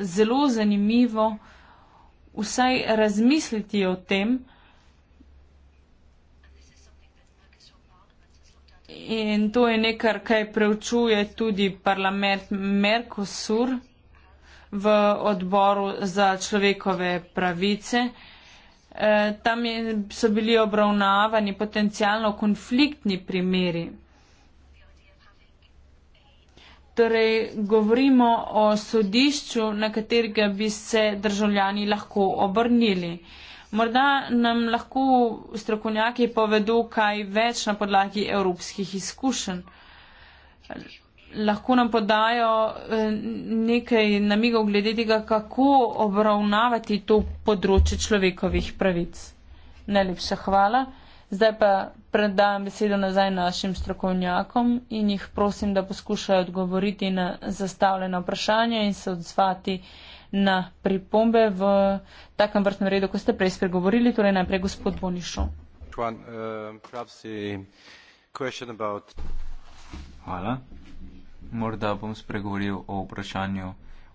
zelo zanimivo vsaj razmisliti o tem, in to je nekaj, kaj preučuje tudi parlament Merkosur v odboru za človekove pravice. E, tam je, so bili obravnavani potencijalno konfliktni primeri. Torej, govorimo o sodišču, na katerega bi se državljani lahko obrnili. E, Morda nam lahko strokovnjaki povedo kaj več na podlagi evropskih izkušenj. Lahko nam podajo eh, nekaj namigov glede tega, kako obravnavati to področje človekovih pravic. Najlepša hvala. Zdaj pa predajam besedo nazaj našim strokovnjakom in jih prosim, da poskušajo odgovoriti na zastavljena vprašanja in se odzvati na pripombe v takem vrstnem redu, ko ste prej spregovorili, torej najprej gospod Bonišo. Eh, Hvala. Morda bom spregovoril o vprašanju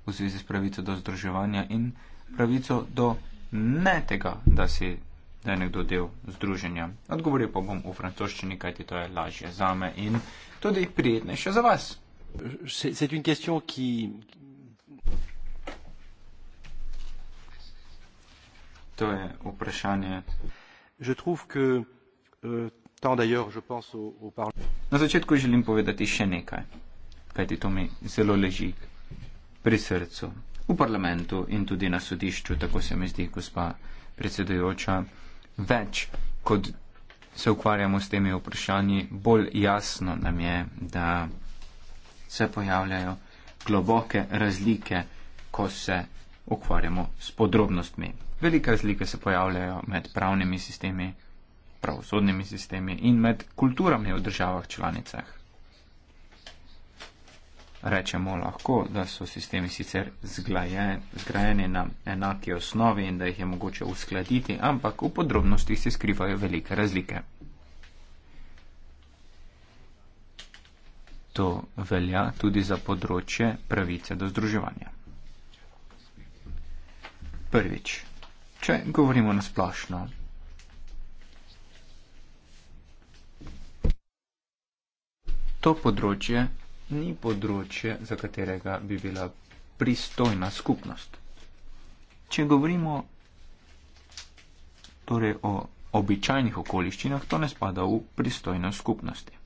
v zvezi s pravico do združevanja in pravico do ne tega, da si da je nekdo del združenja. Odgovoril pa bom v francoščini, kajti to je lažje zame in tudi prijetnejše za vas. C'est une question qui, To je vprašanje. Je trouve que euh, tant d'ailleurs je pense au, au parlement. Na začetku želim povedati še nekaj, kajti to mi zelo leži pri srcu. V parlamentu in tudi na sodišču, tako se mi zdi, gospa predsedujoča, več kot se ukvarjamo s temi vprašanji, bolj jasno nam je, da se pojavljajo globoke razlike, ko se ukvarjamo s podrobnostmi. Velike razlike se pojavljajo med pravnimi sistemi, pravosodnimi sistemi in med kulturami v državah članicah. Rečemo lahko, da so sistemi sicer zgrajeni na enaki osnovi in da jih je mogoče uskladiti, ampak v podrobnostih se skrivajo velike razlike. To velja tudi za področje pravice do združevanja. Prvič, Če govorimo na splošno. To področje ni področje, za katerega bi bila pristojna skupnost. Če govorimo torej o običajnih okoliščinah, to ne spada v pristojnost skupnosti.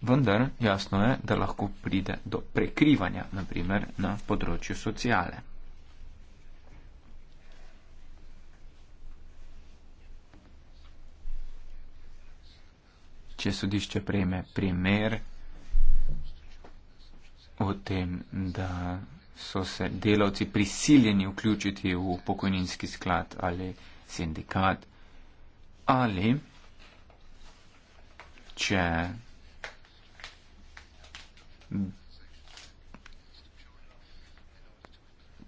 vendar jasno je, da lahko pride do prekrivanja, naprimer na področju sociale. Če sodišče prejme primer o tem, da so se delavci prisiljeni vključiti v pokojninski sklad ali sindikat, ali če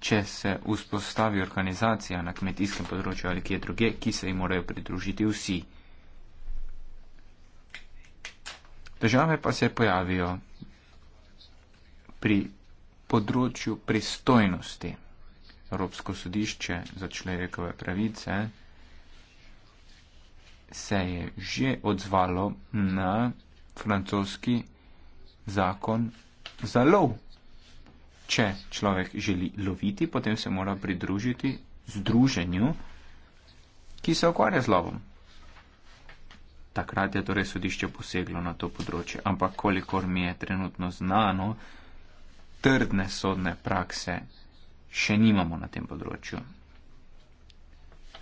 če se vzpostavi organizacija na kmetijskem področju ali kje druge, ki se jim morajo pridružiti vsi. Države pa se pojavijo pri področju pristojnosti. Evropsko sodišče za človekove pravice se je že odzvalo na francoski zakon za lov. Če človek želi loviti, potem se mora pridružiti združenju, ki se okvarja z lovom. Takrat je torej sodišče poseglo na to področje, ampak kolikor mi je trenutno znano, trdne sodne prakse še nimamo na tem področju.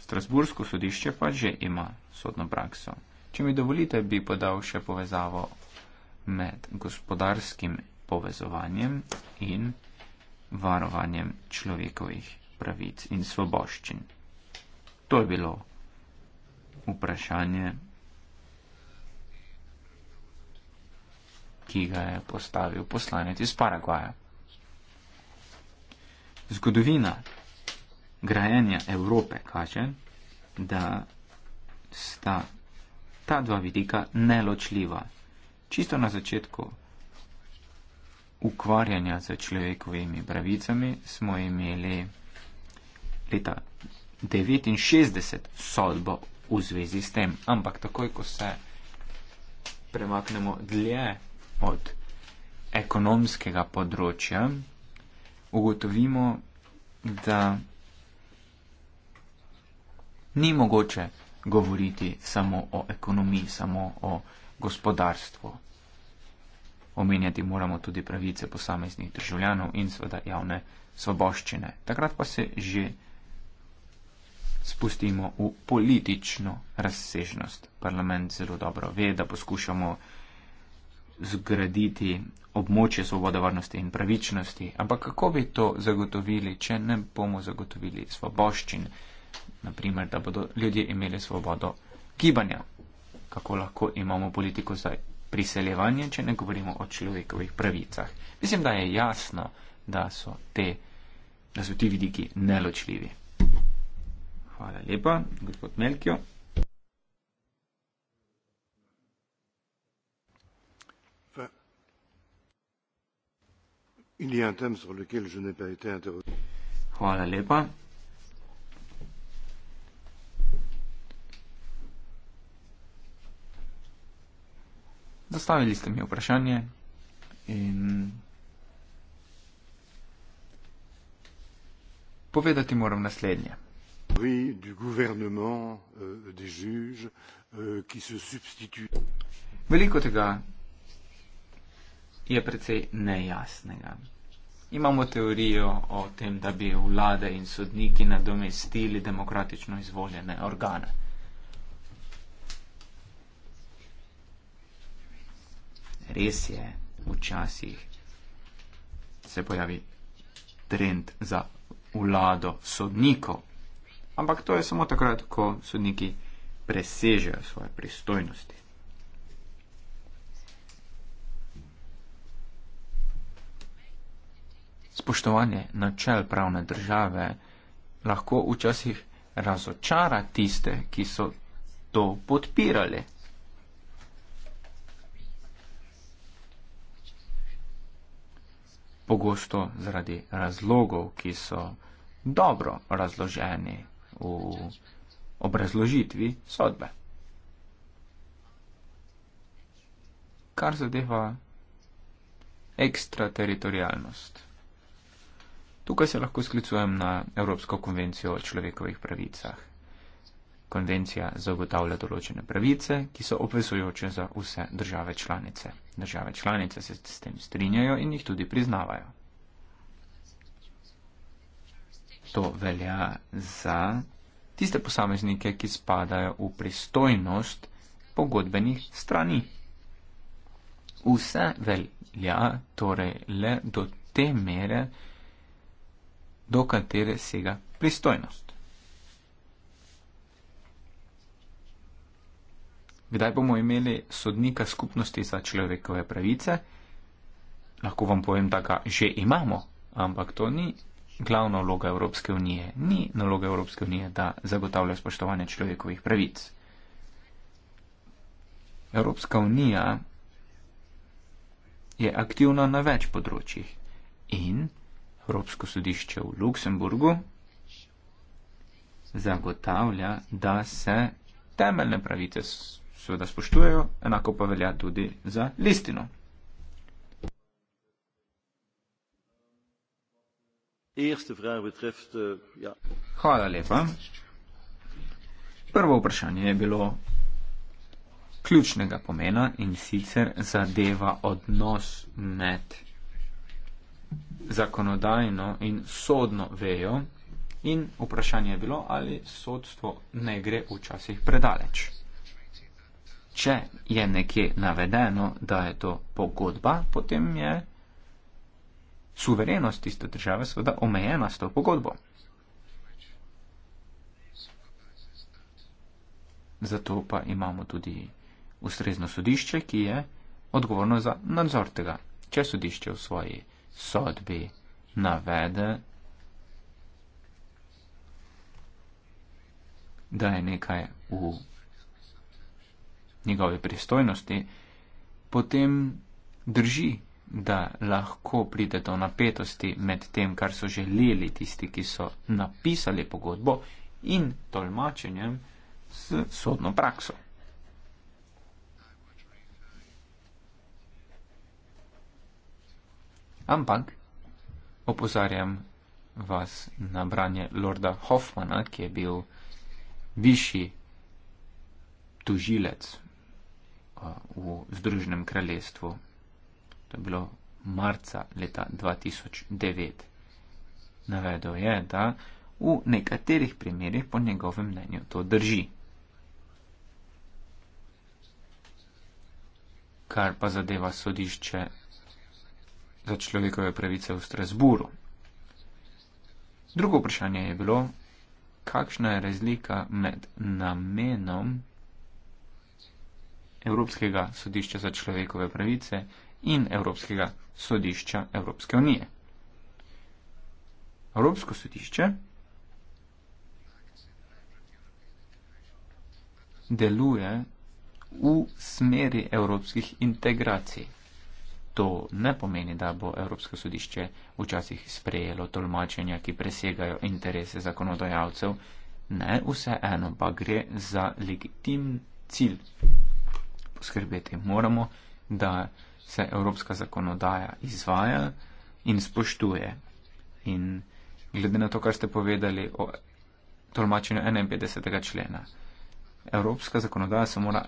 Strasbursko sodišče pa že ima sodno prakso. Če mi dovolite, bi podal še povezavo med gospodarskim povezovanjem in varovanjem človekovih pravic in svoboščin. To je bilo vprašanje, ki ga je postavil poslanec iz Paragvaja. Zgodovina grajenja Evrope kaže, da sta ta dva vidika neločljiva čisto na začetku ukvarjanja z človekovimi pravicami smo imeli leta 69 sodbo v zvezi s tem, ampak takoj, ko se premaknemo dlje od ekonomskega področja, ugotovimo, da ni mogoče govoriti samo o ekonomiji, samo o gospodarstvu. Omenjati moramo tudi pravice posameznih državljanov in seveda javne svoboščine. Takrat pa se že spustimo v politično razsežnost. Parlament zelo dobro ve, da poskušamo zgraditi območje svobode, varnosti in pravičnosti. Ampak kako bi to zagotovili, če ne bomo zagotovili svoboščin, naprimer, da bodo ljudje imeli svobodo gibanja? kako lahko imamo politiko za priseljevanje, če ne govorimo o človekovih pravicah. Mislim, da je jasno, da so, te, da so ti vidiki neločljivi. Hvala lepa, gospod Melkjo. Hvala lepa. Zastavili ste mi vprašanje in povedati moram naslednje. Oui, du gouvernement, euh, des juges, euh, qui se substituent. Veliko tega je precej nejasnega. Imamo teorijo o tem, da bi vlade in sodniki nadomestili demokratično izvoljene organe. res je, včasih se pojavi trend za vlado sodnikov. Ampak to je samo takrat, ko sodniki presežejo svoje pristojnosti. Spoštovanje načel pravne države lahko včasih razočara tiste, ki so to podpirali. pogosto zaradi razlogov, ki so dobro razloženi v obrazložitvi sodbe. Kar zadeva ekstrateritorijalnost. Tukaj se lahko sklicujem na Evropsko konvencijo o človekovih pravicah. Konvencija zagotavlja določene pravice, ki so obvezujoče za vse države članice. Države članice se s tem strinjajo in jih tudi priznavajo. To velja za tiste posameznike, ki spadajo v pristojnost pogodbenih strani. Vse velja torej le do te mere, do katere sega pristojnost. kdaj bomo imeli sodnika skupnosti za človekove pravice. Lahko vam povem, da ga že imamo, ampak to ni glavna vloga Evropske unije. Ni naloga Evropske unije, da zagotavlja spoštovanje človekovih pravic. Evropska unija je aktivna na več področjih in Evropsko sodišče v Luksemburgu zagotavlja, da se temeljne pravice seveda spoštujejo, enako pa velja tudi za listino. Eh, ja. Hvala lepa. Prvo vprašanje je bilo ključnega pomena in sicer zadeva odnos med zakonodajno in sodno vejo in vprašanje je bilo, ali sodstvo ne gre včasih predaleč če je nekje navedeno, da je to pogodba, potem je suverenost tiste države seveda omejena s to pogodbo. Zato pa imamo tudi ustrezno sodišče, ki je odgovorno za nadzor tega. Če sodišče v svoji sodbi navede, da je nekaj v njegove pristojnosti, potem drži, da lahko pride do napetosti med tem, kar so želeli tisti, ki so napisali pogodbo in tolmačenjem s sodno prakso. Ampak opozarjam vas na branje Lorda Hoffmana, ki je bil višji tužilec Eh, v Združenem kraljestvu. To je bilo marca leta 2009. Navedel je, da v nekaterih primerjih po njegovem mnenju to drži. Kar pa zadeva sodišče za človekove pravice v Strasburu. Drugo vprašanje je bilo, kakšna je razlika med namenom Evropskega sodišča za človekove pravice in Evropskega sodišča Evropske unije. Evropsko sodišče deluje v smeri evropskih integracij. To ne pomeni, da bo Evropsko sodišče včasih sprejelo tolmačenja, ki presegajo interese zakonodajalcev. Ne, vseeno pa gre za legitimen cilj poskrbeti. Moramo, da se evropska zakonodaja izvaja in spoštuje. In glede na to, kar ste povedali o tolmačenju 51. člena, evropska zakonodaja se mora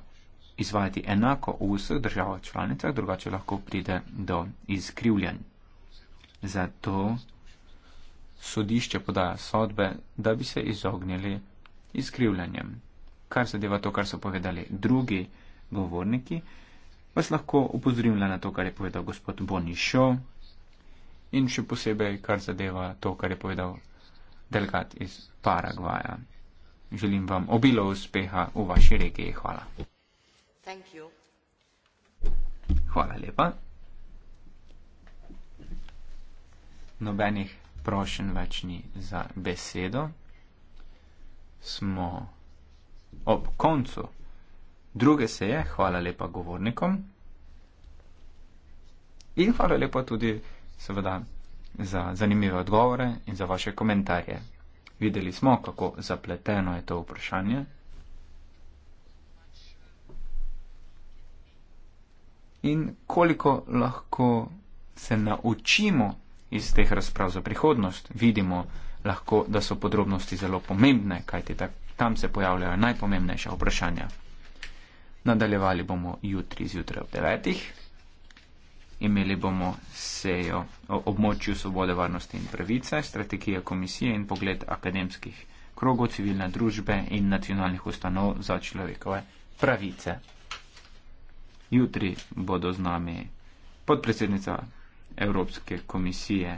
izvajati enako v vseh državah članicah, drugače lahko pride do izkrivljanj. Zato sodišče podaja sodbe, da bi se izognili izkrivljanjem. Kar zadeva to, kar so povedali drugi, govorniki, vas lahko upozorim le na to, kar je povedal gospod Bonišo in še posebej, kar zadeva to, kar je povedal delegat iz Paragvaja. Želim vam obilo uspeha v vaši regiji. Hvala. Hvala lepa. Nobenih prošen več ni za besedo. Smo ob koncu druge se je, hvala lepa govornikom. In hvala lepa tudi, seveda, za zanimive odgovore in za vaše komentarje. Videli smo, kako zapleteno je to vprašanje. In koliko lahko se naučimo iz teh razprav za prihodnost, vidimo lahko, da so podrobnosti zelo pomembne, kajti tam se pojavljajo najpomembnejša vprašanja. Nadaljevali bomo jutri zjutraj ob devetih. Imeli bomo sejo o območju svobode, varnosti in pravice, strategije komisije in pogled akademskih krogov civilne družbe in nacionalnih ustanov za človekove pravice. Jutri bodo z nami podpredsednica Evropske komisije,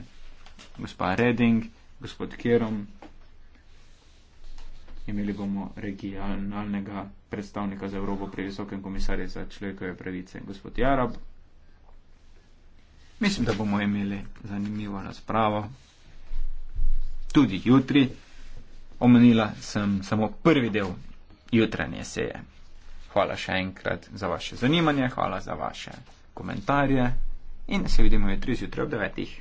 gospa Reding, gospod Kerom. Imeli bomo regionalnega predstavnika za Evropo pri visokem komisarju za človekove pravice, gospod Jarab. Mislim, da bomo imeli zanimivo razpravo tudi jutri. Omenila sem samo prvi del jutranje seje. Hvala še enkrat za vaše zanimanje, hvala za vaše komentarje in se vidimo jutri zjutraj ob devetih.